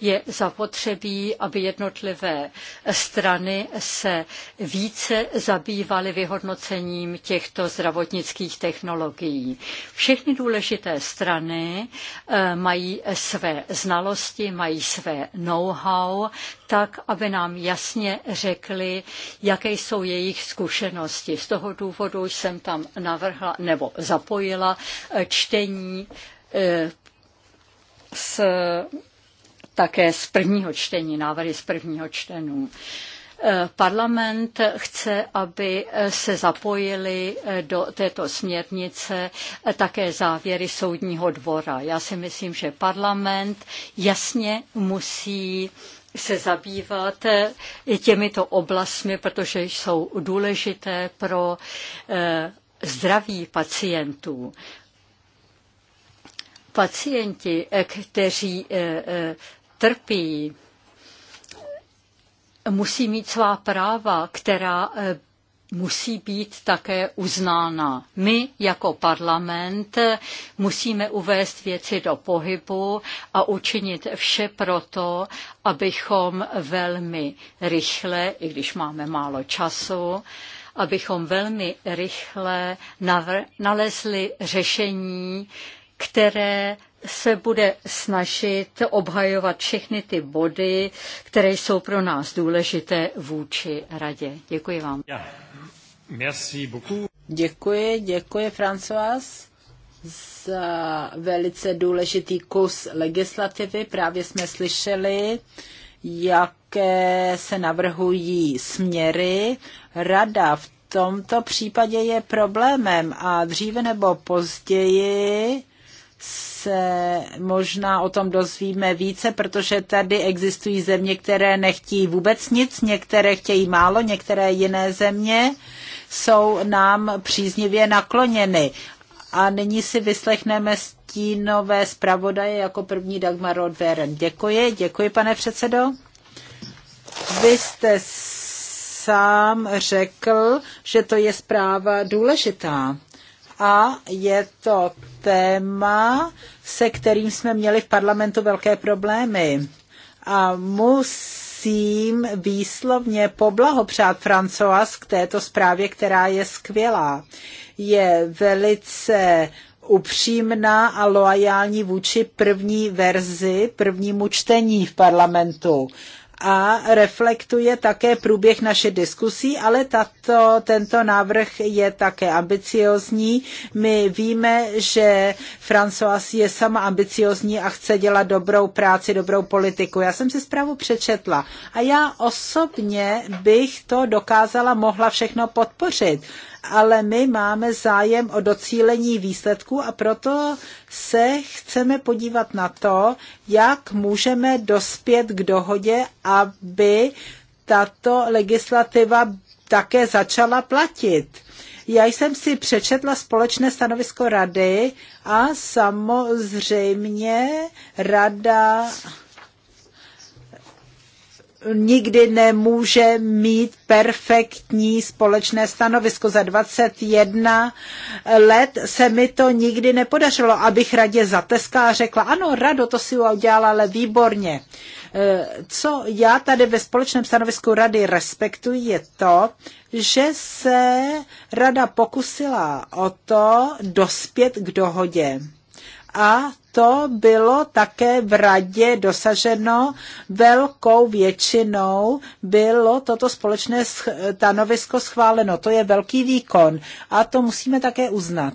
je zapotřebí, aby jednotlivé strany se více zabývaly vyhodnocením těchto zdravotnických technologií. Všechny důležité strany eh, mají své znalosti, mají své know-how, tak, aby nám jasně řekli, jaké jsou jejich zkušenosti. Z toho důvodu jsem tam navrhla nebo zapojila eh, čtení eh, s také z prvního čtení, návrhy z prvního čtení. Eh, parlament chce, aby eh, se zapojili eh, do této směrnice také závěry soudního dvora. Já si myslím, že parlament jasně musí se zabývat těmito oblastmi, protože jsou důležité pro zdraví pacientů. Pacienti, kteří trpí, musí mít svá práva, která eh, musí být také uznána. My jako parlament eh, musíme uvést věci do pohybu a učinit vše proto, abychom velmi rychle, i když máme málo času, abychom velmi rychle nalezli řešení, které se bude snažit obhajovat všechny ty body, které jsou pro nás důležité vůči radě. Děkuji vám. Ja. Merci beaucoup. Děkuji, děkuji, Francois, za velice důležitý kus legislativy. Právě jsme slyšeli, jaké se navrhují směry. Rada v tomto případě je problémem a dříve nebo později se možná o tom dozvíme více, protože tady existují země, které nechtějí vůbec nic, některé chtějí málo, některé jiné země jsou nám příznivě nakloněny. A nyní si vyslechneme stínové zpravodaje jako první Dagmar Rodveren. Děkuji, děkuji pane předsedo. Vy jste sám řekl, že to je zpráva důležitá a je to téma, se kterým jsme měli v parlamentu velké problémy. A musím výslovně poblahopřát Francois k této zprávě, která je skvělá. Je velice upřímná a loajální vůči první verzi, prvnímu čtení v parlamentu a reflektuje také průběh naše diskusí, ale tato, tento návrh je také ambiciozní. My víme, že François je sama ambiciozní a chce dělat dobrou práci, dobrou politiku. Já jsem si zprávu přečetla a já osobně bych to dokázala, mohla všechno podpořit ale my máme zájem o docílení výsledků a proto se chceme podívat na to, jak můžeme dospět k dohodě, aby tato legislativa také začala platit. Já jsem si přečetla společné stanovisko rady a samozřejmě rada nikdy nemůže mít perfektní společné stanovisko. Za 21 let se mi to nikdy nepodařilo, abych radě zateskala a řekla, ano, rado, to si udělala, ale výborně. E, co já tady ve společném stanovisku rady respektuji, je to, že se rada pokusila o to dospět k dohodě. A to bylo také v radě dosaženo velkou většinou, bylo toto společné stanovisko schváleno. To je velký výkon a to musíme také uznat.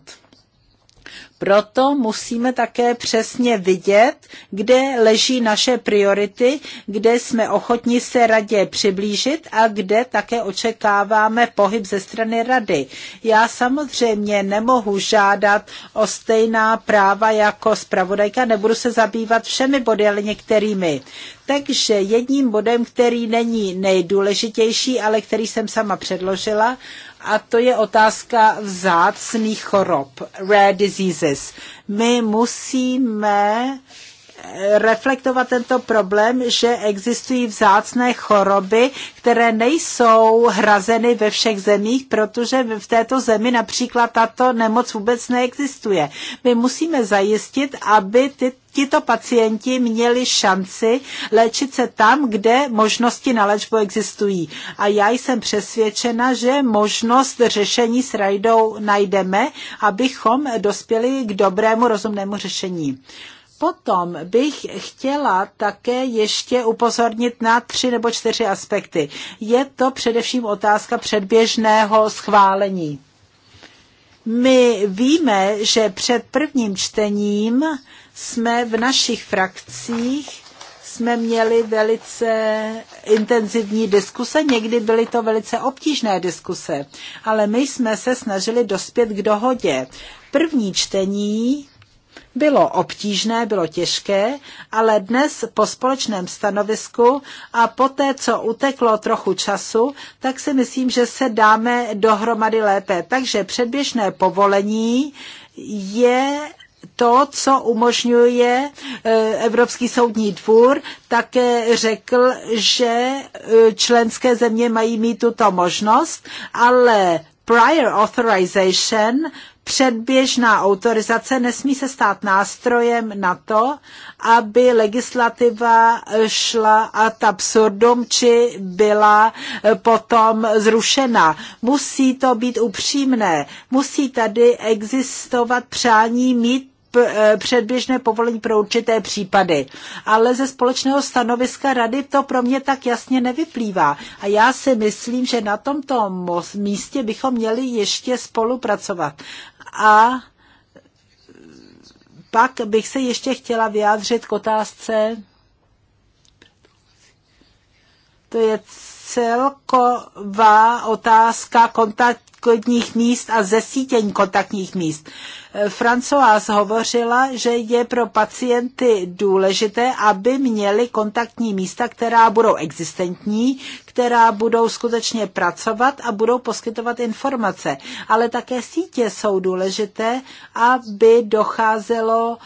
Proto musíme také přesně vidět, kde leží naše priority, kde jsme ochotní se radě přiblížit a kde také očekáváme pohyb ze strany rady. Já samozřejmě nemohu žádat o stejná práva jako zpravodajka, nebudu se zabývat všemi body, ale některými. Takže jedním bodem, který není nejdůležitější, ale který jsem sama předložila, a to je otázka vzácných chorob, rare diseases. My musíme reflektovat tento problém, že existují vzácné choroby, které nejsou hrazeny ve všech zemích, protože v této zemi například tato nemoc vůbec neexistuje. My musíme zajistit, aby ty, tito pacienti měli šanci léčit se tam, kde možnosti na léčbu existují. A já jsem přesvědčena, že možnost řešení s rajdou najdeme, abychom dospěli k dobrému rozumnému řešení. Potom bych chtěla také ještě upozornit na tři nebo čtyři aspekty. Je to především otázka předběžného schválení. My víme, že před prvním čtením jsme v našich frakcích jsme měli velice intenzivní diskuse, někdy byly to velice obtížné diskuse, ale my jsme se snažili dospět k dohodě. První čtení bylo obtížné, bylo těžké, ale dnes po společném stanovisku a poté, co uteklo trochu času, tak si myslím, že se dáme dohromady lépe. Takže předběžné povolení je to, co umožňuje e, Evropský soudní dvůr, také řekl, že e, členské země mají mít tuto možnost, ale prior authorization předběžná autorizace nesmí se stát nástrojem na to, aby legislativa šla ad absurdum, či byla eh, potom zrušena. Musí to být upřímné. Musí tady existovat přání mít eh, předběžné povolení pro určité případy. Ale ze společného stanoviska rady to pro mě tak jasně nevyplývá. A já si myslím, že na tomto místě bychom měli ještě spolupracovat. A pak bych se ještě chtěla vyjádřit k otázce, to je celková otázka kontakt kontaktních míst a zesítění kontaktních míst. Eh, Françoise hovořila, že je pro pacienty důležité, aby měli kontaktní místa, která budou existentní, která budou skutečně pracovat a budou poskytovat informace. Ale také sítě jsou důležité, aby docházelo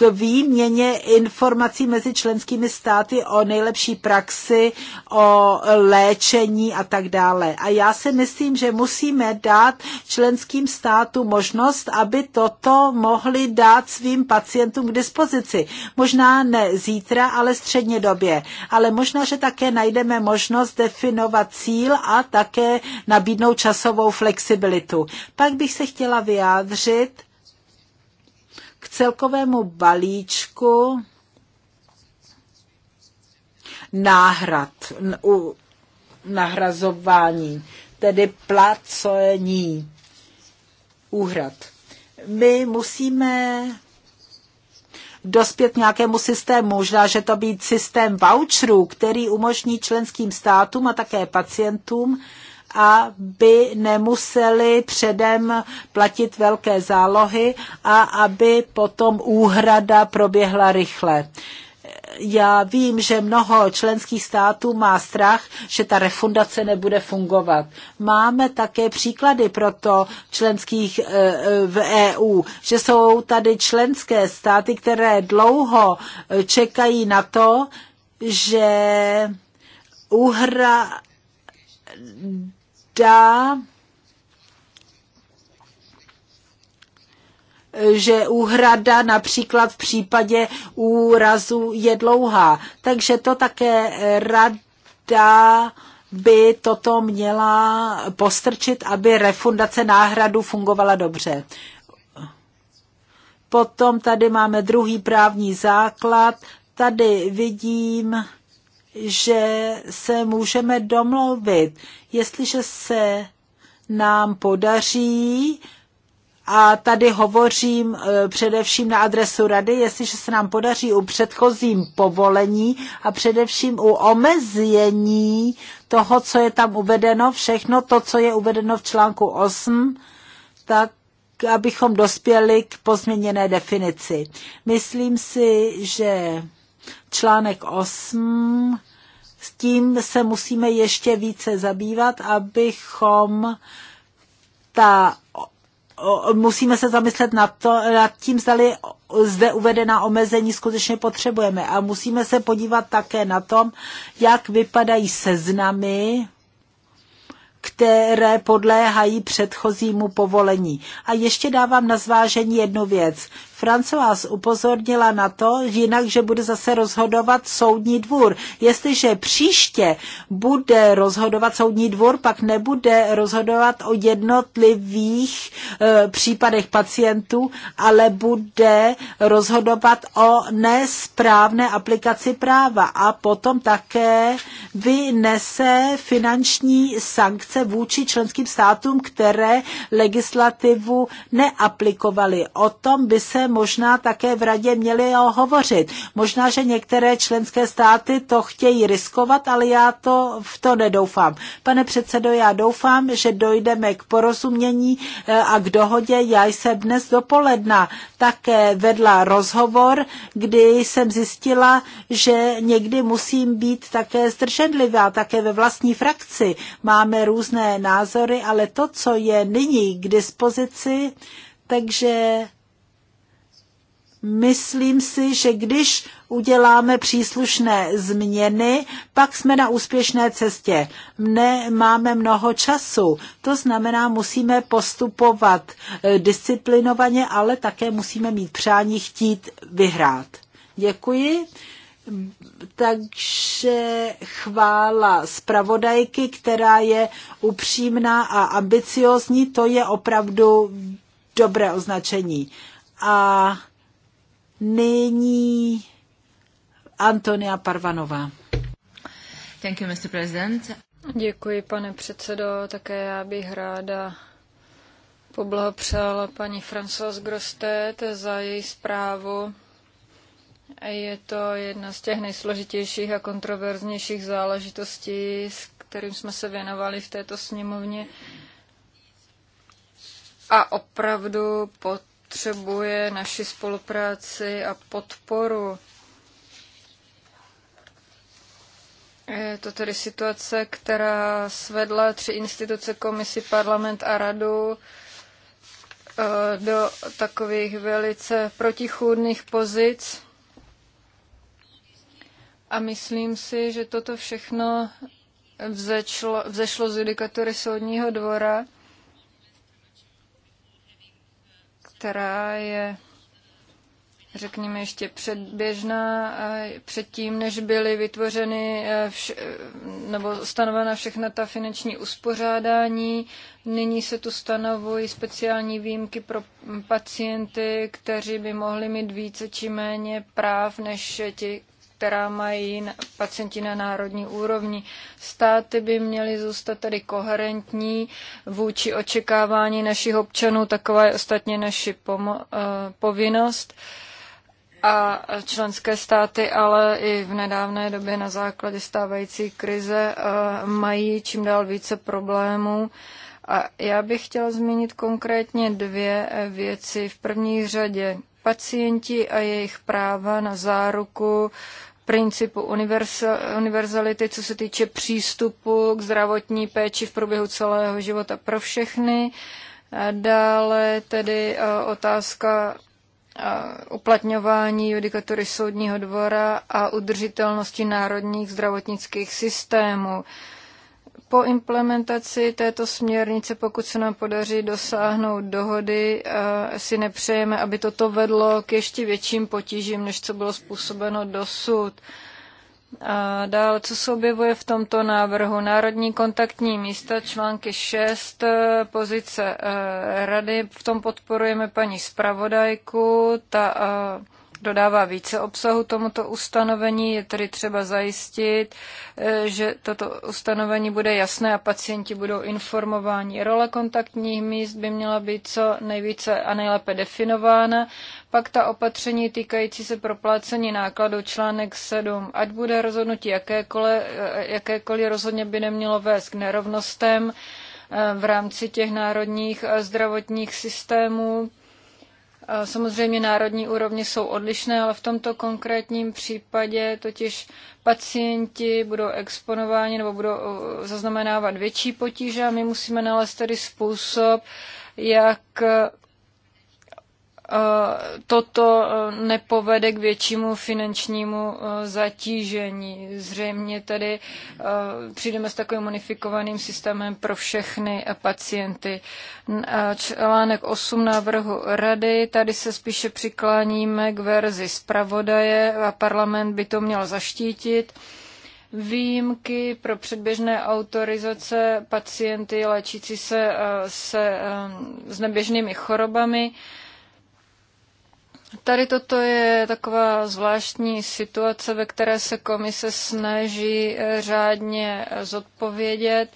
k výměně informací mezi členskými státy o nejlepší praxi, o léčení a tak dále. A já si myslím, že musíme dát členským státům možnost, aby toto mohli dát svým pacientům k dispozici. Možná ne zítra, ale středně době. Ale možná, že také najdeme možnost definovat cíl a také nabídnout časovou flexibilitu. Pak bych se chtěla vyjádřit celkovému balíčku náhrad, u nahrazování, tedy placení úhrad. My musíme dospět nějakému systému. Možná, že to být systém voucherů, který umožní členským státům a také pacientům aby nemuseli předem platit velké zálohy a aby potom úhrada proběhla rychle. Já vím, že mnoho členských států má strach, že ta refundace nebude fungovat. Máme také příklady pro to členských eh, eh, v EU, že jsou tady členské státy, které dlouho eh, čekají na to, že úhra zdá, že úhrada například v případě úrazu je dlouhá. Takže to také rada by toto měla postrčit, aby refundace náhradu fungovala dobře. Potom tady máme druhý právní základ. Tady vidím že se můžeme domluvit. Jestliže se nám podaří, a tady hovořím e, především na adresu rady, jestliže se nám podaří u předchozím povolení a především u omezení toho, co je tam uvedeno, všechno to, co je uvedeno v článku 8, tak abychom dospěli k pozměněné definici. Myslím si, že článek 8. S tím se musíme ještě více zabývat, abychom ta musíme se zamyslet nad, to, nad tím, zdali zde uvedená omezení skutečně potřebujeme. A musíme se podívat také na tom, jak vypadají seznamy, které podléhají předchozímu povolení. A ještě dávám na zvážení jednu věc. Francois upozornila na to, jinak, že bude zase rozhodovat soudní dvůr. Jestliže příště bude rozhodovat soudní dvůr, pak nebude rozhodovat o jednotlivých e, případech pacientů, ale bude rozhodovat o nesprávné aplikaci práva a potom také vynese finanční sankce vůči členským státům, které legislativu neaplikovaly. O tom by se možná také v radě měli hovořit. Možná, že některé členské státy to chtějí riskovat, ale já to v to nedoufám. Pane předsedo, já doufám, že dojdeme k porozumění eh, a k dohodě. Já jsem dnes dopoledna také vedla rozhovor, kdy jsem zjistila, že někdy musím být také zdrženlivá, také ve vlastní frakci. Máme různé názory, ale to, co je nyní k dispozici, takže Myslím si, že když uděláme příslušné změny, pak jsme na úspěšné cestě. Ne, máme mnoho času. To znamená, musíme postupovat eh, disciplinovaně, ale také musíme mít přání chtít vyhrát. Děkuji. Takže chvála zpravodajky, která je upřímná a ambiciozní, to je opravdu dobré označení. A Nyní Antonia Parvanová. Thank you, Mr. President. Děkuji, pane předsedo. Také já bych ráda poblahopřála paní Françoise Grostet za její zprávu. Je to jedna z těch nejsložitějších a kontroverznějších záležitostí, s kterým jsme se věnovali v této sněmovně. A opravdu pod potřebuje naši spolupráci a podporu. Je to tedy situace, která svedla tři instituce, komisi, parlament a radu eh, do takových velice protichůdných pozic. A myslím si, že toto všechno vzešlo, vzešlo z judikatury soudního dvora která je, řekněme, ještě předběžná předtím, než byly vytvořeny eh, vš- eh, nebo stanovena všechna ta finanční uspořádání. Nyní se tu stanovují speciální výjimky pro pacienty, kteří by mohli mít více či méně práv než ti, která mají pacienti na národní úrovni. Státy by měly zůstat tedy koherentní vůči očekávání našich občanů, taková je ostatně naši eh, povinnost. A členské státy ale i v nedávné době na základě stávající krize eh, mají čím dál více problémů. A já bych chtěla zmínit konkrétně dvě eh, věci. V první řadě pacienti a jejich práva na záruku principu univerzality, co se týče přístupu k zdravotní péči v průběhu celého života pro všechny. Dále tedy e, otázka e, uplatňování judikatury soudního dvora a udržitelnosti národních zdravotnických systémů. Po implementaci této směrnice, pokud se nám podaří dosáhnout dohody, eh, si nepřejeme, aby toto vedlo k ještě větším potížím, než co bylo způsobeno dosud. A dále, co se objevuje v tomto návrhu? Národní kontaktní místa, články 6, eh, pozice eh, rady. V tom podporujeme paní zpravodajku. Ta dodává více obsahu tomuto ustanovení. Je tedy třeba zajistit, eh, že toto ustanovení bude jasné a pacienti budou informováni. Role kontaktních míst by měla být co nejvíce a nejlépe definována. Pak ta opatření týkající se proplácení nákladů článek 7. Ať bude rozhodnutí jakékoliv, eh, jakékoliv rozhodně by nemělo vést k nerovnostem eh, v rámci těch národních zdravotních systémů Samozřejmě národní úrovně jsou odlišné, ale v tomto konkrétním případě totiž pacienti budou exponováni nebo budou uh, zaznamenávat větší potíže a my musíme nalézt tedy způsob, jak Eh, toto eh, nepovede k většímu finančnímu eh, zatížení. Zřejmě tedy přijdeme s takovým unifikovaným systémem pro všechny pacienty. Článek 8 návrhu rady, tady se spíše přikláníme k verzi zpravodaje a parlament by to měl zaštítit výjimky pro předběžné autorizace pacienty léčící se, se s neběžnými chorobami. Tady toto je taková zvláštní situace, ve které se komise snaží eh, řádně eh, zodpovědět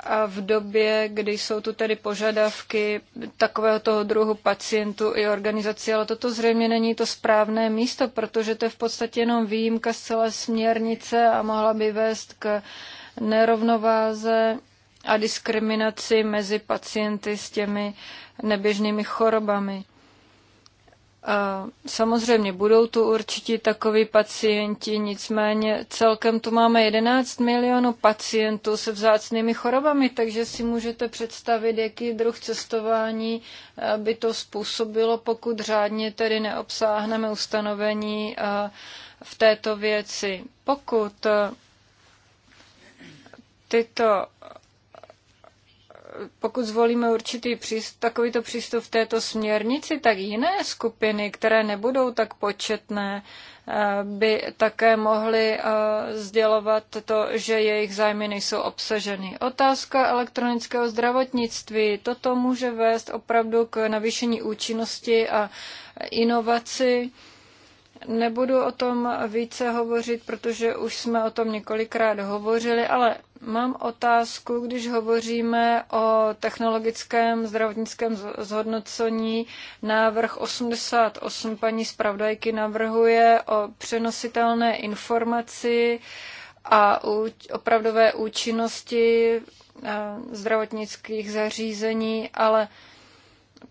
a v době, kdy jsou tu tedy požadavky takového toho druhu pacientů i organizací, ale toto zřejmě není to správné místo, protože to je v podstatě jenom výjimka z celé směrnice a mohla by vést k nerovnováze a diskriminaci mezi pacienty s těmi neběžnými chorobami. Samozřejmě budou tu určitě takoví pacienti, nicméně celkem tu máme 11 milionů pacientů se vzácnými chorobami, takže si můžete představit, jaký druh cestování eh, by to způsobilo, pokud řádně tedy neobsáhneme ustanovení eh, v této věci. Pokud eh, tyto pokud zvolíme určitý přístup, takovýto přístup v této směrnici, tak jiné skupiny, které nebudou tak početné, eh, by také mohly eh, sdělovat to, že jejich zájmy nejsou obsaženy. Otázka elektronického zdravotnictví. Toto může vést opravdu k navýšení účinnosti a inovaci Nebudu o tom více hovořit, protože už jsme o tom několikrát hovořili, ale mám otázku, když hovoříme o technologickém zdravotnickém zhodnocení. Návrh 88 paní zpravodajky navrhuje o přenositelné informaci a opravdové účinnosti eh, zdravotnických zařízení, ale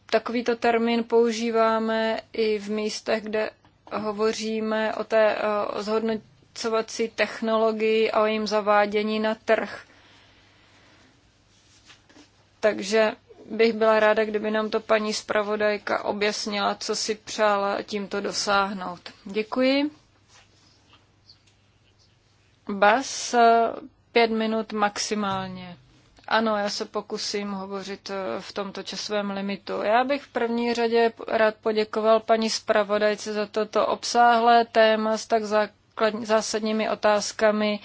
takovýto termín používáme i v místech, kde hovoříme o té o zhodnocovací technologii a o jejím zavádění na trh. Takže bych byla ráda, kdyby nám to paní zpravodajka objasnila, co si přála tímto dosáhnout. Děkuji. Bas, pět minut maximálně. Ano, já se pokusím hovořit eh, v tomto časovém limitu. Já bych v první řadě rád poděkoval paní zpravodajce za toto obsáhlé téma s tak zásadními otázkami,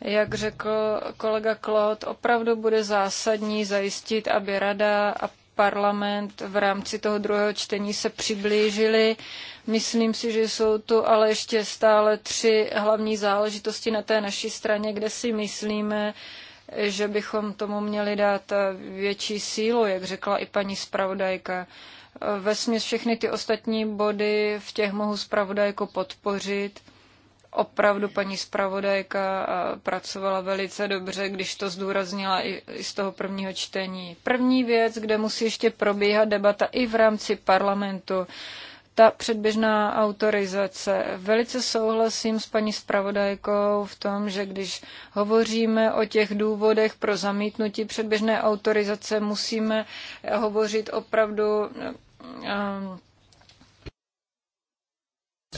jak řekl kolega Klot, opravdu bude zásadní zajistit, aby rada a parlament v rámci toho druhého čtení se přiblížili. Myslím si, že jsou tu ale ještě stále tři hlavní záležitosti na té naší straně, kde si myslíme, že bychom tomu měli dát větší sílu, jak řekla i paní zpravodajka. Vesměs všechny ty ostatní body v těch mohu zpravodajku podpořit. Opravdu paní zpravodajka eh, pracovala velice dobře, když to zdůraznila i z toho prvního čtení. První věc, kde musí ještě probíhat debata i v rámci parlamentu, ta předběžná autorizace. Velice souhlasím s paní zpravodajkou v tom, že když hovoříme o těch důvodech pro zamítnutí předběžné autorizace, musíme hovořit opravdu um,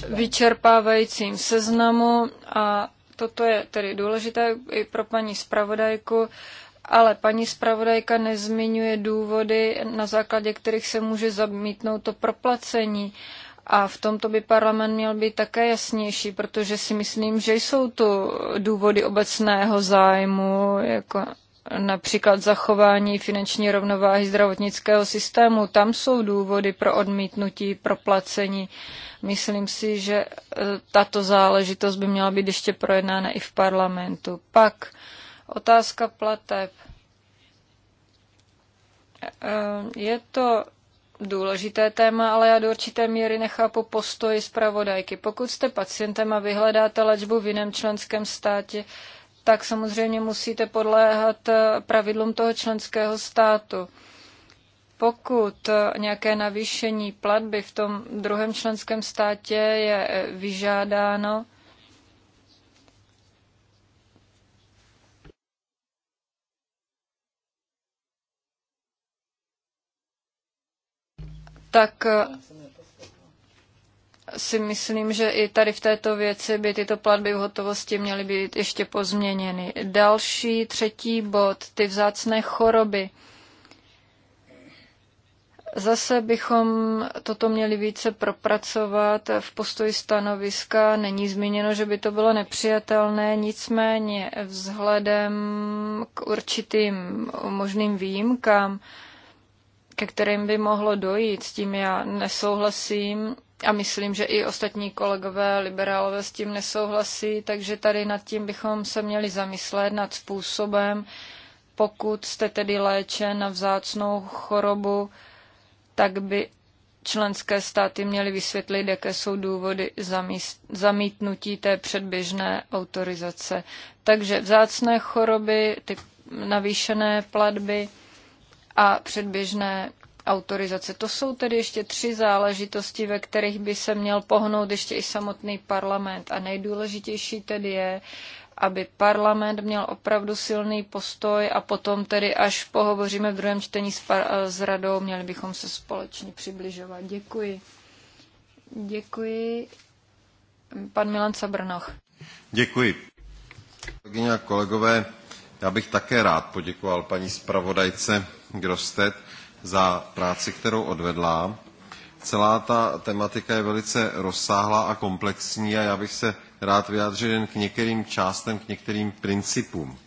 vyčerpávajícím seznamu a toto je tedy důležité i pro paní zpravodajku, ale paní zpravodajka nezmiňuje důvody, na základě kterých se může zamítnout to proplacení. A v tomto by parlament měl být také jasnější, protože si myslím, že jsou tu důvody obecného zájmu, jako například zachování finanční rovnováhy zdravotnického systému. Tam jsou důvody pro odmítnutí, proplacení. Myslím si, že e, tato záležitost by měla být ještě projednána i v parlamentu. Pak Otázka plateb. Eh, je to důležité téma, ale já do určité míry nechápu postoj zpravodajky. Pokud jste pacientem a vyhledáte léčbu v jiném členském státě, tak samozřejmě musíte podléhat eh, pravidlům toho členského státu. Pokud eh, nějaké navýšení platby v tom druhém členském státě je vyžádáno, tak eh, si myslím, že i tady v této věci by tyto platby v hotovosti měly být ještě pozměněny. Další, třetí bod, ty vzácné choroby. Zase bychom toto měli více propracovat v postoji stanoviska. Není zmíněno, že by to bylo nepřijatelné, nicméně vzhledem k určitým možným výjimkám, ke kterým by mohlo dojít. S tím já nesouhlasím a myslím, že i ostatní kolegové liberálové s tím nesouhlasí, takže tady nad tím bychom se měli zamyslet nad způsobem, pokud jste tedy léčen na vzácnou chorobu, tak by členské státy měly vysvětlit, jaké jsou důvody zamítnutí té předběžné autorizace. Takže vzácné choroby, ty navýšené platby, a předběžné autorizace. To jsou tedy ještě tři záležitosti, ve kterých by se měl pohnout ještě i samotný parlament. A nejdůležitější tedy je, aby parlament měl opravdu silný postoj a potom tedy, až pohovoříme v druhém čtení s, par- s radou, měli bychom se společně přibližovat. Děkuji. Děkuji. Pan Milan Sabrnoch. Děkuji. Kolegyně a kolegové, já bych také rád poděkoval paní zpravodajce Grostet za práci, kterou odvedla. Celá ta tematika je velice rozsáhlá a komplexní a já bych se rád vyjádřil jen k některým částem, k některým principům.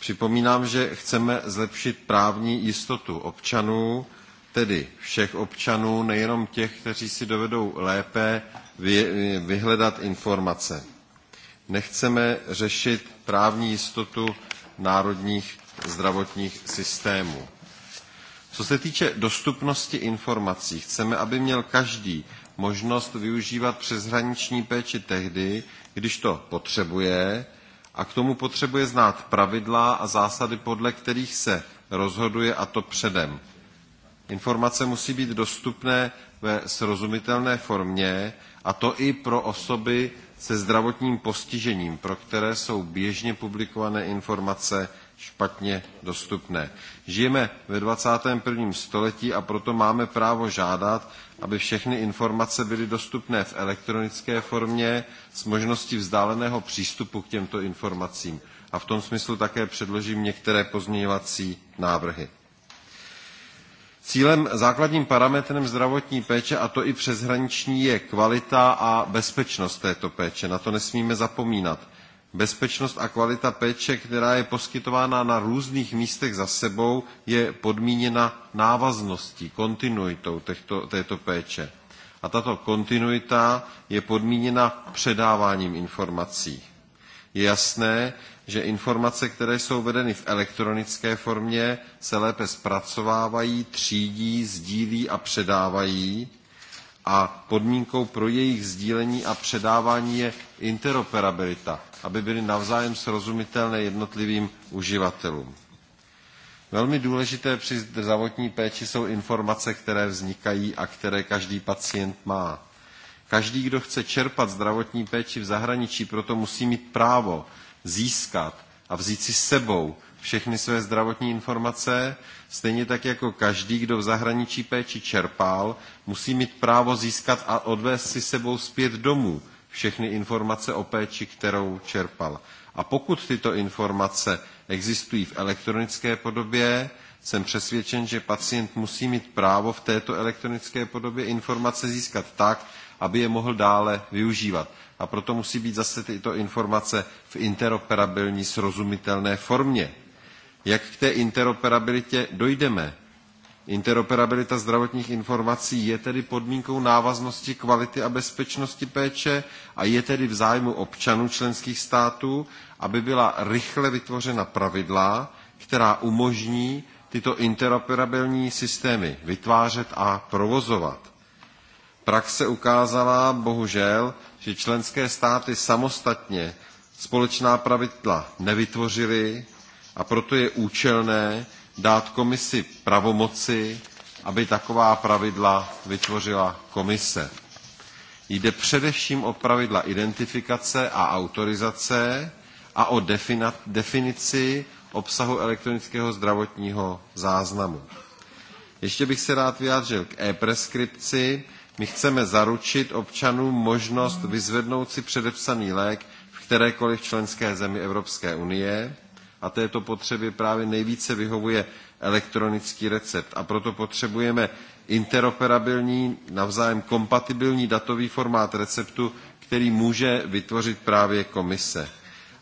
Připomínám, že chceme zlepšit právní jistotu občanů, tedy všech občanů, nejenom těch, kteří si dovedou lépe vyhledat informace. Nechceme řešit právní jistotu národních zdravotních systémů. Co se týče dostupnosti informací, chceme, aby měl každý možnost využívat přeshraniční péči tehdy, když to potřebuje a k tomu potřebuje znát pravidla a zásady, podle kterých se rozhoduje a to předem. Informace musí být dostupné ve srozumitelné formě a to i pro osoby se zdravotním postižením, pro které jsou běžně publikované informace špatně dostupné. Žijeme ve 21. století a proto máme právo žádat, aby všechny informace byly dostupné v elektronické formě s možností vzdáleného přístupu k těmto informacím. A v tom smyslu také předložím některé pozměňovací návrhy. Cílem základním parametrem zdravotní péče, a to i přeshraniční, je kvalita a bezpečnost této péče. Na to nesmíme zapomínat. Bezpečnost a kvalita péče, která je poskytována na různých místech za sebou, je podmíněna návazností, kontinuitou těchto, této péče. A tato kontinuita je podmíněna předáváním informací. Je jasné, že informace, které jsou vedeny v elektronické formě, se lépe zpracovávají, třídí, sdílí a předávají a podmínkou pro jejich sdílení a předávání je interoperabilita, aby byly navzájem srozumitelné jednotlivým uživatelům. Velmi důležité při zdravotní péči jsou informace, které vznikají a které každý pacient má. Každý, kdo chce čerpat zdravotní péči v zahraničí, proto musí mít právo získat a vzít si sebou všechny své zdravotní informace, stejně tak jako každý, kdo v zahraničí péči čerpal, musí mít právo získat a odvést si sebou zpět domů všechny informace o péči, kterou čerpal. A pokud tyto informace existují v elektronické podobě, jsem přesvědčen, že pacient musí mít právo v této elektronické podobě informace získat tak, aby je mohl dále využívat a proto musí být zase tyto informace v interoperabilní srozumitelné formě. Jak k té interoperabilitě dojdeme? Interoperabilita zdravotních informací je tedy podmínkou návaznosti kvality a bezpečnosti péče a je tedy v zájmu občanů členských států, aby byla rychle vytvořena pravidla, která umožní tyto interoperabilní systémy vytvářet a provozovat. Praxe ukázala bohužel, že členské státy samostatně společná pravidla nevytvořily a proto je účelné dát komisi pravomoci, aby taková pravidla vytvořila komise. Jde především o pravidla identifikace a autorizace a o definici obsahu elektronického zdravotního záznamu. Ještě bych se rád vyjádřil k e-preskripci my chceme zaručit občanům možnost vyzvednout si předepsaný lék v kterékoliv členské zemi Evropské unie a této potřebě právě nejvíce vyhovuje elektronický recept. A proto potřebujeme interoperabilní, navzájem kompatibilní datový formát receptu, který může vytvořit právě komise.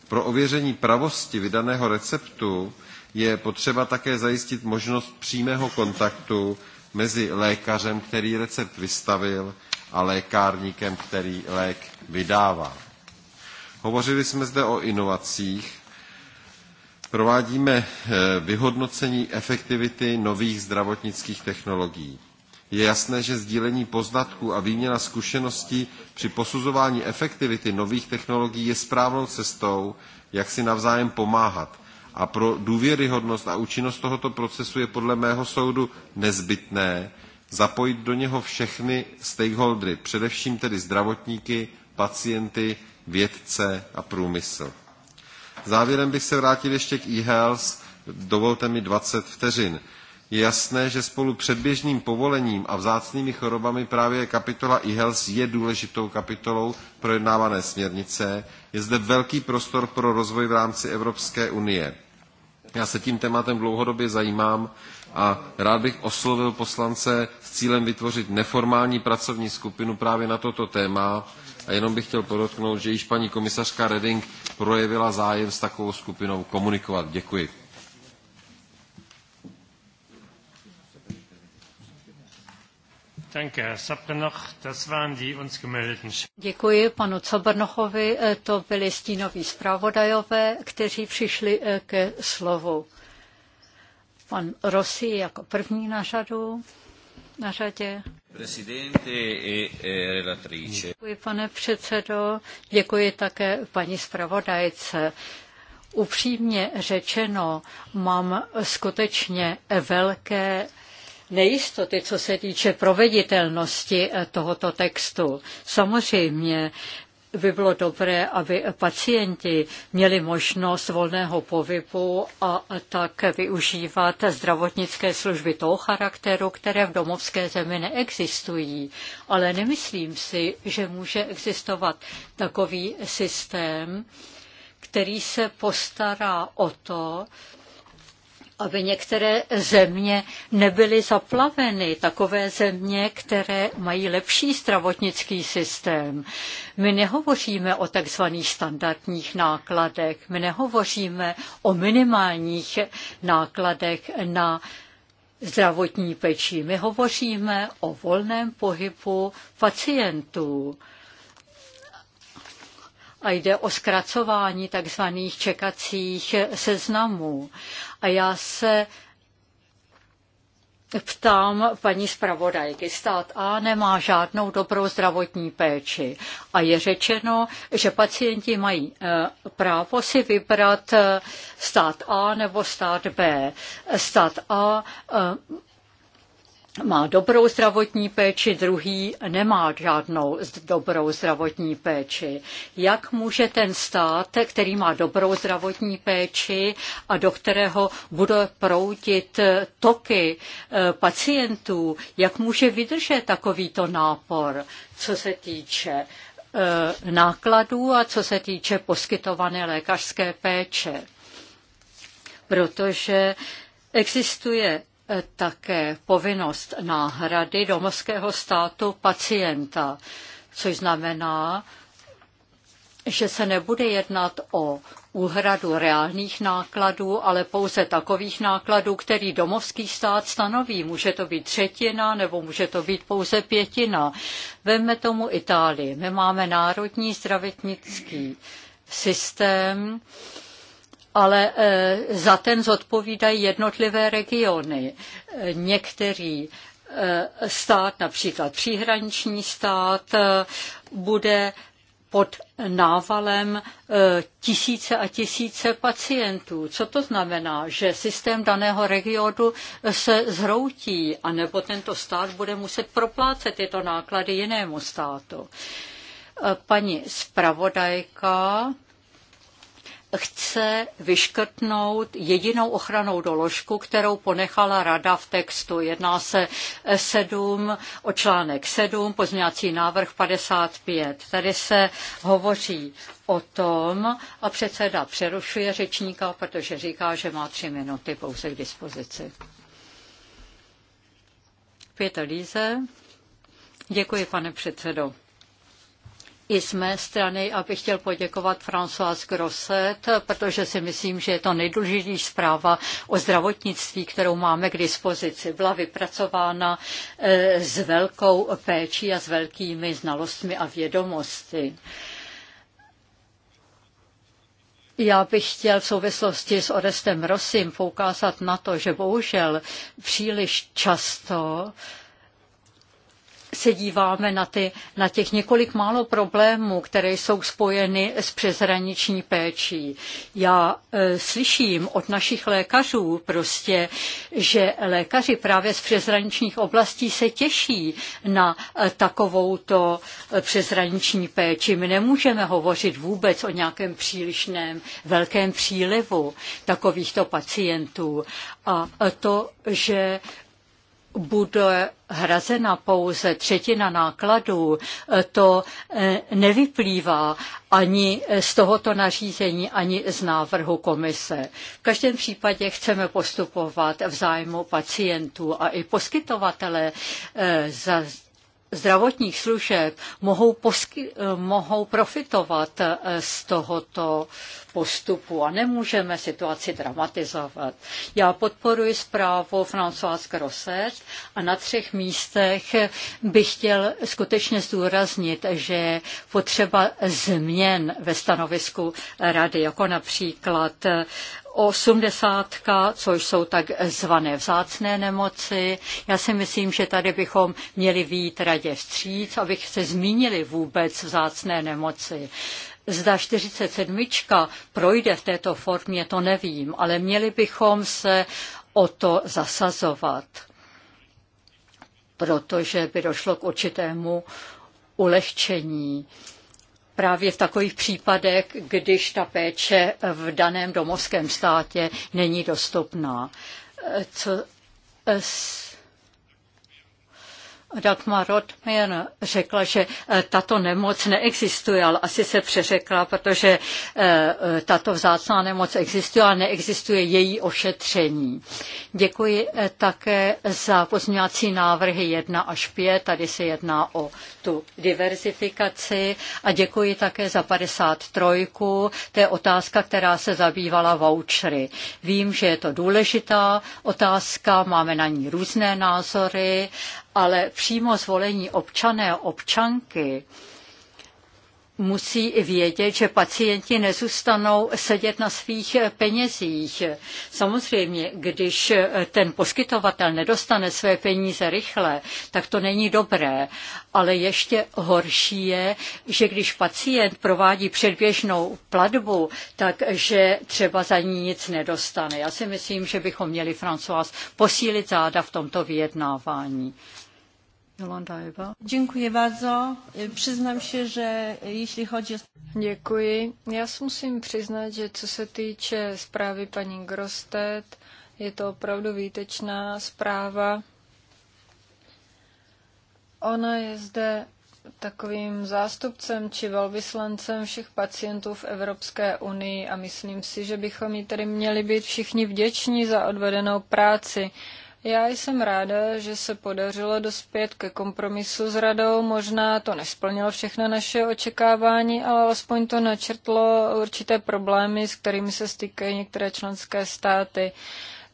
Pro ověření pravosti vydaného receptu je potřeba také zajistit možnost přímého kontaktu mezi lékařem, který recept vystavil, a lékárníkem, který lék vydává. Hovořili jsme zde o inovacích. Provádíme eh, vyhodnocení efektivity nových zdravotnických technologií. Je jasné, že sdílení poznatků a výměna zkušeností při posuzování efektivity nových technologií je správnou cestou, jak si navzájem pomáhat a pro důvěryhodnost a účinnost tohoto procesu je podle mého soudu nezbytné zapojit do něho všechny stakeholdery, především tedy zdravotníky, pacienty, vědce a průmysl. Závěrem bych se vrátil ještě k eHealth, dovolte mi 20 vteřin. Je jasné, že spolu předběžným povolením a vzácnými chorobami právě kapitola eHealth je důležitou kapitolou projednávané směrnice je zde velký prostor pro rozvoj v rámci Evropské unie. Já se tím tématem dlouhodobě zajímám a rád bych oslovil poslance s cílem vytvořit neformální pracovní skupinu právě na toto téma a jenom bych chtěl podotknout, že již paní komisařka Reding projevila zájem s takovou skupinou komunikovat. Děkuji. Děkuji panu Cabrnochovi, e, to byli stínoví zpravodajové, kteří přišli e, ke slovu. Pan Rossi jako první na řadu. Na řadě. E, Děkuji, pane předsedo. Děkuji také paní zpravodajce. Upřímně řečeno, mám skutečně velké nejistoty, co se týče proveditelnosti eh, tohoto textu. Samozřejmě by bylo dobré, aby pacienti měli možnost volného povybu a tak využívat zdravotnické služby toho charakteru, které v domovské zemi neexistují. Ale nemyslím si, že může existovat takový systém, který se postará o to, aby některé země nebyly zaplaveny, takové země, které mají lepší zdravotnický systém. My nehovoříme o takzvaných standardních nákladech, my nehovoříme o minimálních nákladech na zdravotní péči. My hovoříme o volném pohybu pacientů a jde o zkracování takzvaných čekacích seznamů. A já se Ptám paní zpravodajky, stát A nemá žádnou dobrou zdravotní péči a je řečeno, že pacienti mají eh, právo si vybrat eh, stát A nebo stát B. Stát A eh, má dobrou zdravotní péči, druhý nemá žádnou dobrou zdravotní péči. Jak může ten stát, který má dobrou zdravotní péči a do kterého bude proudit toky eh, pacientů, jak může vydržet takovýto nápor, co se týče eh, nákladů a co se týče poskytované lékařské péče? Protože existuje také povinnost náhrady domovského státu pacienta, což znamená, že se nebude jednat o úhradu reálných nákladů, ale pouze takových nákladů, který domovský stát stanoví. Může to být třetina nebo může to být pouze pětina. Veme tomu Itálii. My máme národní zdravotnický systém, ale e, za ten zodpovídají jednotlivé regiony. Některý e, stát, například příhraniční stát, e, bude pod návalem tisíce a tisíce pacientů. Co to znamená? Že systém daného regionu se zhroutí, anebo tento stát bude muset proplácet tyto náklady jinému státu. Paní zpravodajka chce vyškrtnout jedinou ochranou doložku, kterou ponechala rada v textu. Jedná se 7, o článek 7, pozměňací návrh 55. Tady se hovoří o tom a předseda přerušuje řečníka, protože říká, že má tři minuty pouze k dispozici. Pěta Líze. Děkuji, pane předsedo i z mé strany, abych chtěl poděkovat François Grosset, protože si myslím, že je to nejdůležitější zpráva o zdravotnictví, kterou máme k dispozici. Byla vypracována e, s velkou péčí a s velkými znalostmi a vědomosti. Já bych chtěl v souvislosti s Orestem Rosim poukázat na to, že bohužel příliš často uh, se díváme na, ty, na těch několik málo problémů, které jsou spojeny s přeshraniční péčí. Já e, slyším od našich lékařů prostě, že lékaři právě z přeshraničních oblastí se těší na e, takovouto e, přeshraniční péči. My nemůžeme hovořit vůbec o nějakém přílišném velkém přílivu takovýchto pacientů. A e, to, že bude hrazena pouze třetina nákladů, to eh, nevyplývá ani z tohoto nařízení, ani z návrhu komise. V každém případě chceme postupovat v zájmu pacientů a i poskytovatele eh, za zdravotních služeb mohou, posky, eh, mohou profitovat eh, z tohoto postupu a nemůžeme situaci dramatizovat. Já podporuji zprávu François Grosset a na třech místech bych chtěl skutečně zdůraznit, že potřeba změn ve stanovisku rady, jako například eh, osmdesátka, což jsou tak zvané vzácné nemoci. Já si myslím, že tady bychom měli výjít radě vstříc, abych se zmínili vůbec vzácné nemoci. Zda 47. projde v této formě, to nevím, ale měli bychom se o to zasazovat, protože by došlo k určitému ulehčení právě v takových případech, když ta péče v daném domovském státě není dostupná. Co Dagmar Rothman řekla, že eh, tato nemoc neexistuje, ale asi se přeřekla, protože eh, eh, tato vzácná nemoc existuje, a neexistuje její ošetření. Děkuji také za pozměňovací návrhy 1 až 5, tady se jedná o tu diverzifikaci a děkuji také za 53, to je otázka, která se zabývala vouchery. Vím, že je to důležitá otázka, máme na ní různé názory ale přímo zvolení občané a občanky musí vědět, že pacienti nezůstanou sedět na svých penězích. Samozřejmě, když ten poskytovatel nedostane své peníze rychle, tak to není dobré. Ale ještě horší je, že když pacient provádí předběžnou platbu, takže třeba za ní nic nedostane. Já si myslím, že bychom měli Francois posílit záda v tomto vyjednávání. Děkuji bardzo. Přiznám se, že jestli chodí o... Děkuji. Já si musím přiznat, že co se týče zprávy paní Grostet, je to opravdu výtečná zpráva. Ona je zde takovým zástupcem či velvyslancem všech pacientů v Evropské unii a myslím si, že bychom jí tedy měli být všichni vděční za odvedenou práci. Já jsem ráda, že se podařilo dospět ke kompromisu s radou. Možná to nesplnilo všechna naše očekávání, ale alespoň to načrtlo určité problémy, s kterými se stýkají některé členské státy.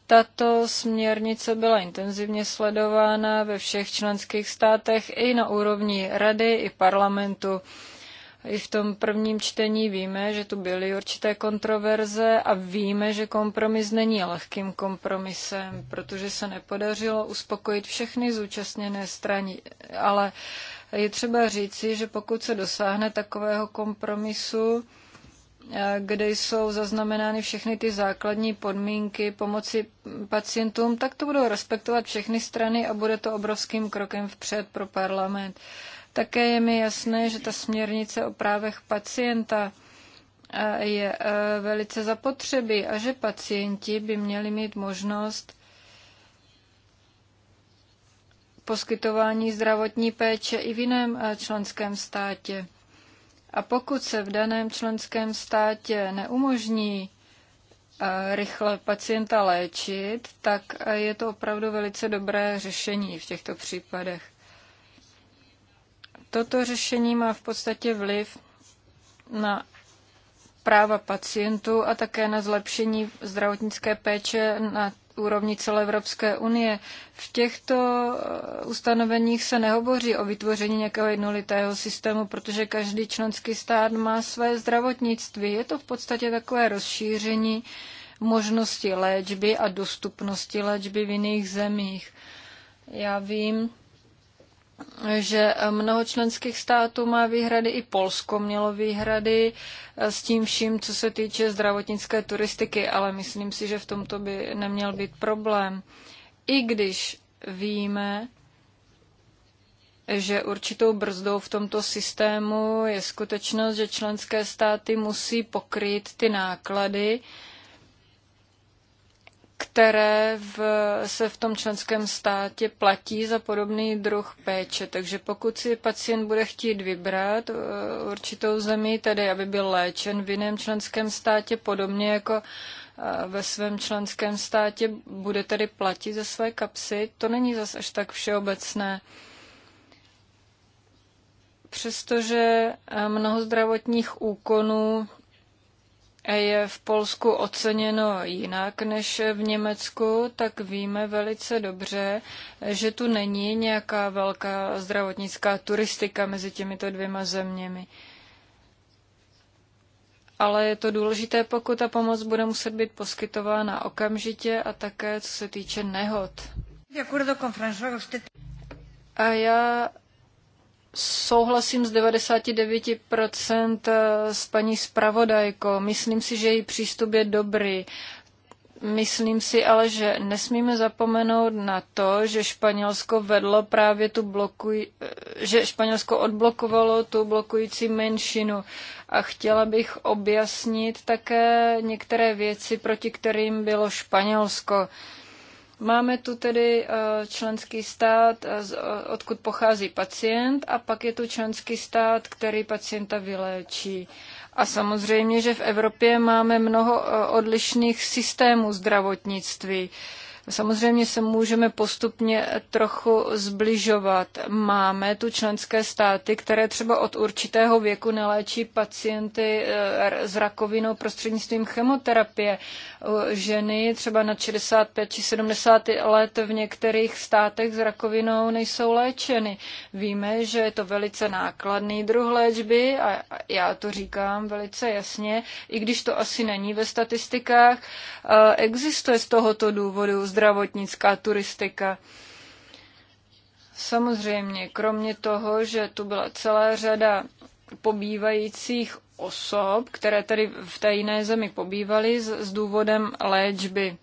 Tato směrnice byla intenzivně sledována ve všech členských státech i na úrovni rady i parlamentu. I v tom prvním čtení víme, že tu byly určité kontroverze a víme, že kompromis není lehkým kompromisem, protože se nepodařilo uspokojit všechny zúčastněné strany. Ale je třeba říci, že pokud se dosáhne takového kompromisu, eh, kde jsou zaznamenány všechny ty základní podmínky pomoci pacientům, tak to budou respektovat všechny strany a bude to obrovským krokem vpřed pro parlament. Uh, také je mi jasné, že ta směrnice o právech pacienta eh, je eh, velice zapotřebí a že pacienti by měli mít možnost poskytování zdravotní péče i v jiném eh, členském státě. A pokud se v daném členském státě neumožní rychle pacienta léčit, tak je to opravdu velice dobré řešení v těchto případech. Toto řešení má v podstatě vliv na práva pacientů a také na zlepšení zdravotnické péče na úrovni celé Evropské unie. V těchto eh, ustanoveních se nehovoří o vytvoření nějakého jednolitého systému, protože každý členský stát má své zdravotnictví. Je to v podstatě takové rozšíření možnosti léčby a dostupnosti léčby v jiných zemích. Já vím, že mnoho členských států má výhrady, i Polsko mělo výhrady eh, s tím vším, co se týče zdravotnické turistiky, ale myslím si, že v tomto by neměl být problém. I když víme, že určitou brzdou v tomto systému je skutečnost, že členské státy musí pokrýt ty náklady, které v, se v tom členském státě platí za podobný druh péče. Takže pokud si pacient bude chtít vybrat eh, určitou zemi, tedy aby byl léčen v jiném členském státě, podobně jako eh, ve svém členském státě, bude tedy platit za své kapsy, to není zas až tak všeobecné přestože eh, mnoho zdravotních úkonů je v Polsku oceněno jinak než v Německu, tak víme velice dobře, že tu není nějaká velká zdravotnická turistika mezi těmito dvěma zeměmi. Ale je to důležité, pokud ta pomoc bude muset být poskytována okamžitě a také co se týče nehod. A já souhlasím s 99% eh, s paní Spravodajko. Myslím si, že její přístup je dobrý. Myslím si ale, že nesmíme zapomenout na to, že Španělsko vedlo právě tu blokuj... Eh, že Španělsko odblokovalo tu blokující menšinu. A chtěla bych objasnit také některé věci, proti kterým bylo Španělsko. Máme tu tedy eh, členský stát, eh, eh, odkud pochází pacient, a pak je tu členský stát, který pacienta vyléčí. A samozřejmě, že v Evropě máme mnoho odlišných systémů zdravotnictví. Samozřejmě se můžeme postupně trochu zbližovat. Máme tu členské státy, které třeba od určitého věku neléčí pacienty s rakovinou prostřednictvím chemoterapie, ženy třeba nad 65 či 70 let v některých státech s rakovinou nejsou léčeny. Víme, že je to velice nákladný druh léčby a já to říkám velice jasně, i když to asi není ve statistikách, existuje z tohoto důvodu zdravotnická turistika. Samozřejmě, kromě toho, že tu byla celá řada pobývajících osob, které tedy v té jiné zemi pobývaly s, s důvodem léčby.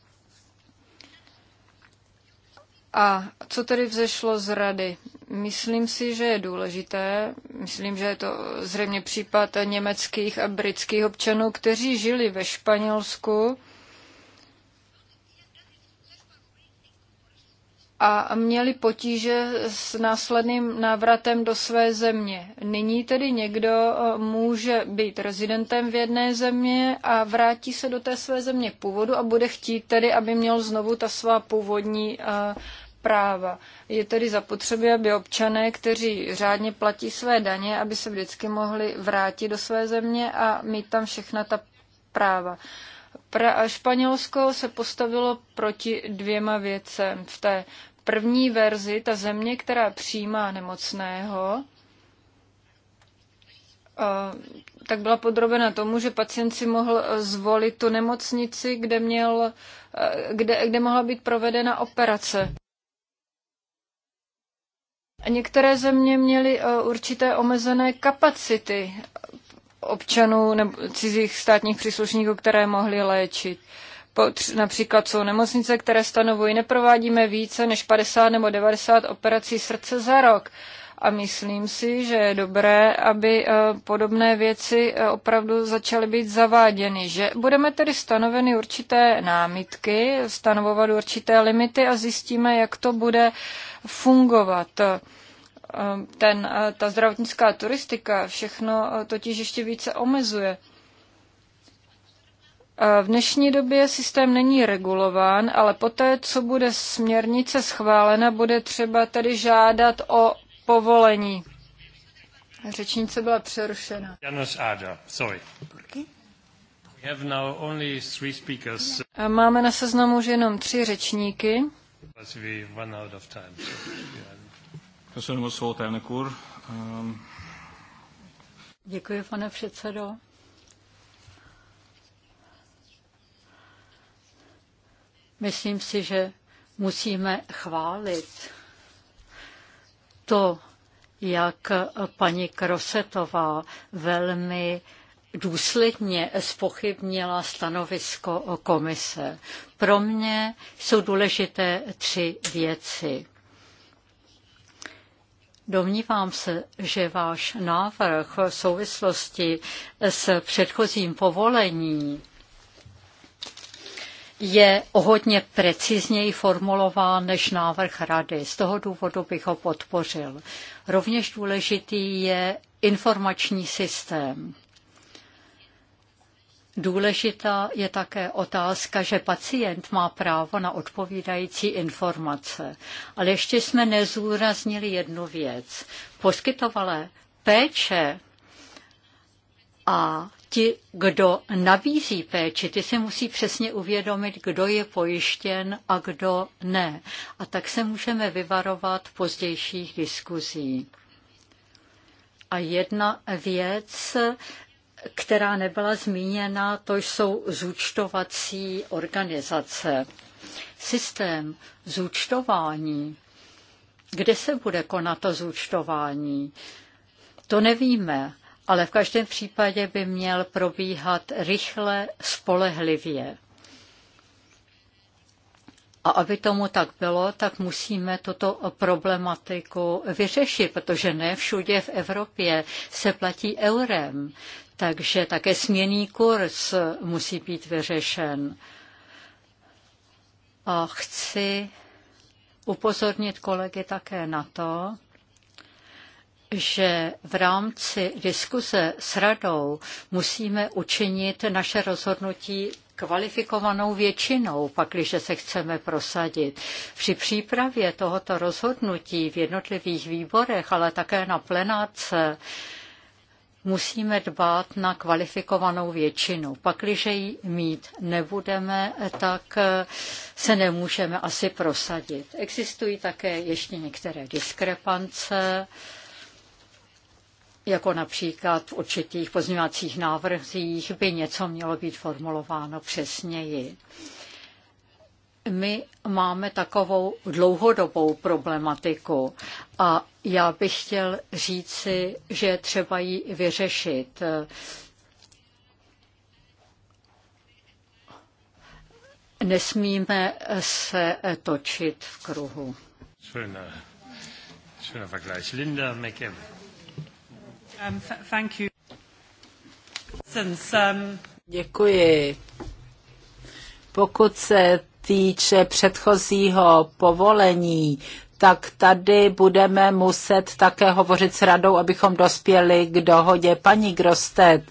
A co tedy vzešlo z rady? Myslím si, že je důležité, myslím, že je to zřejmě případ německých a britských občanů, kteří žili ve Španělsku a měli potíže s následným návratem do své země. Nyní tedy někdo eh, může být rezidentem v jedné země a vrátí se do té své země původu a bude chtít tedy, aby měl znovu ta svá původní eh, práva. Je tedy zapotřebí, aby občané, kteří řádně platí své daně, aby se vždycky mohli vrátit do své země a mít tam všechna ta práva. Pra- Španělsko se postavilo proti dvěma věcem v té první verzi ta země, která přijímá nemocného, tak byla podrobena tomu, že pacient si mohl e, zvolit tu nemocnici, kde, měl, e, kde, kde mohla být provedena operace. Některé země měly e, určité omezené kapacity občanů nebo cizích státních příslušníků, které mohli léčit. Například jsou nemocnice, které stanovují, neprovádíme více než 50 nebo 90 operací srdce za rok. A myslím si, že je dobré, aby eh, podobné věci eh, opravdu začaly být zaváděny. Že budeme tedy stanoveny určité námitky, stanovovat určité limity a zjistíme, jak to bude fungovat eh, ten, ta zdravotnická turistika všechno totiž ještě více omezuje. V dnešní době systém není regulován, ale poté, co bude směrnice schválena, bude třeba tedy žádat o povolení. Řečnice byla přerušena. A máme na seznamu už jenom tři řečníky. Ehm. Děkuji, pane předsedo. Myslím si, že musíme chválit to, jak paní Krosetová velmi důsledně spochybnila stanovisko komise. Pro mě jsou důležité tři věci. Domnívám se, že váš návrh v souvislosti s předchozím povolením je o hodně precizněji formulován než návrh rady. Z toho důvodu bych ho podpořil. Rovněž důležitý je informační systém. Důležitá je také otázka, že pacient má právo na odpovídající informace. Ale ještě jsme nezúraznili jednu věc. Poskytovalé péče a ti, kdo nabízí péči, ty si musí přesně uvědomit, kdo je pojištěn a kdo ne. A tak se můžeme vyvarovat pozdějších diskuzí. A jedna věc, která nebyla zmíněna, to jsou zúčtovací organizace. Systém zúčtování, kde se bude konat to zúčtování, to nevíme ale v každém případě by měl probíhat rychle, spolehlivě. A aby tomu tak bylo, tak musíme tuto problematiku vyřešit, protože ne všude v Evropě se platí eurem, takže také směný kurz musí být vyřešen. A chci upozornit kolegy také na to, že v rámci diskuze s radou musíme učinit naše rozhodnutí kvalifikovanou většinou, pakliže se chceme prosadit. Při přípravě tohoto rozhodnutí v jednotlivých výborech, ale také na plenáce, musíme dbát na kvalifikovanou většinu. Pakliže ji mít nebudeme, tak se nemůžeme asi prosadit. Existují také ještě některé diskrepance, jako například v určitých pozměňovacích návrzích by něco mělo být formulováno přesněji. My máme takovou dlouhodobou problematiku a já bych chtěl říci, že třeba ji vyřešit. Nesmíme se točit v kruhu. Schöner, schöner Vergleich. Linda McEwen. Um, um, Děkuji. Pokud se týče předchozího povolení, tak tady budeme muset také hovořit s radou, abychom dospěli k dohodě. Paní Grostet,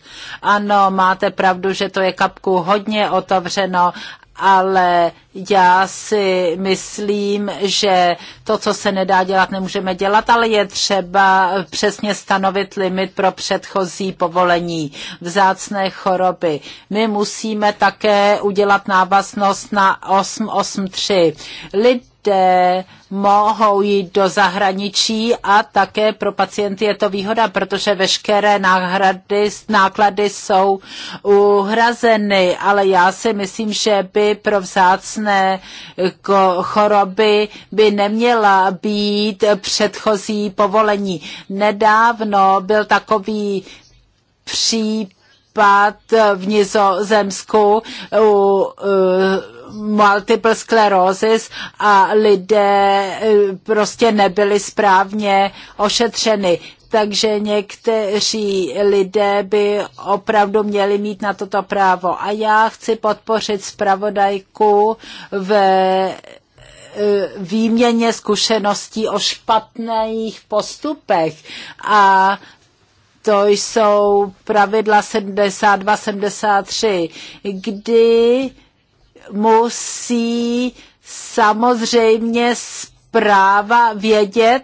ano, máte pravdu, že to je kapku hodně otevřeno, ale já si myslím, že to, co se nedá dělat, nemůžeme dělat, ale je třeba přesně stanovit limit pro předchozí povolení vzácné choroby. My musíme také udělat návaznost na 883. Lid kde mohou jít do zahraničí a také pro pacienty je to výhoda, protože veškeré náhrady, náklady jsou uhrazeny, ale já si myslím, že by pro vzácné choroby by neměla být předchozí povolení. Nedávno byl takový případ v Nizozemsku u multiple sclerosis a lidé eh, prostě nebyli správně ošetřeny. Takže někteří lidé by opravdu měli mít na toto právo. A já chci podpořit zpravodajku v eh, výměně zkušeností o špatných postupech a to jsou pravidla 72-73, kdy musí samozřejmě zpráva vědět,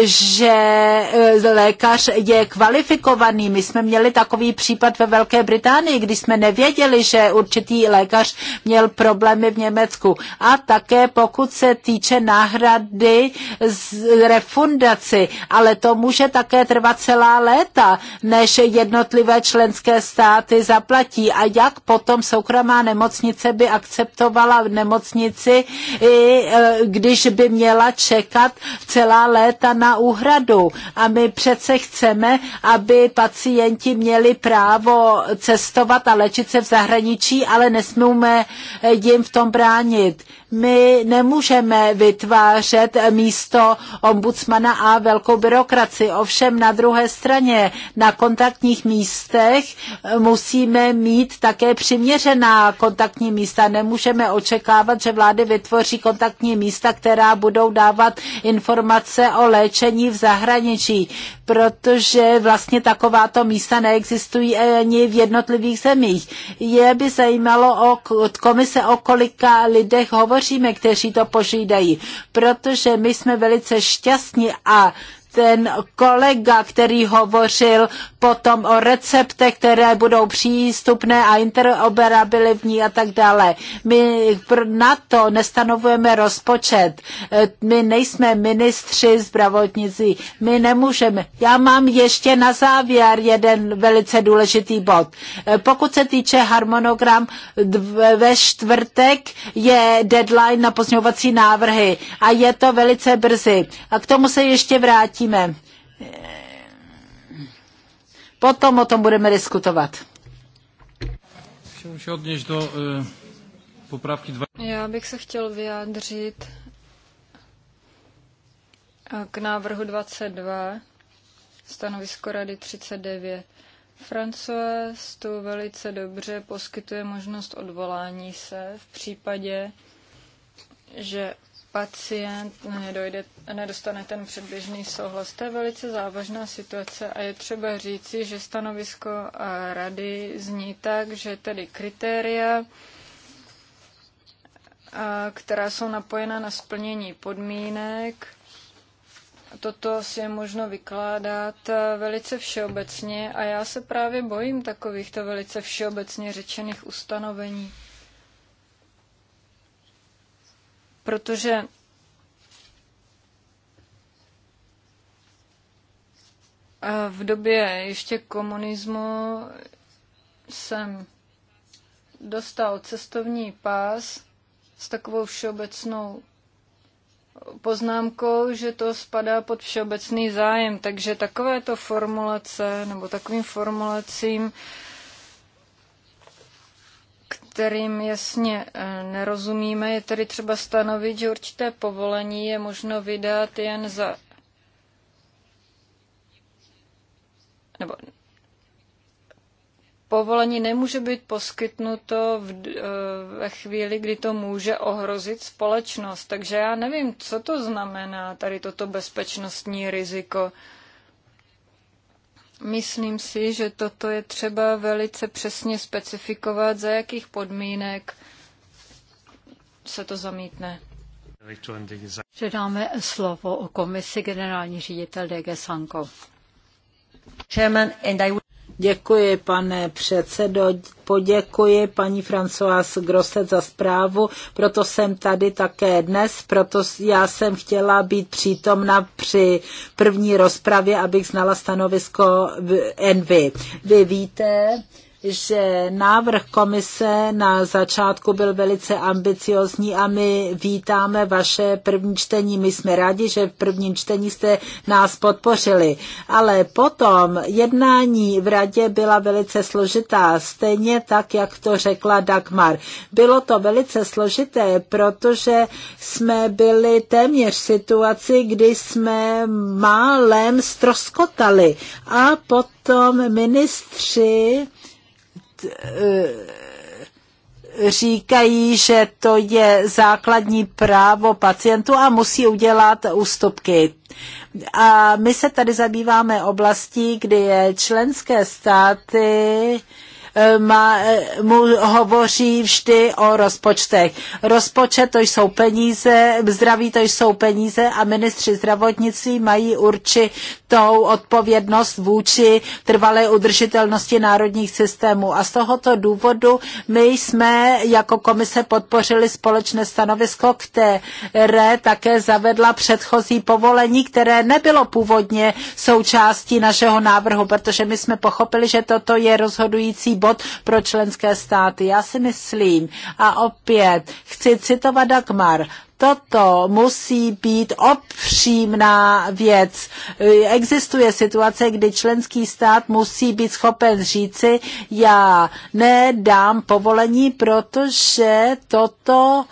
že e, lékař je kvalifikovaný. My jsme měli takový případ ve Velké Británii, kdy jsme nevěděli, že určitý lékař měl problémy v Německu. A také pokud se týče náhrady z refundaci, ale to může také trvat celá léta, než jednotlivé členské státy zaplatí. A jak potom soukromá nemocnice by akceptovala v nemocnici, e, když by měla čekat celá léta na úhradu. A my přece chceme, aby pacienti měli právo cestovat a léčit se v zahraničí, ale nesmíme jim v tom bránit. My nemůžeme vytvářet místo ombudsmana a velkou byrokraci. Ovšem na druhé straně, na kontaktních místech musíme mít také přiměřená kontaktní místa. Nemůžeme očekávat, že vlády vytvoří kontaktní místa, která budou dávat informace o léčení v zahraničí protože vlastně takováto místa neexistují ani v jednotlivých zemích. Je by zajímalo od komise, o kolika lidech hovoříme, kteří to požídají, protože my jsme velice šťastní a ten kolega, který hovořil potom o receptech, které budou přístupné a interoperabilní a tak dále. My na to nestanovujeme rozpočet. E, my nejsme ministři zdravotnictví. My nemůžeme. Já mám ještě na závěr jeden velice důležitý bod. E, pokud se týče harmonogram, ve čtvrtek je deadline na pozňovací návrhy a je to velice brzy. A k tomu se ještě vrátí zjistíme. Potom o tom budeme diskutovat. do eh, Já bych se chtěl vyjádřit eh, k návrhu 22, stanovisko Rady 39. Francois tu velice dobře poskytuje možnost odvolání se v případě, že pacient nedojde, nedostane ten předběžný souhlas. To je velice závažná situace a je třeba říci, že stanovisko a rady zní tak, že tedy kritéria, která jsou napojena na splnění podmínek, Toto si je možno vykládat e, velice všeobecně a já se právě bojím takovýchto velice všeobecně řečených ustanovení. protože v době ještě komunismu jsem dostal cestovní pás s takovou všeobecnou poznámkou, že to spadá pod všeobecný zájem. Takže takovéto formulace nebo takovým formulacím kterým jasně eh, nerozumíme, je tedy třeba stanovit, že určité povolení je možno vydat jen za nebo povolení nemůže být poskytnuto v, eh, ve chvíli, kdy to může ohrozit společnost. Takže já nevím, co to znamená, tady toto bezpečnostní riziko. Uh, Myslím si, že toto je třeba velice přesně specifikovat, za jakých podmínek se to zamítne. Předáme slovo o komisi generální ředitel DG Sanko. Chairman, and I... Děkuji, pane předsedo. Poděkuji paní Françoise Grosset za zprávu, proto jsem tady také dnes, proto já jsem chtěla být přítomna při první rozpravě, abych znala stanovisko Envy. Vy víte, že návrh komise na začátku byl velice ambiciozní a my vítáme vaše první čtení. My jsme rádi, že v prvním čtení jste nás podpořili. Ale potom jednání v radě byla velice složitá, stejně tak, jak to řekla Dagmar. Bylo to velice složité, protože jsme byli téměř v situaci, kdy jsme málem stroskotali a potom ministři Eh, říkají, že to je základní právo pacientů a musí udělat ústupky. A my se tady zabýváme oblastí, kdy je členské státy Eh, má, eh, mu hovoří vždy o rozpočtech. Rozpočet to jsou peníze, zdraví to jsou peníze a ministři zdravotnictví mají určitou odpovědnost vůči trvalé udržitelnosti národních systémů. A z tohoto důvodu my jsme jako komise podpořili společné stanovisko, které také zavedla předchozí povolení, které nebylo původně součástí našeho návrhu, protože my jsme pochopili, že toto je rozhodující bod pro členské státy. Já si myslím, a opět chci citovat Dagmar, toto musí být opřímná věc. Existuje situace, kdy členský stát musí být schopen říci, já nedám povolení, protože toto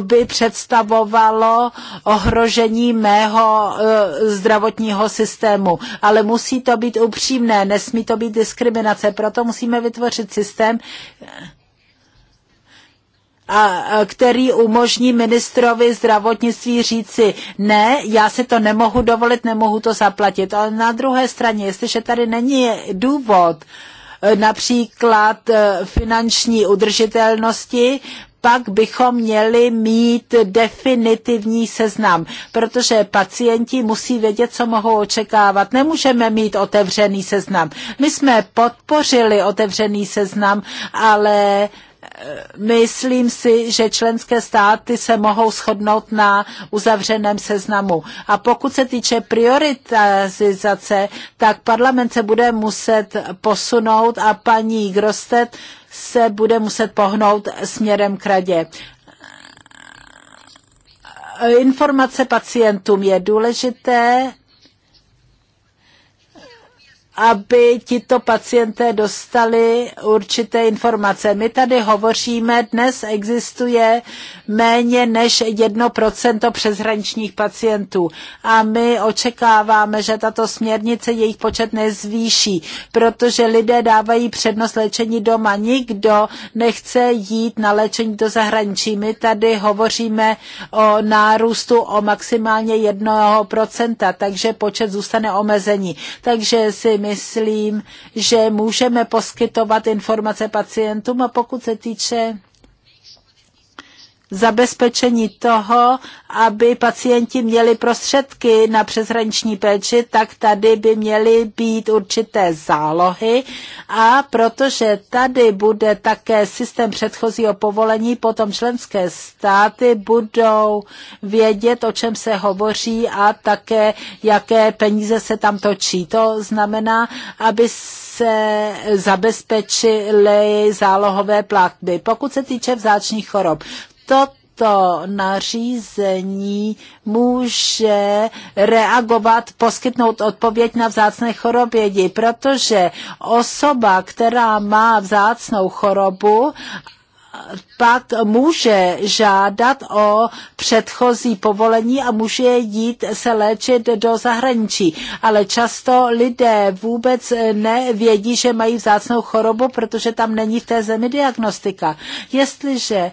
by představovalo ohrožení mého eh, zdravotního systému. Ale musí to být upřímné, nesmí to být diskriminace. Proto musíme vytvořit systém, eh, a, eh, který umožní ministrovi zdravotnictví říci, ne, já si to nemohu dovolit, nemohu to zaplatit. Ale na druhé straně, jestliže tady není důvod, například finanční udržitelnosti, pak bychom měli mít definitivní seznam, protože pacienti musí vědět, co mohou očekávat. Nemůžeme mít otevřený seznam. My jsme podpořili otevřený seznam, ale eh, myslím si, že členské státy se mohou shodnout na uzavřeném seznamu. A pokud se týče prioritizace, tak parlament se bude muset posunout a paní Grostet se bude muset pohnout směrem k radě. Informace pacientům je důležité aby tito pacienté dostali určité informace. My tady hovoříme, dnes existuje méně než 1% přeshraničních pacientů a my očekáváme, že tato směrnice jejich počet nezvýší, protože lidé dávají přednost léčení doma. Nikdo nechce jít na léčení do zahraničí. My tady hovoříme o nárůstu o maximálně 1%, takže počet zůstane omezení. Takže si my myslím, že můžeme poskytovat informace pacientům a pokud se týče zabezpečení toho, aby pacienti měli prostředky na přeshraniční péči, tak tady by měly být určité zálohy a protože tady bude také systém předchozího povolení, potom členské státy budou vědět, o čem se hovoří a také, jaké peníze se tam točí. To znamená, aby se zabezpečily zálohové platby. Pokud se týče vzáčních chorob, toto nařízení může reagovat, poskytnout odpověď na vzácné chorobědi, protože osoba, která má vzácnou chorobu pak může žádat o předchozí povolení a může jít se léčit do zahraničí. Ale často lidé vůbec nevědí, že mají vzácnou chorobu, protože tam není v té zemi diagnostika. Jestliže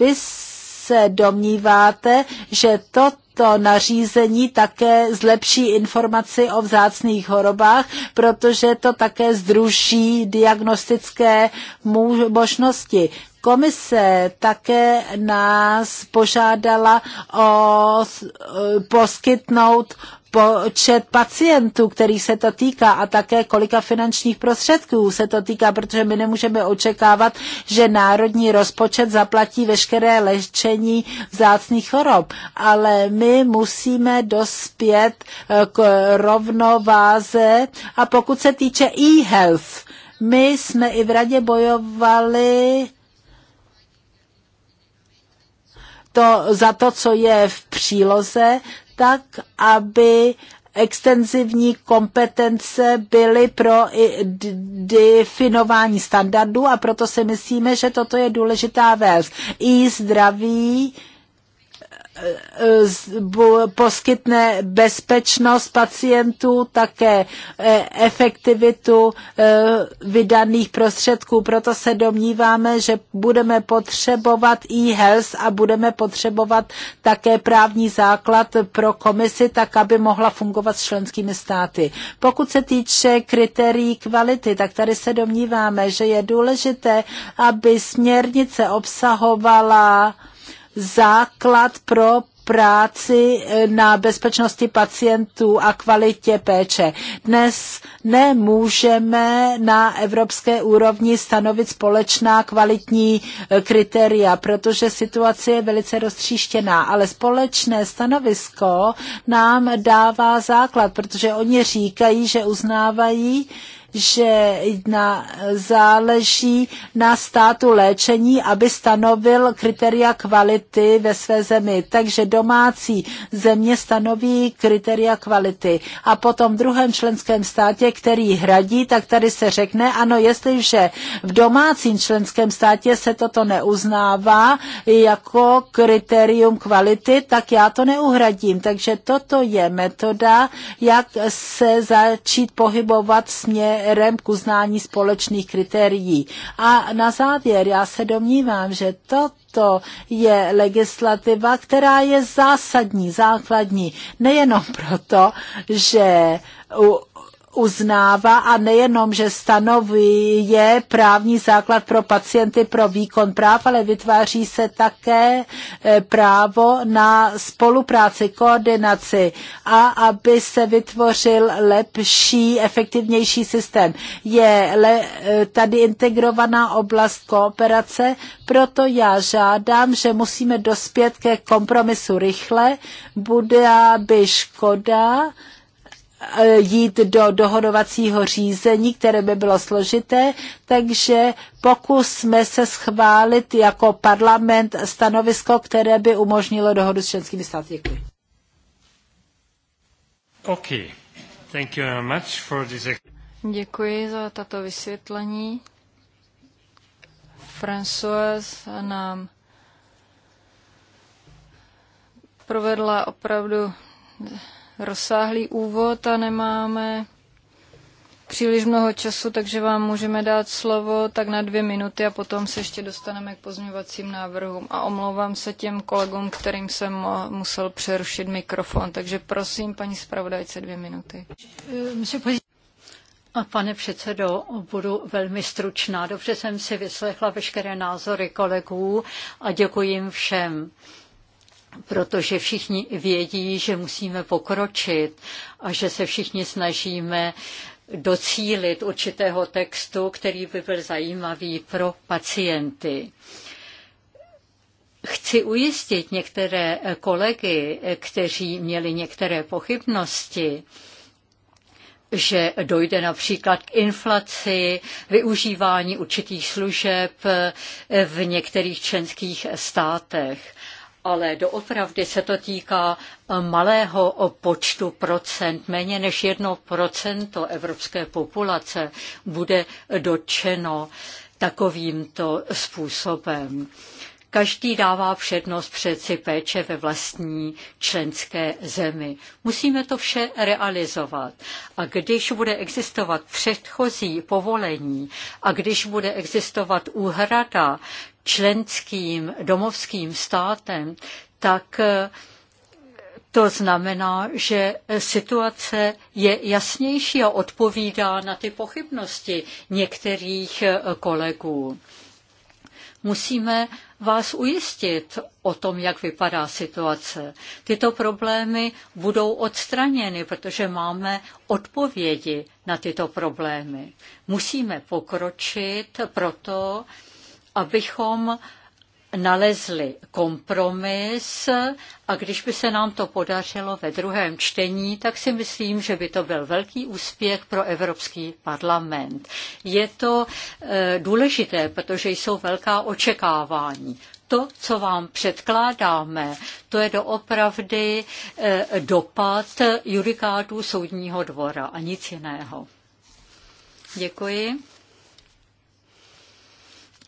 vy se domníváte, že toto nařízení také zlepší informaci o vzácných chorobách, protože to také združí diagnostické možnosti. Komise také nás požádala o poskytnout počet pacientů, který se to týká a také kolika finančních prostředků se to týká, protože my nemůžeme očekávat, že národní rozpočet zaplatí veškeré léčení vzácných chorob, ale my musíme dospět eh, k rovnováze a pokud se týče e-health, my jsme i v radě bojovali to, za to, co je v příloze, tak, aby extenzivní kompetence byly pro definování standardů a proto si myslíme, že toto je důležitá věc. I zdraví Eh, eh, poskytne bezpečnost pacientů, také eh, efektivitu vydaných prostředků. Proto se domníváme, že budeme potřebovat e-health a budeme potřebovat také právní základ pro komisi, tak aby mohla fungovat s členskými státy. Pokud se týče kritérií kvality, tak tady se domníváme, že je důležité, aby směrnice obsahovala základ pro práci e, na bezpečnosti pacientů a kvalitě péče. Dnes nemůžeme na evropské úrovni stanovit společná kvalitní e, kritéria, protože situace je velice roztříštěná, ale společné stanovisko nám dává základ, protože oni říkají, že uznávají, že na, záleží na státu léčení, aby stanovil kritéria kvality ve své zemi. Takže domácí země stanoví kritéria kvality. A potom v druhém členském státě, který hradí, tak tady se řekne, ano, jestliže v domácím členském státě se toto neuznává jako kritérium kvality, tak já to neuhradím. Takže toto je metoda, jak se začít pohybovat směrem směrem k uznání společných kritérií. A na závěr, já se domnívám, že to, to je legislativa, která je zásadní, základní, nejenom proto, že uznává a nejenom, že stanoví je právní základ pro pacienty pro výkon práv, ale vytváří se také eh, právo na spolupráci, koordinaci a aby se vytvořil lepší, efektivnější systém. Je le, eh, tady integrovaná oblast kooperace, proto já žádám, že musíme dospět ke kompromisu rychle, bude by škoda, Eh, jít do dohodovacího řízení, které by bylo složité, takže pokusme se schválit jako parlament stanovisko, které by umožnilo dohodu s členskými státy. Děkuji. Okay. Thank you very much for this... Děkuji za tato vysvětlení. François nám provedla opravdu rozsáhlý úvod a nemáme příliš mnoho času, takže vám můžeme dát slovo tak na dvě minuty a potom se ještě dostaneme k pozměňovacím návrhům. A omlouvám se těm kolegům, kterým jsem musel přerušit mikrofon. Takže prosím, paní zpravodajce, dvě minuty. A pane předsedo, budu velmi stručná. Dobře jsem si vyslechla veškeré názory kolegů a děkuji jim všem protože všichni vědí, že musíme pokročit a že se všichni snažíme docílit určitého textu, který by byl zajímavý pro pacienty. Chci ujistit některé kolegy, kteří měli některé pochybnosti, že dojde například k inflaci, využívání určitých služeb v některých členských státech ale doopravdy se to týká eh, malého počtu procent, méně než jedno procento evropské populace bude dotčeno takovýmto způsobem. Každý dává přednost přeci péče ve vlastní členské zemi. Musíme to vše realizovat. A když bude existovat předchozí povolení a když bude existovat úhrada, členským domovským státem, tak eh, to znamená, že situace je jasnější a odpovídá na ty pochybnosti některých eh, kolegů. Musíme vás ujistit o tom, jak vypadá situace. Tyto problémy budou odstraněny, protože máme odpovědi na tyto problémy. Musíme pokročit proto, abychom nalezli kompromis a když by se nám to podařilo ve druhém čtení, tak si myslím, že by to byl velký úspěch pro Evropský parlament. Je to e, důležité, protože jsou velká očekávání. To, co vám předkládáme, to je doopravdy e, dopad judikátů soudního dvora a nic jiného. Děkuji.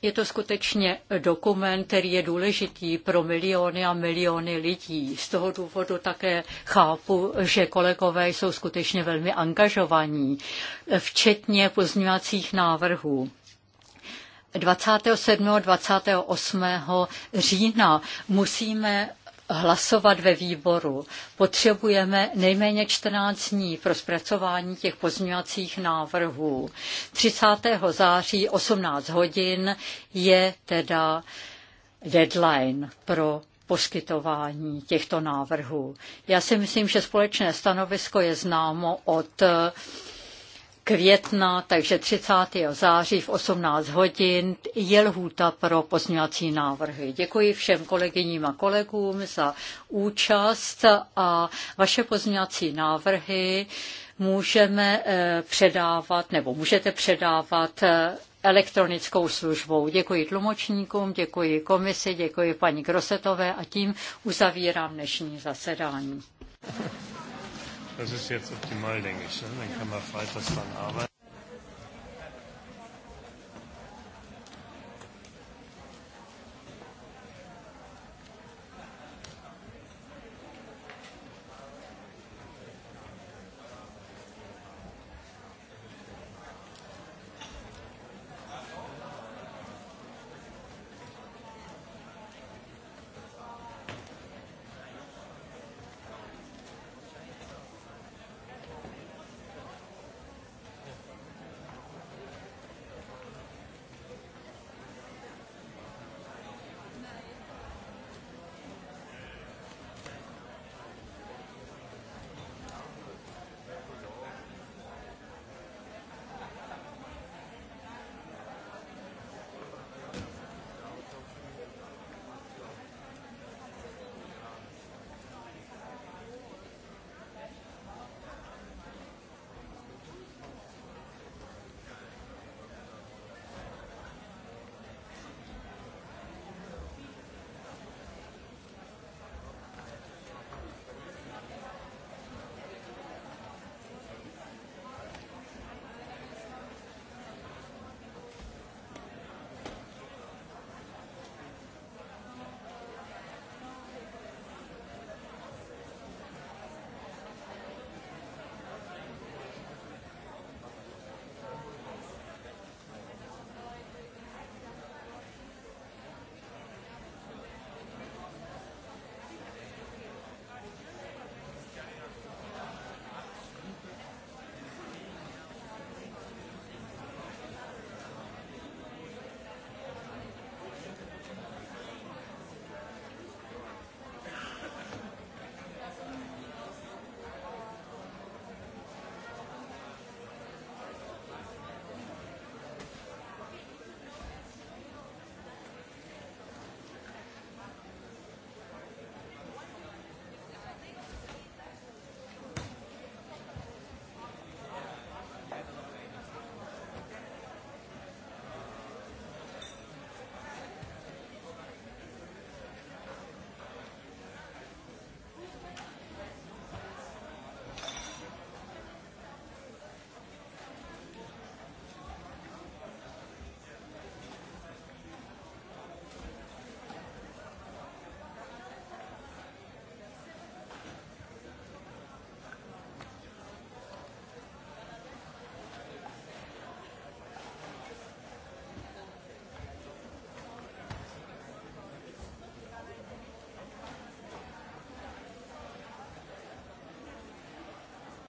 Je to skutečně dokument, který je důležitý pro miliony a miliony lidí. Z toho důvodu také chápu, že kolegové jsou skutečně velmi angažovaní, včetně pozměňovacích návrhů. 27. 28. října musíme hlasovat ve výboru. Potřebujeme nejméně 14 dní pro zpracování těch pozměňovacích návrhů. 30. září 18 hodin je teda deadline pro poskytování těchto návrhů. Já si myslím, že společné stanovisko je známo od května, takže 30. září v 18 hodin je lhůta pro pozměňovací návrhy. Děkuji všem kolegyním a kolegům za účast a vaše pozměňovací návrhy můžeme eh, předávat nebo můžete předávat eh, elektronickou službou. Děkuji tlumočníkům, děkuji komisi, děkuji paní Grosetové a tím uzavírám dnešní zasedání. Das ist jetzt optimal, denke ich. Ne? Dann kann man freitags dann arbeiten.